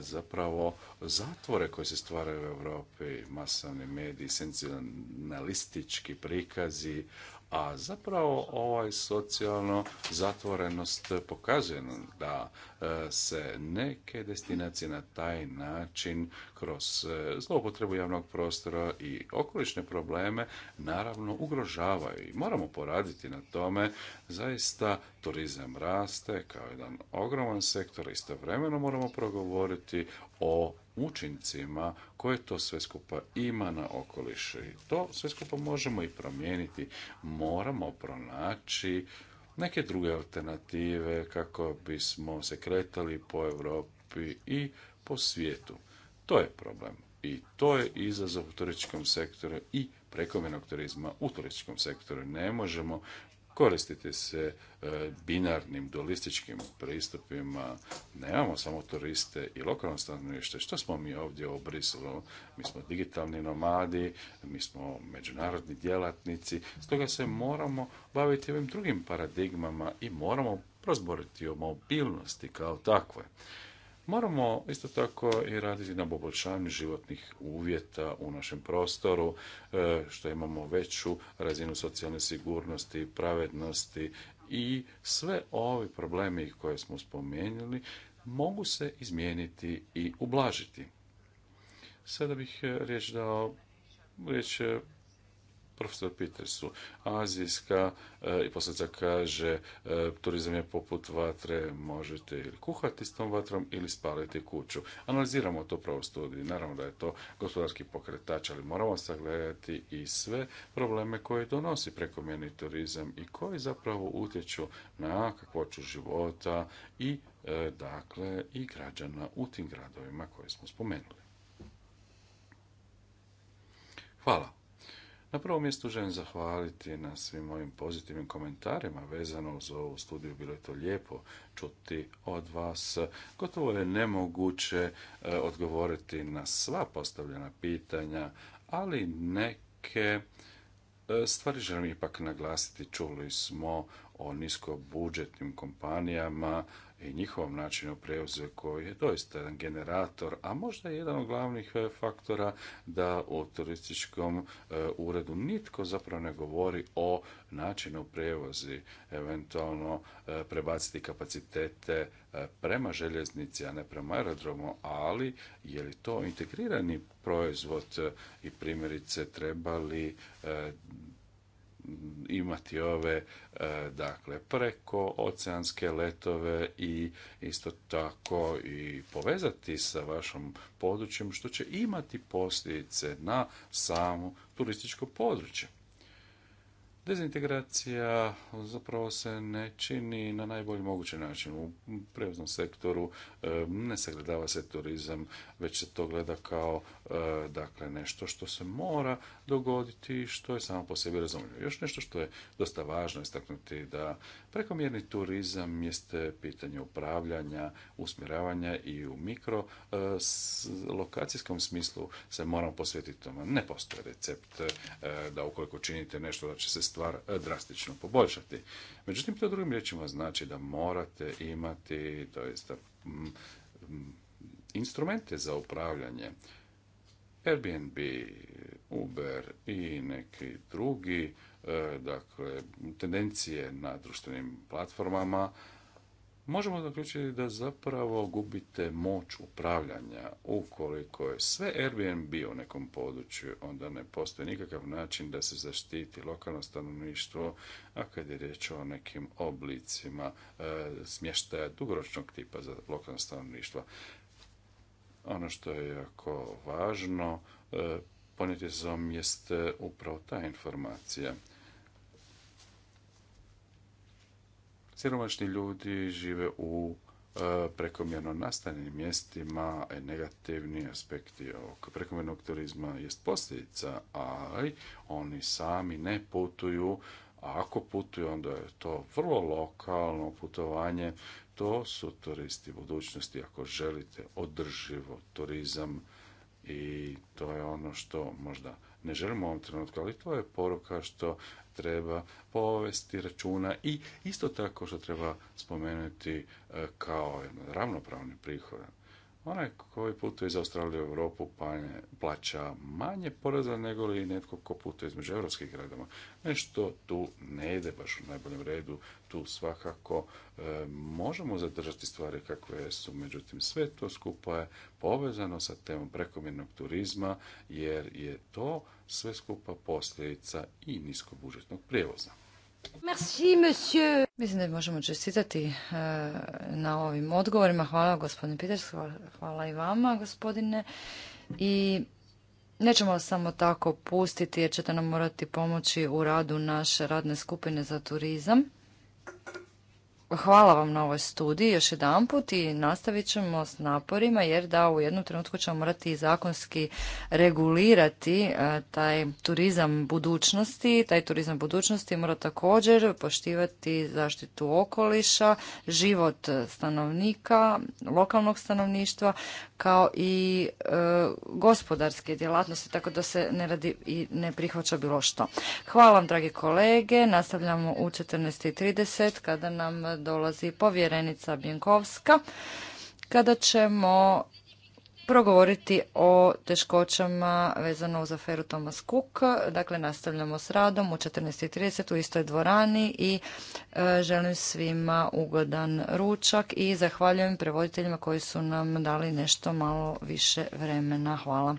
zapravo zatvore koje se stvaraju u Europi, masovni mediji, senzacionalistički prikazi a zapravo ovaj socijalno zatvorenost pokazuje nam da e, se neke destinacije na taj način kroz e, zloupotrebu javnog prostora i okolišne probleme naravno ugrožavaju i moramo poraditi na tome. Zaista turizam raste kao jedan ogroman sektor, istovremeno moramo progovoriti o učincima koje to sve skupa ima na okolišu I to sve skupa možemo i promijeniti. Moramo pronaći neke druge alternative kako bismo se kretali po Europi i po svijetu. To je problem i to je izazov u turističkom sektoru i prekomjernog turizma u turističkom sektoru. Ne možemo koristiti se e, binarnim, dualističkim pristupima. Nemamo samo turiste i lokalno stanovništvo. Što smo mi ovdje u Briselu? Mi smo digitalni nomadi, mi smo međunarodni djelatnici, stoga se moramo baviti ovim drugim paradigmama i moramo prozboriti o mobilnosti kao takve. Moramo isto tako i raditi na poboljšanju životnih uvjeta u našem prostoru, e, što imamo veću razinu socijalne sigurnosti, pravednosti i sve ovi problemi koje smo spomenuli mogu se izmijeniti i ublažiti. Sada bih e, riječ dao riječ e, profesor Petersu, azijska e, i posljedica kaže e, turizam je poput vatre, možete ili kuhati s tom vatrom ili spaliti kuću. Analiziramo to pravo naravno da je to gospodarski pokretač, ali moramo sagledati i sve probleme koje donosi prekomjerni turizam i koji zapravo utječu na kakvoću života i e, dakle i građana u tim gradovima koje smo spomenuli. Hvala. Na prvom mjestu želim zahvaliti na svim mojim pozitivnim komentarima vezano uz ovu studiju. Bilo je to lijepo čuti od vas. Gotovo je nemoguće e, odgovoriti na sva postavljena pitanja, ali neke e, stvari želim ipak naglasiti. Čuli smo o niskobudžetnim kompanijama i njihovom načinu preuze koji je doista jedan generator, a možda je jedan od glavnih e, faktora da u turističkom e, uredu nitko zapravo ne govori o načinu prevozi, eventualno e, prebaciti kapacitete prema željeznici, a ne prema aerodromu, ali je li to integrirani proizvod i primjerice trebali imati ove e, dakle preko oceanske letove i isto tako i povezati sa vašom područjem što će imati posljedice na samo turističko područje. Dezintegracija zapravo se ne čini na najbolji mogući način. U prevoznom sektoru e, ne sagledava se turizam, već se to gleda kao e, dakle, nešto što se mora dogoditi i što je samo po sebi razumljivo. Još nešto što je dosta važno istaknuti da prekomjerni turizam jeste pitanje upravljanja, usmjeravanja i u mikro e, lokacijskom smislu se moramo posvetiti tome. Ne postoje recept da ukoliko činite nešto da će se stvar e, drastično poboljšati. Međutim, to drugim riječima znači da morate imati doista instrumente za upravljanje. Airbnb, Uber i neki drugi, e, dakle, tendencije na društvenim platformama možemo zaključiti da zapravo gubite moć upravljanja ukoliko je sve Airbnb u nekom području, onda ne postoji nikakav način da se zaštiti lokalno stanovništvo, a kad je riječ o nekim oblicima e, smještaja dugoročnog tipa za lokalno stanovništvo. Ono što je jako važno, e, ponijeti jest upravo ta informacija. siromašni ljudi žive u e, prekomjerno nastanjenim mjestima negativni aspekti ovog prekomjernog turizma jest posljedica, ali oni sami ne putuju, a ako putuju onda je to vrlo lokalno putovanje, to su turisti budućnosti ako želite održivo turizam i to je ono što možda ne želimo u ovom trenutku, ali to je poruka što treba povesti računa i isto tako što treba spomenuti e, kao ravnopravni prihod Onaj koji putuje iz Australije u Europu pa plaća manje poreza nego li netko ko putuje između europskih gradova. Nešto tu ne ide baš u najboljem redu. Tu svakako e, možemo zadržati stvari kakve su. Međutim, sve to skupa je povezano sa temom prekomjernog turizma jer je to sve skupa posljedica i niskobužetnog prijevoza. Merci, monsieur. Mislim da možemo čestitati e, na ovim odgovorima. Hvala gospodine Peters, hvala i vama gospodine. I Nećemo vas samo tako pustiti jer ćete nam morati pomoći u radu naše radne skupine za turizam. Hvala vam na ovoj studiji još put i nastavit ćemo s naporima jer da u jednom trenutku ćemo morati zakonski regulirati e, taj turizam budućnosti. Taj turizam budućnosti mora također poštivati zaštitu okoliša, život stanovnika, lokalnog stanovništva kao i e, gospodarske djelatnosti tako da se ne radi i ne prihvaća bilo što. Hvala vam dragi kolege, nastavljamo u 14.30 kada nam dolazi povjerenica Bjenkovska, kada ćemo progovoriti o teškoćama vezano uz aferu Thomas Cook. Dakle, nastavljamo s radom u 14.30 u istoj dvorani i e, želim svima ugodan ručak i zahvaljujem prevoditeljima koji su nam dali nešto malo više vremena. Hvala.